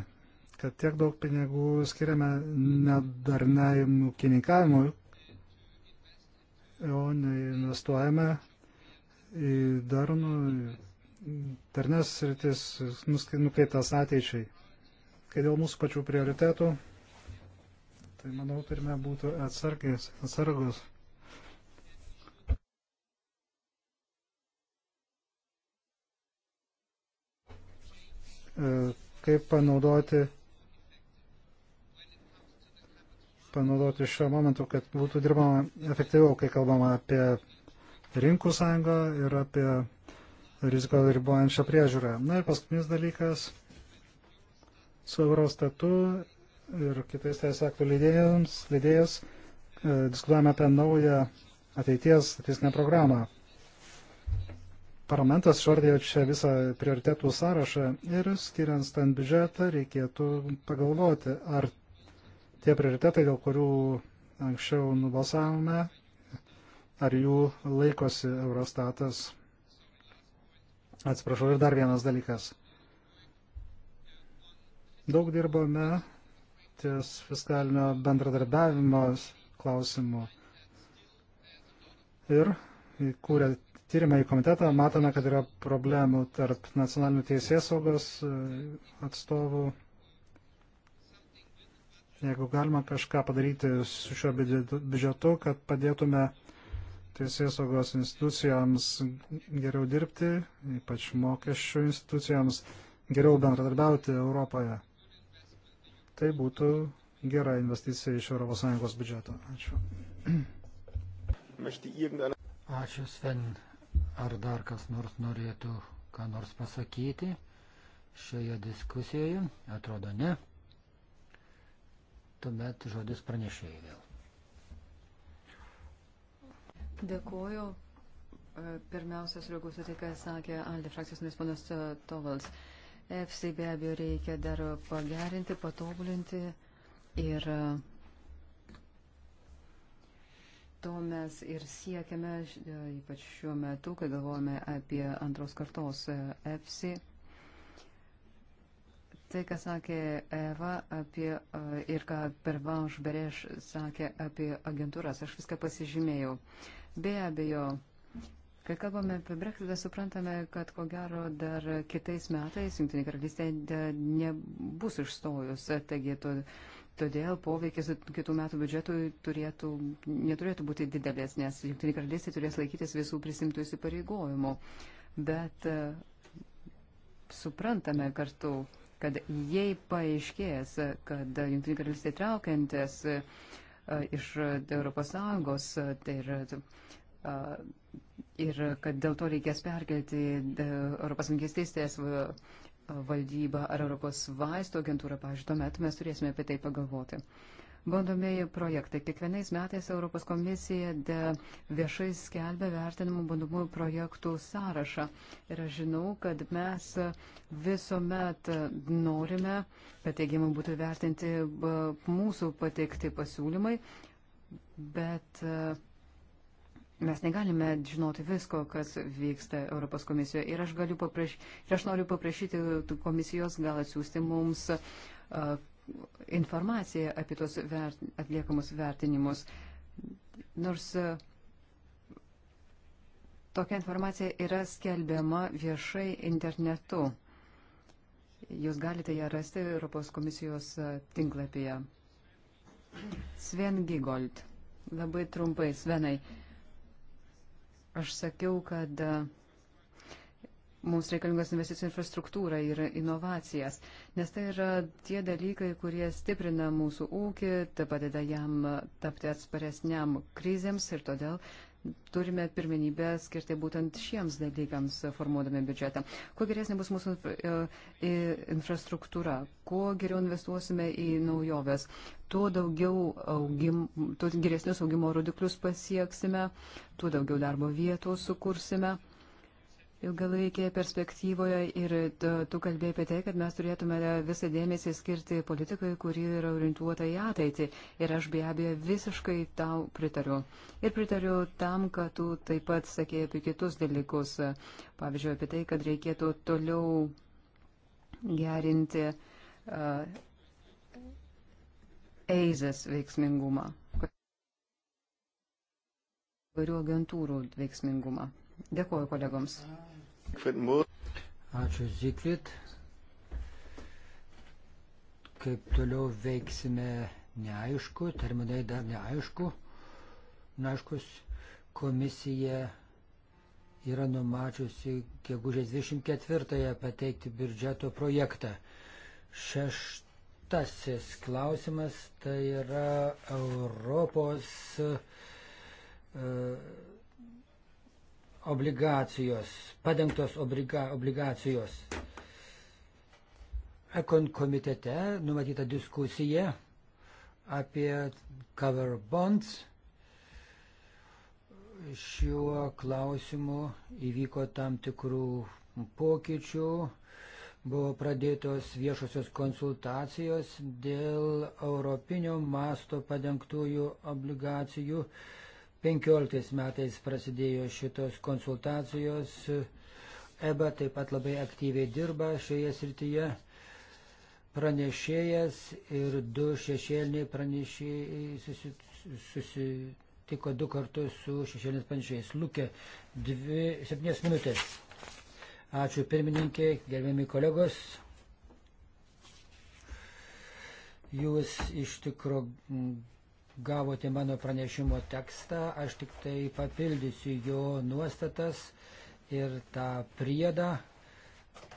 kad tiek daug pinigų skiriame nedarniai ūkininkavimui, o neinvestuojame į darnų, darnes rytis nukreiptas ateičiai. Kai dėl mūsų pačių prioritetų, tai manau turime būti atsargis, atsargus. E, kaip panaudoti, panaudoti šio momentu, kad būtų dirbama efektyviau, kai kalbama apie rinkų sąjungą ir apie riziko ribojančią priežiūrą. Na ir paskutinis dalykas su Eurostatu ir kitais teisės aktų leidėjais e, diskutuojame apie naują ateities teisinę programą. Parlamentas išvardėjo čia visą prioritetų sąrašą ir skiriant stant biudžetą reikėtų pagalvoti, ar tie prioritetai, dėl kurių anksčiau nubalsavome, ar jų laikosi Eurostatas. Atsiprašau, ir dar vienas dalykas. Daug dirbame ties fiskalinio bendradarbiavimo klausimu. Ir kūrė tyrimą į komitetą, matome, kad yra problemų tarp nacionalinių teisės saugos e, atstovų. Jeigu galima kažką padaryti su šiuo biudžetu, kad padėtume teisės saugos institucijoms geriau dirbti, ypač mokesčių institucijoms, geriau bendradarbiauti Europoje tai būtų gera investicija iš ES biudžeto. Ačiū. Ačiū Sven. Ar dar kas nors norėtų ką nors pasakyti šioje diskusijoje? Atrodo ne. Tuomet žodis pranešėjai vėl. Dėkuoju. Pirmiausias reaguosiu tai, ką sakė Aldė frakcijos narys ponas Tovals. Uh, EFSI be abejo reikia dar pagerinti, patobulinti ir e, to mes ir siekiame, e, ypač šiuo metu, kai galvojame apie antros kartos EFSI. Tai, ką sakė Eva apie, e, ir ką Pervanš Bereš sakė apie agentūras, aš viską pasižymėjau. Be abejo, Kai kalbame apie Brexitą, suprantame, kad ko gero dar kitais metais Junktinė karalystė nebus išstojus. Taigi, to, todėl poveikis kitų metų biudžetui turėtų, neturėtų būti didelės, nes Junktinė karalystė turės laikytis visų prisimtų įsipareigojimų. Bet e, suprantame kartu, kad jei paaiškės, kad Junktinė karalystė traukiantis e, iš ES, tai yra ir kad dėl to reikės perkelti e, Europos bankistystės e, valdybą ar Europos vaisto agentūrą, pažiūrėjau, tuomet mes turėsime apie tai pagalvoti. Bandomieji projektai. Kiekvienais metais Europos komisija viešai skelbia vertinimų bandomųjų projektų sąrašą. Ir aš žinau, kad mes visuomet norime, kad teigiamai būtų vertinti e, mūsų pateikti pasiūlymai, bet uh, Mes negalime žinoti visko, kas vyksta Europos komisijoje. Ir aš, papraš... ir aš noriu paprašyti komisijos gal atsiųsti mums uh, informaciją apie tos vert... atliekamus vertinimus. Nors uh, tokia informacija yra skelbiama viešai internetu. Jūs galite ją rasti Europos komisijos tinklapyje. Sven Gigold. Labai trumpai, Svenai. Uh, Aš sakiau, kad e, mums reikalingos investicijų infrastruktūra ir inovacijas, nes tai yra tie dalykai, kurie stiprina mūsų ūkį, tai padeda jam e, tapti atsparesniam krizėms ir todėl turime pirmenybę skirti būtent šiems dalykams formuodami biudžetą. Kuo geresnė bus mūsų e, e, infrastruktūra, kuo geriau investuosime į naujoves, tuo daugiau augim, tuo geresnius augimo rodiklius pasieksime, tuo daugiau darbo vietų sukursime ilgalaikėje perspektyvoje ir tu kalbėjai apie tai, kad mes turėtume visą dėmesį skirti politikai, kuri yra orientuota į ateitį. Ir aš be abejo visiškai tau pritariu. Ir pritariu tam, kad tu taip pat sakėjai apie kitus dalykus. Pavyzdžiui, apie tai, kad reikėtų toliau gerinti uh, eizės veiksmingumą įvairių agentūrų veiksmingumą. Dėkuoju kolegoms. Ačiū Zikvit. Kaip toliau veiksime neaišku, terminai dar neaišku. Neaiškus komisija yra numačiusi gegužės 24-ąją pateikti biudžeto projektą. Šeštasis klausimas tai yra Europos uh, obligacijos, padengtos obliga, obligacijos. Ekon komitete numatyta diskusija apie cover bonds. Šiuo klausimu įvyko tam tikrų pokyčių, buvo pradėtos viešosios konsultacijos dėl europinio masto padengtųjų obligacijų. Uh, 15 metais prasidėjo šitos konsultacijos. EBA taip pat labai aktyviai dirba šioje srityje. Pranešėjas ir du šešėliniai pranešėjai susi, susitiko du kartus su šešėliniais pranešėjais. Lūkė, dvi, septynės minutės. Ačiū pirmininkė, gerbiami kolegos. Jūs iš tikrųjų gavote mano pranešimo tekstą, aš tik tai papildysiu jo nuostatas ir tą priedą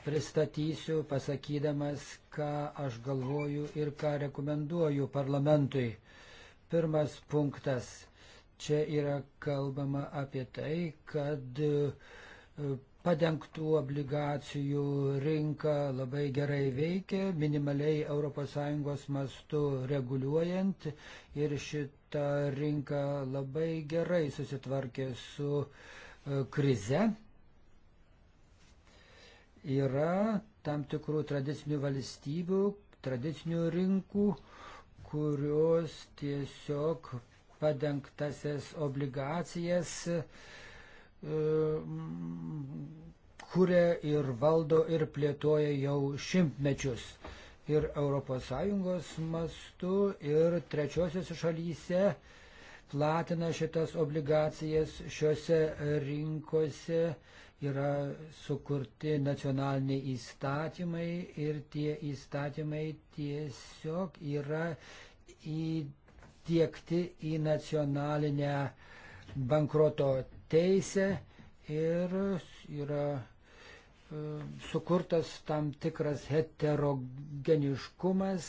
pristatysiu, pasakydamas, ką aš galvoju ir ką rekomenduoju parlamentui. Pirmas punktas. Čia yra kalbama apie tai, kad padengtų obligacijų rinka labai gerai veikia, minimaliai ES mastu reguliuojant ir šita rinka labai gerai susitvarkė su e, krize. Yra tam tikrų tradicinių valstybių, tradicinių rinkų, kurios tiesiog padengtasias obligacijas uh, E, kuria ir valdo ir plėtoja jau šimtmečius. Ir ES mastu, ir trečiosios šalyse platina šitas obligacijas šiuose rinkose yra sukurti nacionaliniai įstatymai ir tie įstatymai tiesiog yra įtiekti į nacionalinę bankroto teisę ir yra e, sukurtas tam tikras heterogeniškumas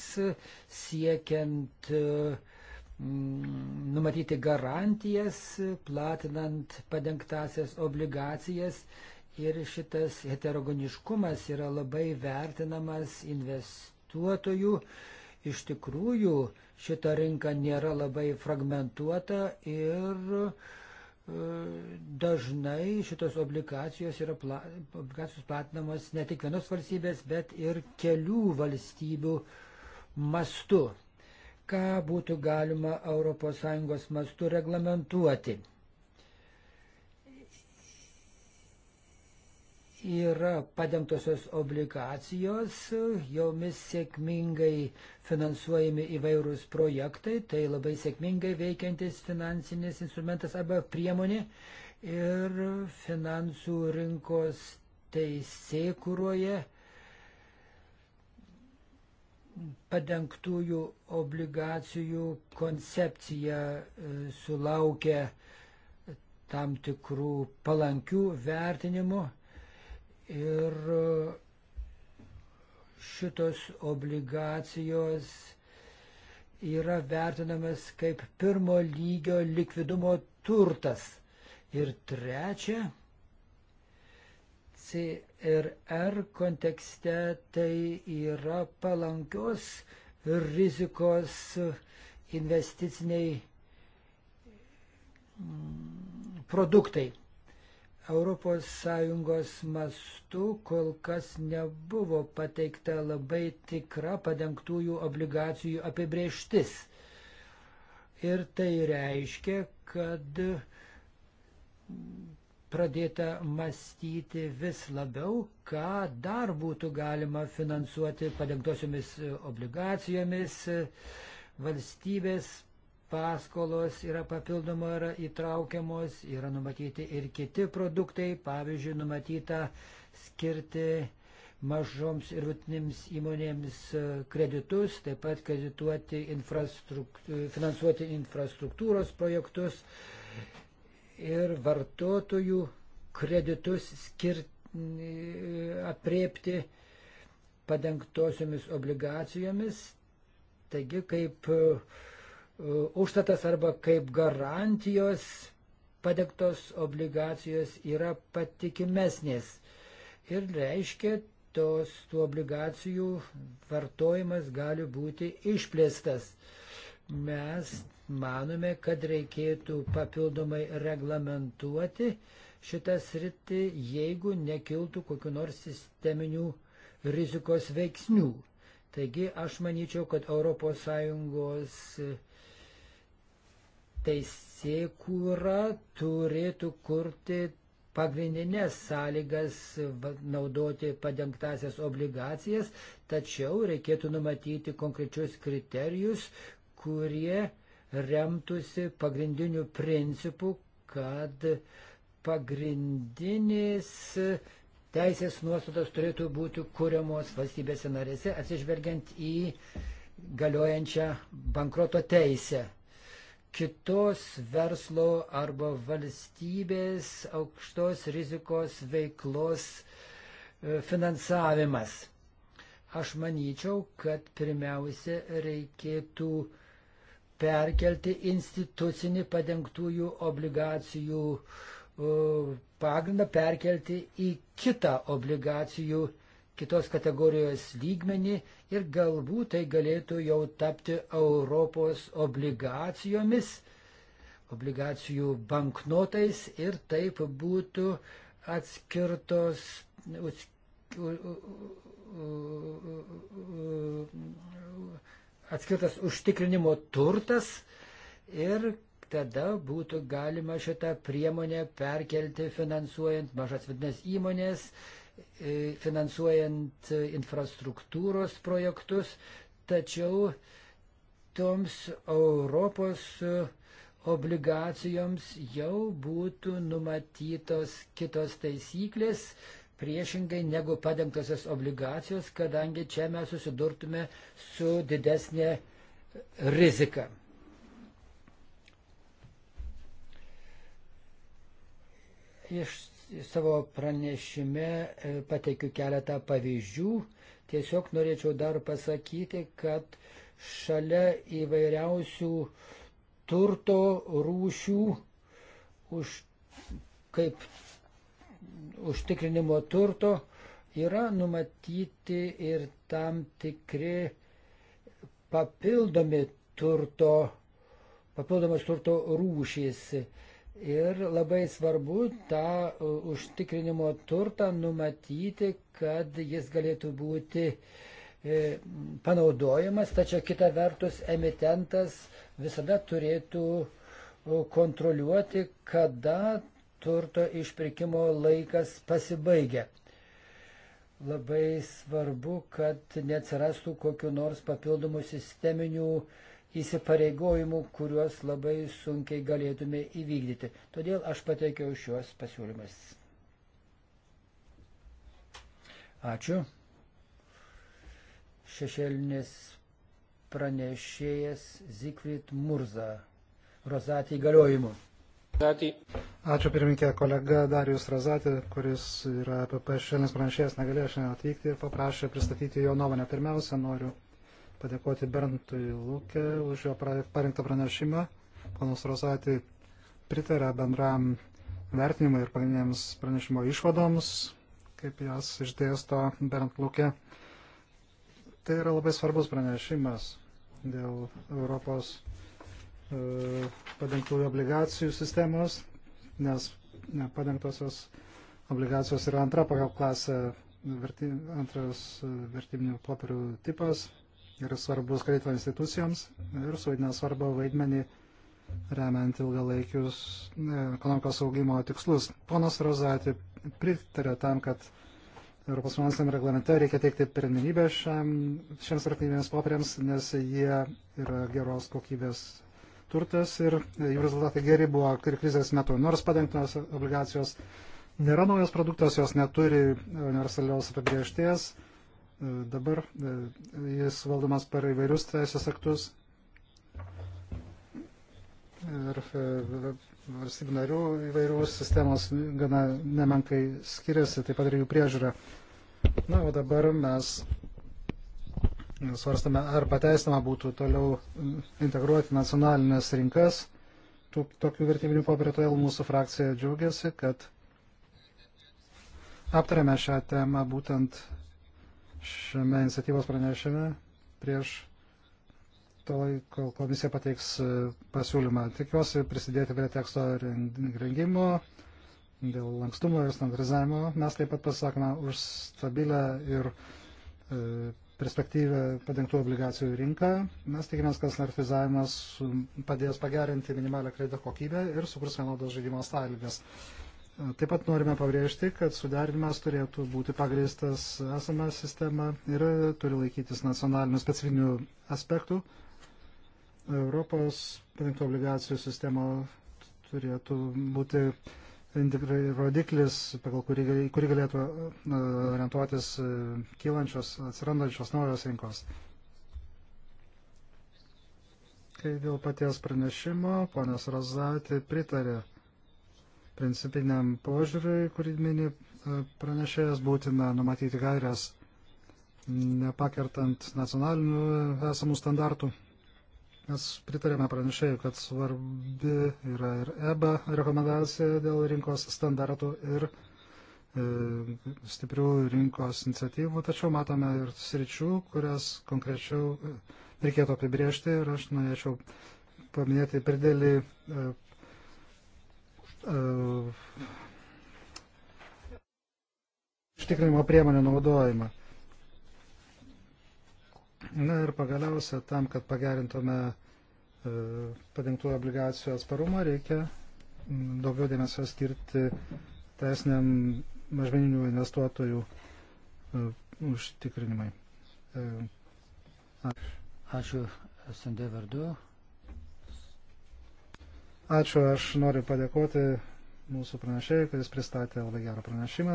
siekiant e, numatyti garantijas, platinant padengtasias obligacijas ir šitas heterogeniškumas yra labai vertinamas investuotojų. Iš tikrųjų, šita rinka nėra labai fragmentuota ir uh, dažnai šitos obligacijos yra pla, obligacijos platinamos ne tik vienos valstybės, bet ir kelių valstybių mastu. Ką būtų galima ES mastu reglamentuoti? yra padengtosios obligacijos, jomis sėkmingai finansuojami įvairūs projektai, tai labai sėkmingai veikiantis finansinis instrumentas arba priemonė ir finansų rinkos teisėkuroje padengtųjų obligacijų koncepcija e, sulaukia tam tikrų palankių vertinimų Ir e, šitos obligacijos yra vertinamas kaip pirmo lygio likvidumo turtas. Ir trečia, CRR kontekste tai yra palankios rizikos investiciniai mm, produktai. ES mastu kol kas nebuvo pateikta labai tikra padengtųjų obligacijų apibrieštis. Ir tai reiškia, kad pradėta mąstyti vis labiau, ką dar būtų galima finansuoti padengtosiomis obligacijomis, valstybės paskolos yra papildomai yra įtraukiamos, yra numatyti ir kiti produktai, pavyzdžiui, numatyta skirti mažoms ir vidutinėms įmonėms e, kreditus, taip pat kredituoti infrastruktū, e, finansuoti infrastruktūros projektus ir vartotojų kreditus skirti e, apriepti padengtosiomis obligacijomis. Taigi, kaip uh, Uh, užstatas arba kaip garantijos padegtos obligacijos yra patikimesnės. Ir reiškia, tos tų obligacijų vartojimas gali būti išplėstas. Mes manome, kad reikėtų papildomai reglamentuoti šitą sritį, jeigu nekiltų kokiu nors sisteminių rizikos veiksnių. Taigi aš manyčiau, kad ES teisėkūra turėtų kurti pagrindinės sąlygas naudoti padengtasias obligacijas, tačiau reikėtų numatyti konkrečius kriterijus, kurie remtųsi pagrindiniu principu, kad pagrindinės teisės nuostatos turėtų būti kuriamos valstybėse narėse, atsižvelgiant į galiojančią bankroto teisę kitos verslo arba valstybės aukštos rizikos veiklos e, finansavimas. Aš manyčiau, kad pirmiausia reikėtų perkelti institucinį padengtųjų obligacijų e, pagrindą, perkelti į kitą obligacijų kitos kategorijos lygmenį ir galbūt tai galėtų jau tapti Europos obligacijomis, obligacijų banknotais ir taip būtų atskirtos, atskirtas užtikrinimo turtas ir tada būtų galima šitą priemonę perkelti finansuojant mažas vidinės įmonės, E, finansuojant infrastruktūros projektus, tačiau toms Europos obligacijoms jau būtų numatytos kitos taisyklės, priešingai negu padengtosios obligacijos, kadangi čia mes susidurtume su didesnė rizika. Iš savo pranešime e, pateikiu keletą pavyzdžių. Tiesiog norėčiau dar pasakyti, kad šalia įvairiausių turto rūšių, už, kaip užtikrinimo turto, yra numatyti ir tam tikri papildomi turto, papildomas turto rūšys Ir labai svarbu tą e, užtikrinimo turtą numatyti, kad jis galėtų būti e, panaudojamas, tačiau kita vertus emitentas visada turėtų e, kontroliuoti, kada turto išpirkimo laikas pasibaigia. Labai svarbu, kad neatsirastų kokiu nors papildomų sisteminių uh, įsipareigojimų, kuriuos labai sunkiai galėtume įvykdyti. Todėl aš pateikiau šiuos pasiūlymus. Ačiū. Šešėlinis pranešėjas Zikvit Murza. Rozatį įgaliojimu. Ačiū pirmininkė kolega Darijus Razatė, kuris yra PP šiandien pranešėjas, negalėjo šiandien atvykti ir paprašė pristatyti jo nuomonę. Pirmiausia, noriu padėkoti Berntui Lūkė už jo parinktą pranešimą. Panas Rosati pritarė bendram vertinimui ir pagrindiniams pranešimo išvadoms, kaip jas išdėsto Bernt Lūkė. Tai yra labai svarbus pranešimas dėl Europos e, padengtųjų obligacijų sistemos, nes ne, padengtosios obligacijos yra antra pagal klasę, verti, antras e, vertybinių popierių tipas ir svarbus kredito institucijoms ir suvaidina svarbą vaidmenį remiant ilgalaikius e, ekonomikos augimo tikslus. Ponas Rozati pritarė tam, kad Europos finansiniam reglamente reikia teikti pirmenybę šiam, šiems vertybinėms popieriams, nes jie yra geros kokybės turtas ir jų rezultatai geri buvo ir krizės metu. Nors padengtinos obligacijos nėra naujas produktas, jos neturi universalios apibriešties Dabar e, jis valdomas per įvairius teisės aktus ir e, valstybių narių įvairios sistemos gana nemenkai skiriasi, taip pat ir jų priežiūra. Na, o dabar mes svarstame, ar pateisnama būtų toliau integruoti nacionalinės rinkas. Tų, tokių vertybinių popierių todėl mūsų frakcija džiaugiasi, kad aptarėme šią temą būtent šiame iniciatyvos pranešime prieš tol, kol komisija pateiks e, pasiūlymą. Tikiuosi prisidėti prie teksto rengimo dėl lankstumo ir standartizavimo. Mes taip pat pasakome už stabilę ir e, perspektyvę padengtų obligacijų rinką. Mes tikimės, kad standartizavimas padės pagerinti minimalią kredito kokybę ir sukurs vienodas žaidimo sąlygas. Taip pat norime pabrėžti, kad suderinimas turėtų būti pagristas esamą sistemą ir turi laikytis nacionalinių specifinių aspektų. Europos padengtų obligacijų sistema turėtų būti rodiklis, pagal kurį, kurį galėtų e, orientuotis e, kylančios, atsirandančios naujos rinkos. Kai dėl paties pranešimo, ponas Rozati pritarė principiniam požiūriui, kurį mini e, pranešėjas, būtina numatyti gairias, nepakertant nacionalinių esamų standartų. Mes pritarėme pranešėjų, kad svarbi yra ir EBA rekomendacija dėl rinkos standartų ir e, stiprių rinkos iniciatyvų, tačiau matome ir sričių, kurias konkrečiau e, reikėtų apibriežti ir aš norėčiau paminėti pridėlį ištikrinimo e, priemonių naudojimą. Na ir pagaliausia, tam, kad pagerintume e, padengtų obligacijų atsparumą, reikia daugiau dėmesio skirti teisiniam mažmeninių investuotojų e, užtikrinimai. Ačiū. Ačiū SND vardu. Ačiū, aš noriu padėkoti mūsų pranešėjai, kuris pristatė labai gerą pranešimą.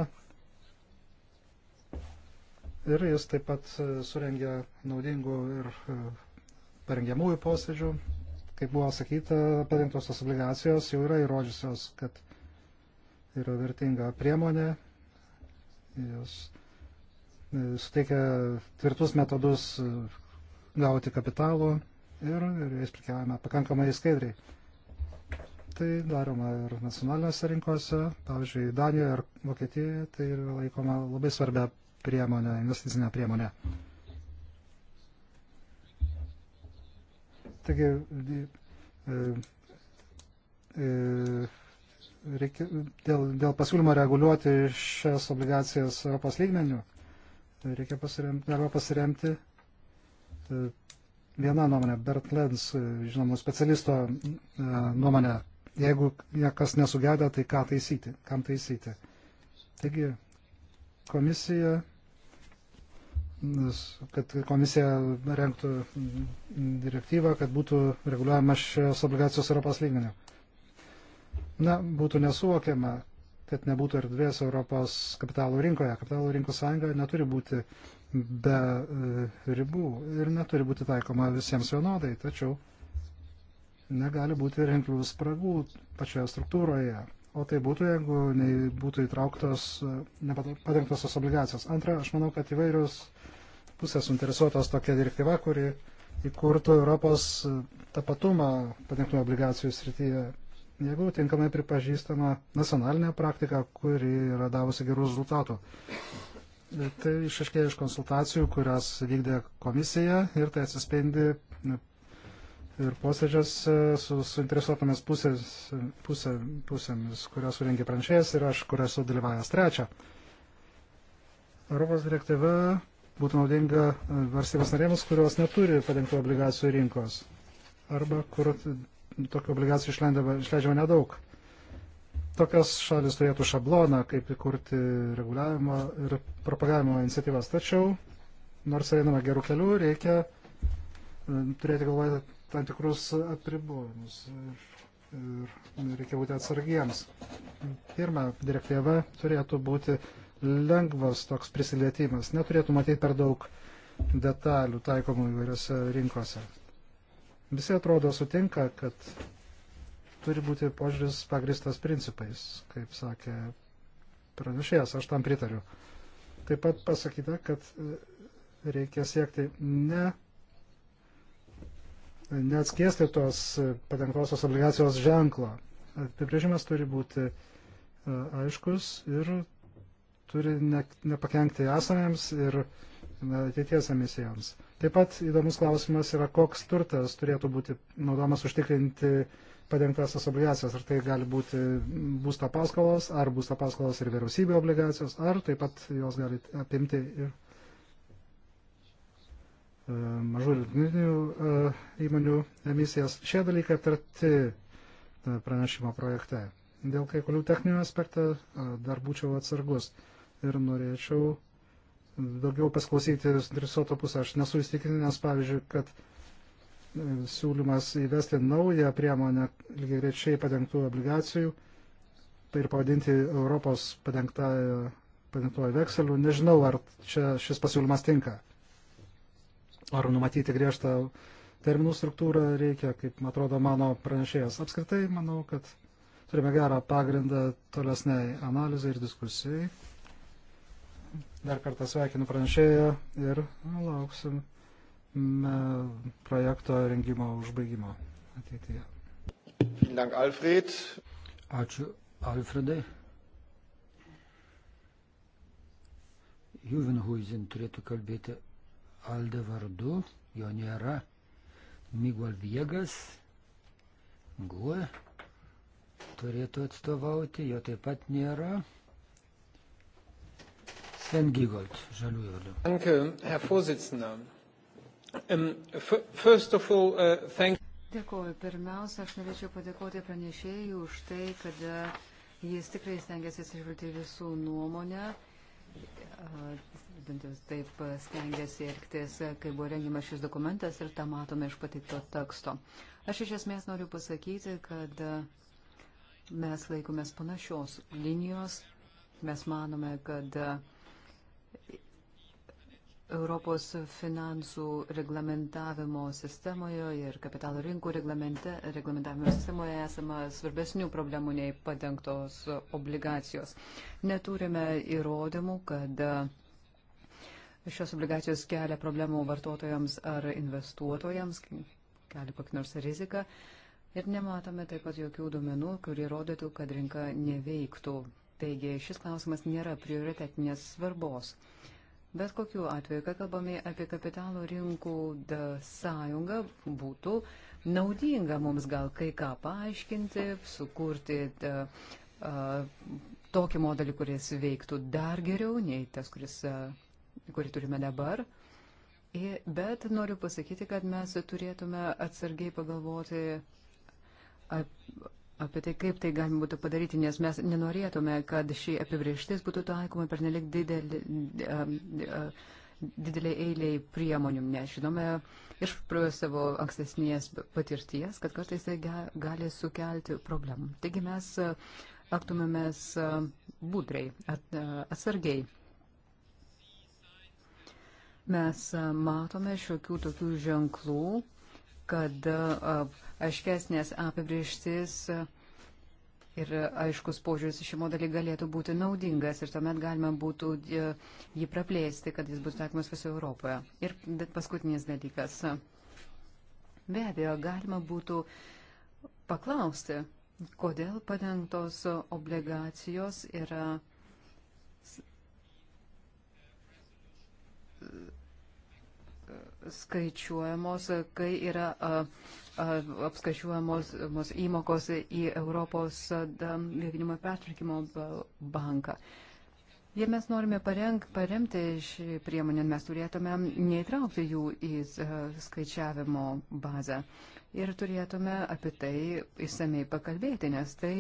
Ir jis taip pat e, surengė naudingų ir e, parengiamųjų posėdžių. Kaip buvo sakyta, padengtosios obligacijos jau yra įrodžiusios, kad yra vertinga priemonė. Jis e, suteikia tvirtus metodus gauti kapitalų ir jais prikiavame pakankamai skaidriai. Tai daroma ir nacionalinėse rinkose, pavyzdžiui, Danijoje ir Vokietijoje, tai yra laikoma labai svarbia priemonė, investicinė priemonė. Taigi, e, e, reikia, dėl, dėl pasiūlymo reguliuoti šias obligacijas Europos lygmenių, tai reikia pasiremti, galima pasiremti e, viena nuomonė, Bert Lenz, žinomų specialisto nuomonė jeigu niekas nesugeda, tai ką taisyti, kam taisyti. Taigi komisija, kad komisija renktų direktyvą, kad būtų reguliuojamas šios obligacijos Europos lygmenio. Na, būtų nesuvokiama, kad nebūtų erdvės Europos kapitalų rinkoje. Kapitalų rinkų sąjunga neturi būti be e, ribų ir neturi būti taikoma visiems vienodai, tačiau negali būti rinklių spragų pačioje struktūroje. O tai būtų, jeigu būtų įtrauktos nepadengtosios obligacijos. Antra, aš manau, kad įvairios pusės suinteresuotos tokia direktyva, kuri įkurtų Europos tapatumą padengtų obligacijų srityje. Jeigu tinkamai pripažįstama nacionalinė praktika, kuri yra davusi gerų rezultatų. Tai išaiškėjo iš konsultacijų, kurias vykdė komisija ir tai atsispindi ir posėdžius e, su suinteresuotomis pusės, pusė, pusėmis, kurios surengė pranešėjas ir aš, kur esu dalyvavęs trečią. Europos direktyva būtų naudinga e, valstybės narėms, kurios neturi padengtų obligacijų rinkos arba kur tokių obligacijų išleidžiama nedaug. Tokios šalis turėtų šabloną, kaip įkurti reguliavimo ir propagavimo iniciatyvas. Tačiau, nors einama gerų kelių, reikia e, turėti galvoje tam tikrus apribojimus ir, ir reikia būti atsargiems. Pirma, direktyva turėtų būti lengvas toks prisilietimas, neturėtų matyti per daug detalių taikomų įvairiose rinkose. Visi atrodo sutinka, kad turi būti požiūris pagristas principais, kaip sakė pranešėjas, aš tam pritariu. Taip pat pasakyta, kad reikia siekti ne neatskiesti tos patenktosios obligacijos ženklo. Apibrėžimas turi būti e, aiškus ir turi ne, nepakengti esamiems ir ateities emisijoms. Taip pat įdomus klausimas yra, koks turtas turėtų būti naudomas užtikrinti padengtasias obligacijas. Ar tai gali būti būsto paskolos, ar būsto paskolos ir vyriausybė obligacijos, ar taip pat jos gali apimti ir mažų ir vidutinių e, įmonių emisijas. Šie dalykai aptarti e, pranešimo projekte. Dėl kai kurių techninių aspektų e, dar būčiau atsargus ir norėčiau daugiau pasklausyti interesuoto pusę. Aš nesu įstikinęs, pavyzdžiui, kad siūlymas įvesti naują priemonę lygiai rečiai padengtų obligacijų tai ir pavadinti Europos padengtuoju vekseliu. Nežinau, ar čia šis pasiūlymas tinka ar numatyti griežtą terminų struktūrą reikia, kaip atrodo mano pranešėjas. Apskritai, manau, kad turime gerą pagrindą tolesniai analizai ir diskusijai. Dar kartą sveikinu pranešėją ir lauksim projekto rengimo užbaigimo ateityje. Dank, Alfred. Ačiū, Alfredai. Juvenhuizen turėtų kalbėti Alde vardu, jo nėra. Miguel Viegas, Gue, turėtų atstovauti, jo taip pat nėra. Sven Gigold, žaliųjų vardu. Danke, Herr Vorsitzender. Um, first of all, uh, thank... Dėkuoju. Pirmiausia, aš norėčiau padėkoti pranešėjų už tai, kad äh, jis tikrai stengiasi atsižvelgti visų nuomonę. Uh, taip stengiasi elgtis, kai buvo rengiamas šis dokumentas ir tą matome iš pateikto teksto. Aš iš esmės noriu pasakyti, kad mes laikomės panašios linijos, mes manome, kad Europos finansų reglamentavimo sistemoje ir kapitalo rinkų reglamentavimo sistemoje esama svarbesnių problemų nei padengtos obligacijos. Neturime įrodymų, kad šios obligacijos kelia problemų vartotojams ar investuotojams, kelia kokį nors riziką. Ir nematome taip pat jokių duomenų, kurie rodytų, kad rinka neveiktų. Taigi šis klausimas nėra prioritetinės svarbos. Bet kokiu atveju, kad kalbame apie kapitalo rinkų sąjungą, būtų naudinga mums gal kai ką paaiškinti, sukurti da, a, tokį modelį, kuris veiktų dar geriau nei tas, kuris, kurį turime dabar. Bet noriu pasakyti, kad mes turėtume atsargiai pagalvoti apie tai, kaip tai galima būtų padaryti, nes mes nenorėtume, kad šį apibrieštis būtų taikoma per nelik didelį. Um, uh, Didelė eiliai priemonių, nes žinome iš savo ankstesnės patirties, kad kartais tai gali sukelti problemų. Taigi mes uh, aktumėmės uh, budriai, atsargiai. Mes matome šiokių tokių ženklų, kad aiškesnės apibrieštis ir aiškus požiūris į šį modelį galėtų būti naudingas ir tuomet galima būtų e, jį praplėsti, kad jis bus taikomas visoje Europoje. Ir paskutinis dalykas. Be abejo, galima būtų paklausti, kodėl padengtos obligacijos yra skaičiuojamos, kai yra apskaičiuojamos įmokos į Europos lyginimo pertvarkymo banką. Jei mes norime pareng, paremti šį priemonę, mes turėtume neįtraukti jų į skaičiavimo bazę ir turėtume apie tai įsamei pakalbėti, nes tai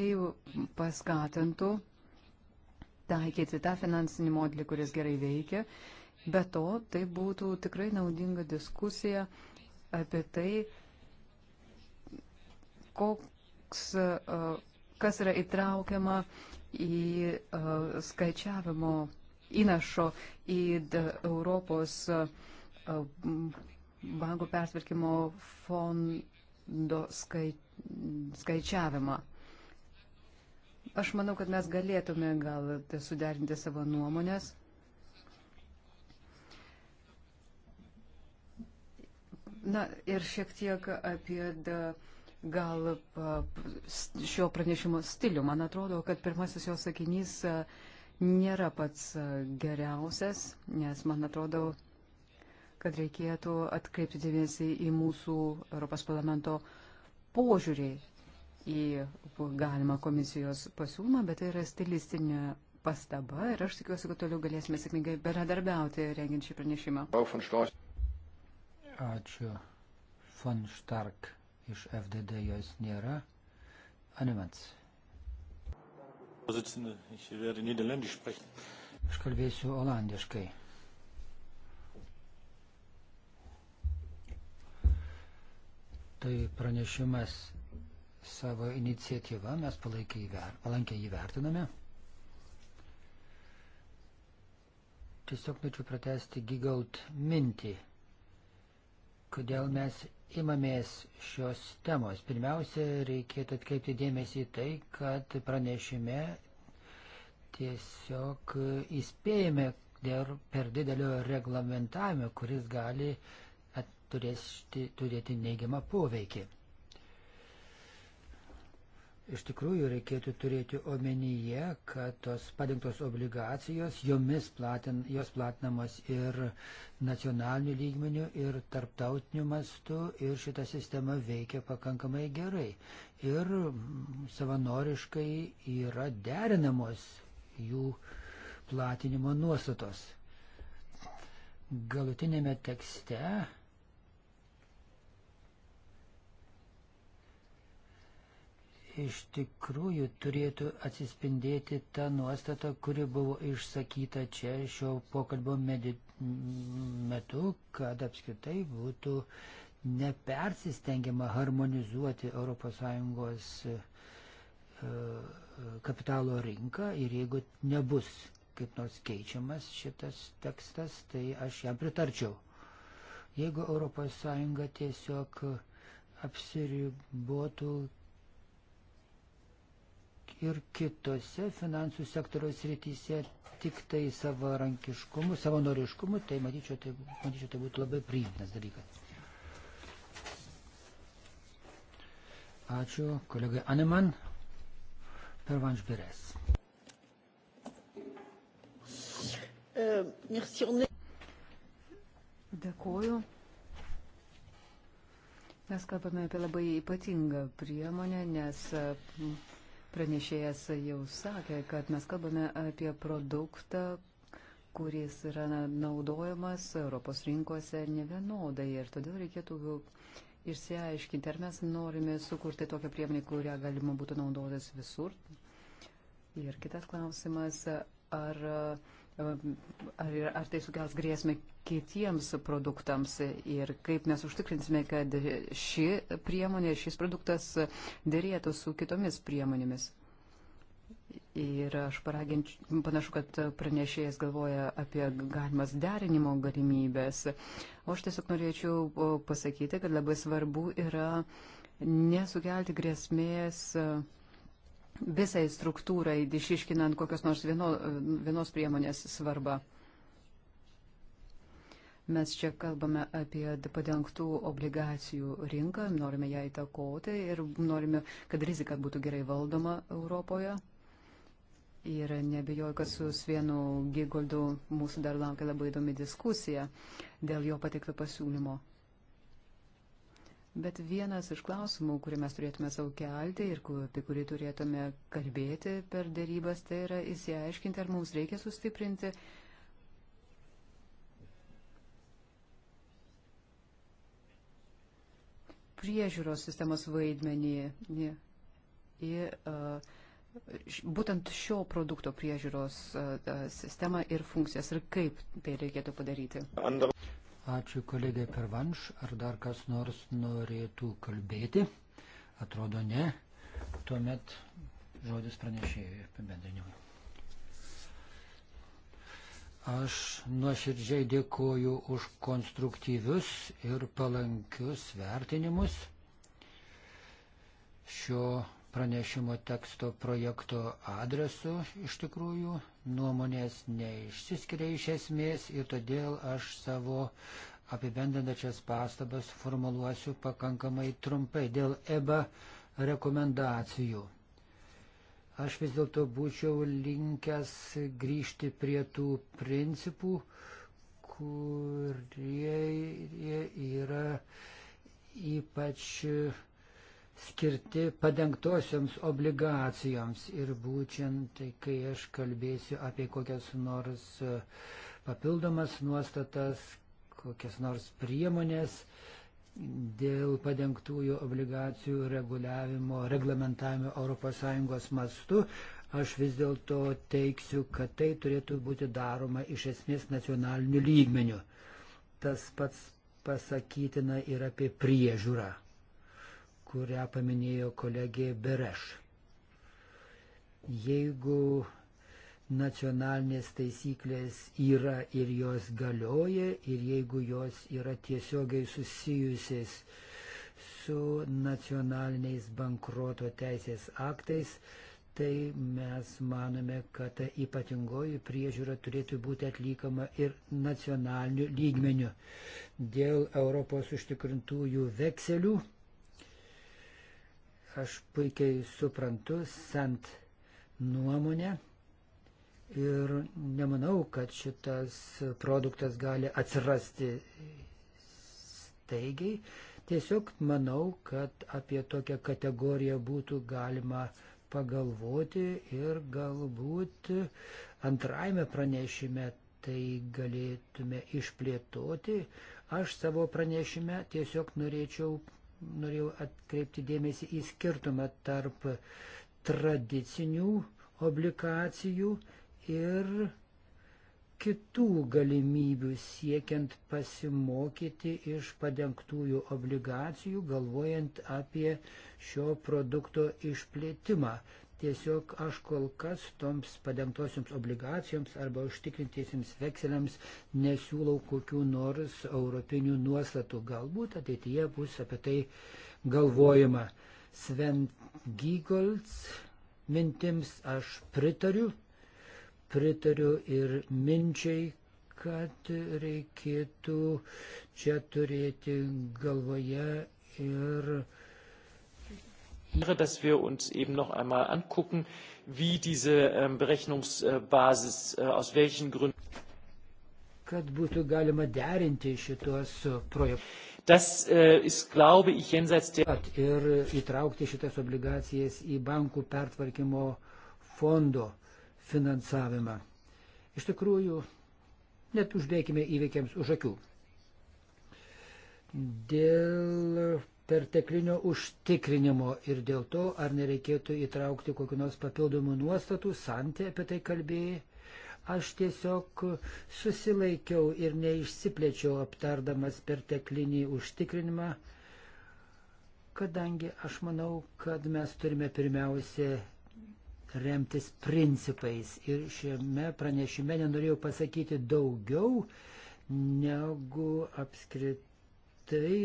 paskatintų taikyti tą finansinį modelį, kuris gerai veikia Be to, tai būtų tikrai naudinga diskusija apie tai, koks, e, kas yra įtraukiama į e, skaičiavimo įnašo į Europos e, bankų pertvarkymo fondo skaičiavimą. Aš manau, kad mes galėtume gal suderinti savo nuomonės Na ir šiek tiek apie da, gal šio pranešimo stilių. Man atrodo, kad pirmasis jo sakinys nėra pats geriausias, nes man atrodo, kad reikėtų atkreipti dėmesį į mūsų Europos parlamento požiūrį į galimą komisijos pasiūlymą, bet tai yra stilistinė pastaba ir aš tikiuosi, kad toliau galėsime sėkmingai bendradarbiauti rengiant šį pranešimą. Ačiū. Von Stark iš FDD jos nėra. Animats. Aš kalbėsiu olandiškai. Tai pranešimas savo iniciatyvą mes palankiai įvertiname. Tiesiog norėčiau pratesti Gigaut mintį kodėl mes imamės šios temos. Pirmiausia, reikėtų atkreipti dėmesį į tai, kad pranešime tiesiog įspėjame dėl per didelio reglamentavimo, kuris gali turėti neigiamą poveikį. Iš tikrųjų reikėtų turėti omenyje, kad tos padengtos obligacijos, jomis platin, jos platinamos ir nacionaliniu lygmeniu, ir tarptautiniu mastu, ir šita sistema veikia pakankamai gerai. Ir mm, savanoriškai yra derinamos jų platinimo nuostatos. Galutinėme tekste iš tikrųjų turėtų atsispindėti ta nuostata, kuri buvo išsakyta čia šio pokalbio metu, kad apskritai būtų nepersistengiama harmonizuoti ES e, kapitalo rinką ir jeigu nebus kaip nors keičiamas šitas tekstas, tai aš jam pritarčiau. Jeigu ES tiesiog apsiribotų ir kitose finansų sektoriaus rytise tik tai savarankiškumu, savanoriškumu, tai matyčiau, tai, matyčiau, tai būtų labai priimtinas dalykas. Ačiū kolegai Aneman per Vanžbirės. E, Dėkuoju. Mes kalbame apie labai ypatingą priemonę, nes Pranešėjas jau sakė, kad mes kalbame apie produktą, kuris yra naudojamas Europos rinkose nevienodai ir todėl reikėtų išsiaiškinti, ar mes norime sukurti tokią priemonę, kurią galima būtų naudotis visur. Ir kitas klausimas, ar, ar, ar tai sukels grėsmę kitiems produktams ir kaip mes užtikrinsime, kad ši priemonė, šis produktas dėrėtų su kitomis priemonėmis. Ir aš paraginčiau, panašu, kad pranešėjas galvoja apie galimas derinimo galimybės. O aš tiesiog norėčiau pasakyti, kad labai svarbu yra nesukelti grėsmės e, visai struktūrai, dišiškinant kokios nors vieno, vienos priemonės svarbą. Mes čia kalbame apie padengtų obligacijų rinką, norime ją įtakoti ir norime, kad rizika būtų gerai valdoma Europoje. Ir nebejoju, kad su Svienu Gigoldu mūsų dar laukia labai įdomi diskusija dėl jo pateikto pasiūlymo. Bet vienas iš klausimų, kurį mes turėtume savo kelti ir apie kurį turėtume kalbėti per dėrybas, tai yra įsiaiškinti, ar mums reikia sustiprinti uh, priežiūros sistemos vaidmenį. Į, būtent šio produkto priežiūros sistemą ir funkcijas ir kaip tai reikėtų padaryti. Ačiū kolegė Pervanš. Ar dar kas nors norėtų kalbėti? Atrodo ne. Tuomet žodis pranešėjai apibendrinimui. Aš nuoširdžiai dėkoju už konstruktyvius ir palankius vertinimus šio pranešimo teksto projekto adresu. Iš tikrųjų, nuomonės neišsiskiria iš esmės ir todėl aš savo apibendrinančias pastabas formuluosiu pakankamai trumpai dėl EBA rekomendacijų. Aš vis dėlto būčiau linkęs grįžti prie tų principų, kurie yra ypač skirti padengtosioms obligacijoms ir būtent, kai aš kalbėsiu apie kokias nors papildomas nuostatas, kokias nors priemonės, uh, dėl padengtųjų obligacijų reguliavimo, reglamentavimo ES mastu, aš vis dėlto teiksiu, kad tai turėtų būti daroma iš esmės nacionaliniu lygmeniu. Tas pats pasakytina ir apie priežiūrą, kurią paminėjo kolegė Bereš. Jeigu nacionalinės taisyklės yra ir jos galioja ir jeigu jos yra tiesiogiai susijusiais su nacionaliniais bankruoto teisės aktais, tai mes manome, kad ta ypatingoji priežiūra turėtų būti atliekama ir nacionaliniu lygmeniu. Dėl Europos užtikrintųjų vekselių aš puikiai suprantu Sant nuomonę Ir nemanau, kad šitas produktas gali atsirasti staigiai. Tiesiog manau, kad apie tokią kategoriją būtų galima pagalvoti ir galbūt antrajame pranešime tai galėtume išplėtoti. Aš savo pranešime tiesiog norėčiau, norėjau atkreipti dėmesį į skirtumą tarp tradicinių obligacijų ir kitų galimybių siekiant pasimokyti iš padengtųjų obligacijų, galvojant apie šio produkto išplėtimą. Tiesiog aš kol kas toms padengtosioms obligacijoms arba užtikrintiesiems vekseliams nesiūlau kokių nors europinių nuostatų. Galbūt ateityje bus apie tai galvojama. Sven Gygolds mintims aš pritariu pritariu ir minčiai, kad reikėtų čia turėti galvoje ir. dass wir uns eben noch einmal angucken, wie diese ähm, Berechnungsbasis äh, aus welchen Gründen kad būtų galima derinti šituos äh, projektus. Das äh, ist, glaube ich, jenseits der. Ir įtraukti šitas obligacijas į bankų pertvarkymo fondo äh, finansavimą. Iš tikrųjų, net užbėkime įveikiams už akių. Dėl perteklinio užtikrinimo ir dėl to, ar nereikėtų įtraukti kokiu nors papildomų nuostatų, santė apie tai kalbėjai. Aš tiesiog susilaikiau ir neišsiplėčiau aptardamas perteklinį užtikrinimą, kadangi aš manau, kad mes turime pirmiausia remtis principais. Ir šiame pranešime nenorėjau pasakyti daugiau, negu apskritai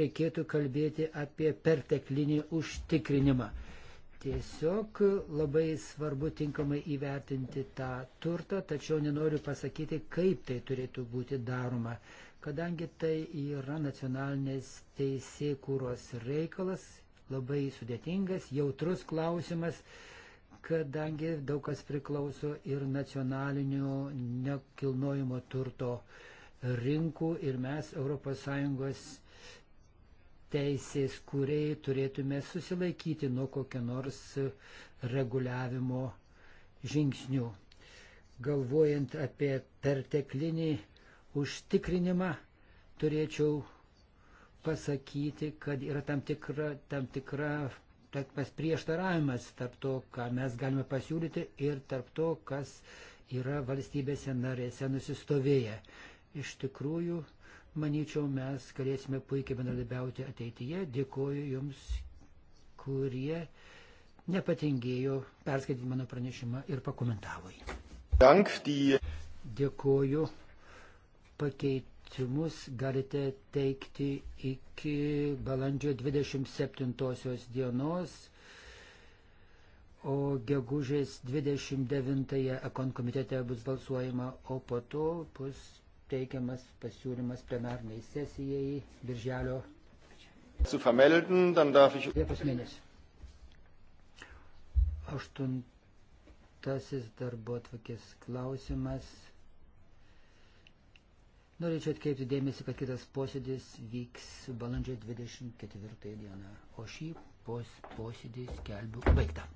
reikėtų kalbėti apie perteklinį užtikrinimą. Tiesiog labai svarbu tinkamai įvertinti tą turtą, tačiau nenoriu pasakyti, kaip tai turėtų būti daroma, kadangi tai yra nacionalinės teisėkūros reikalas, labai sudėtingas, jautrus klausimas, kadangi daug kas priklauso ir nacionalinių nekilnojimo turto rinkų ir mes ES teisės kūrėjai turėtume susilaikyti nuo kokio nors reguliavimo žingsnių. Galvojant apie perteklinį užtikrinimą, turėčiau pasakyti, kad yra tam tikra, tam tikra tas prieštaravimas tarp to, ką mes galime pasiūlyti ir tarp to, kas yra valstybėse narėse nusistovėję. Iš tikrųjų, manyčiau, mes galėsime puikiai bendradarbiauti ateityje. Dėkuoju Jums, kurie nepatingėjo perskaityti mano pranešimą ir pakomentavo jį. Dėkuoju. Pakeit pakeitimus galite teikti iki balandžio 27 dienos, o gegužės 29-ąją ekon komitete bus balsuojama, o po to bus teikiamas pasiūlymas plenarniai sesijai birželio. Zu vermelden, dann darf ich. Liepos mėnesį. Aštuntasis darbo atvakės klausimas. Norėčiau atkreipti dėmesį, kad kitas posėdis vyks balandžio 24 dieną, o šį pos, posėdį skelbiu baigtą.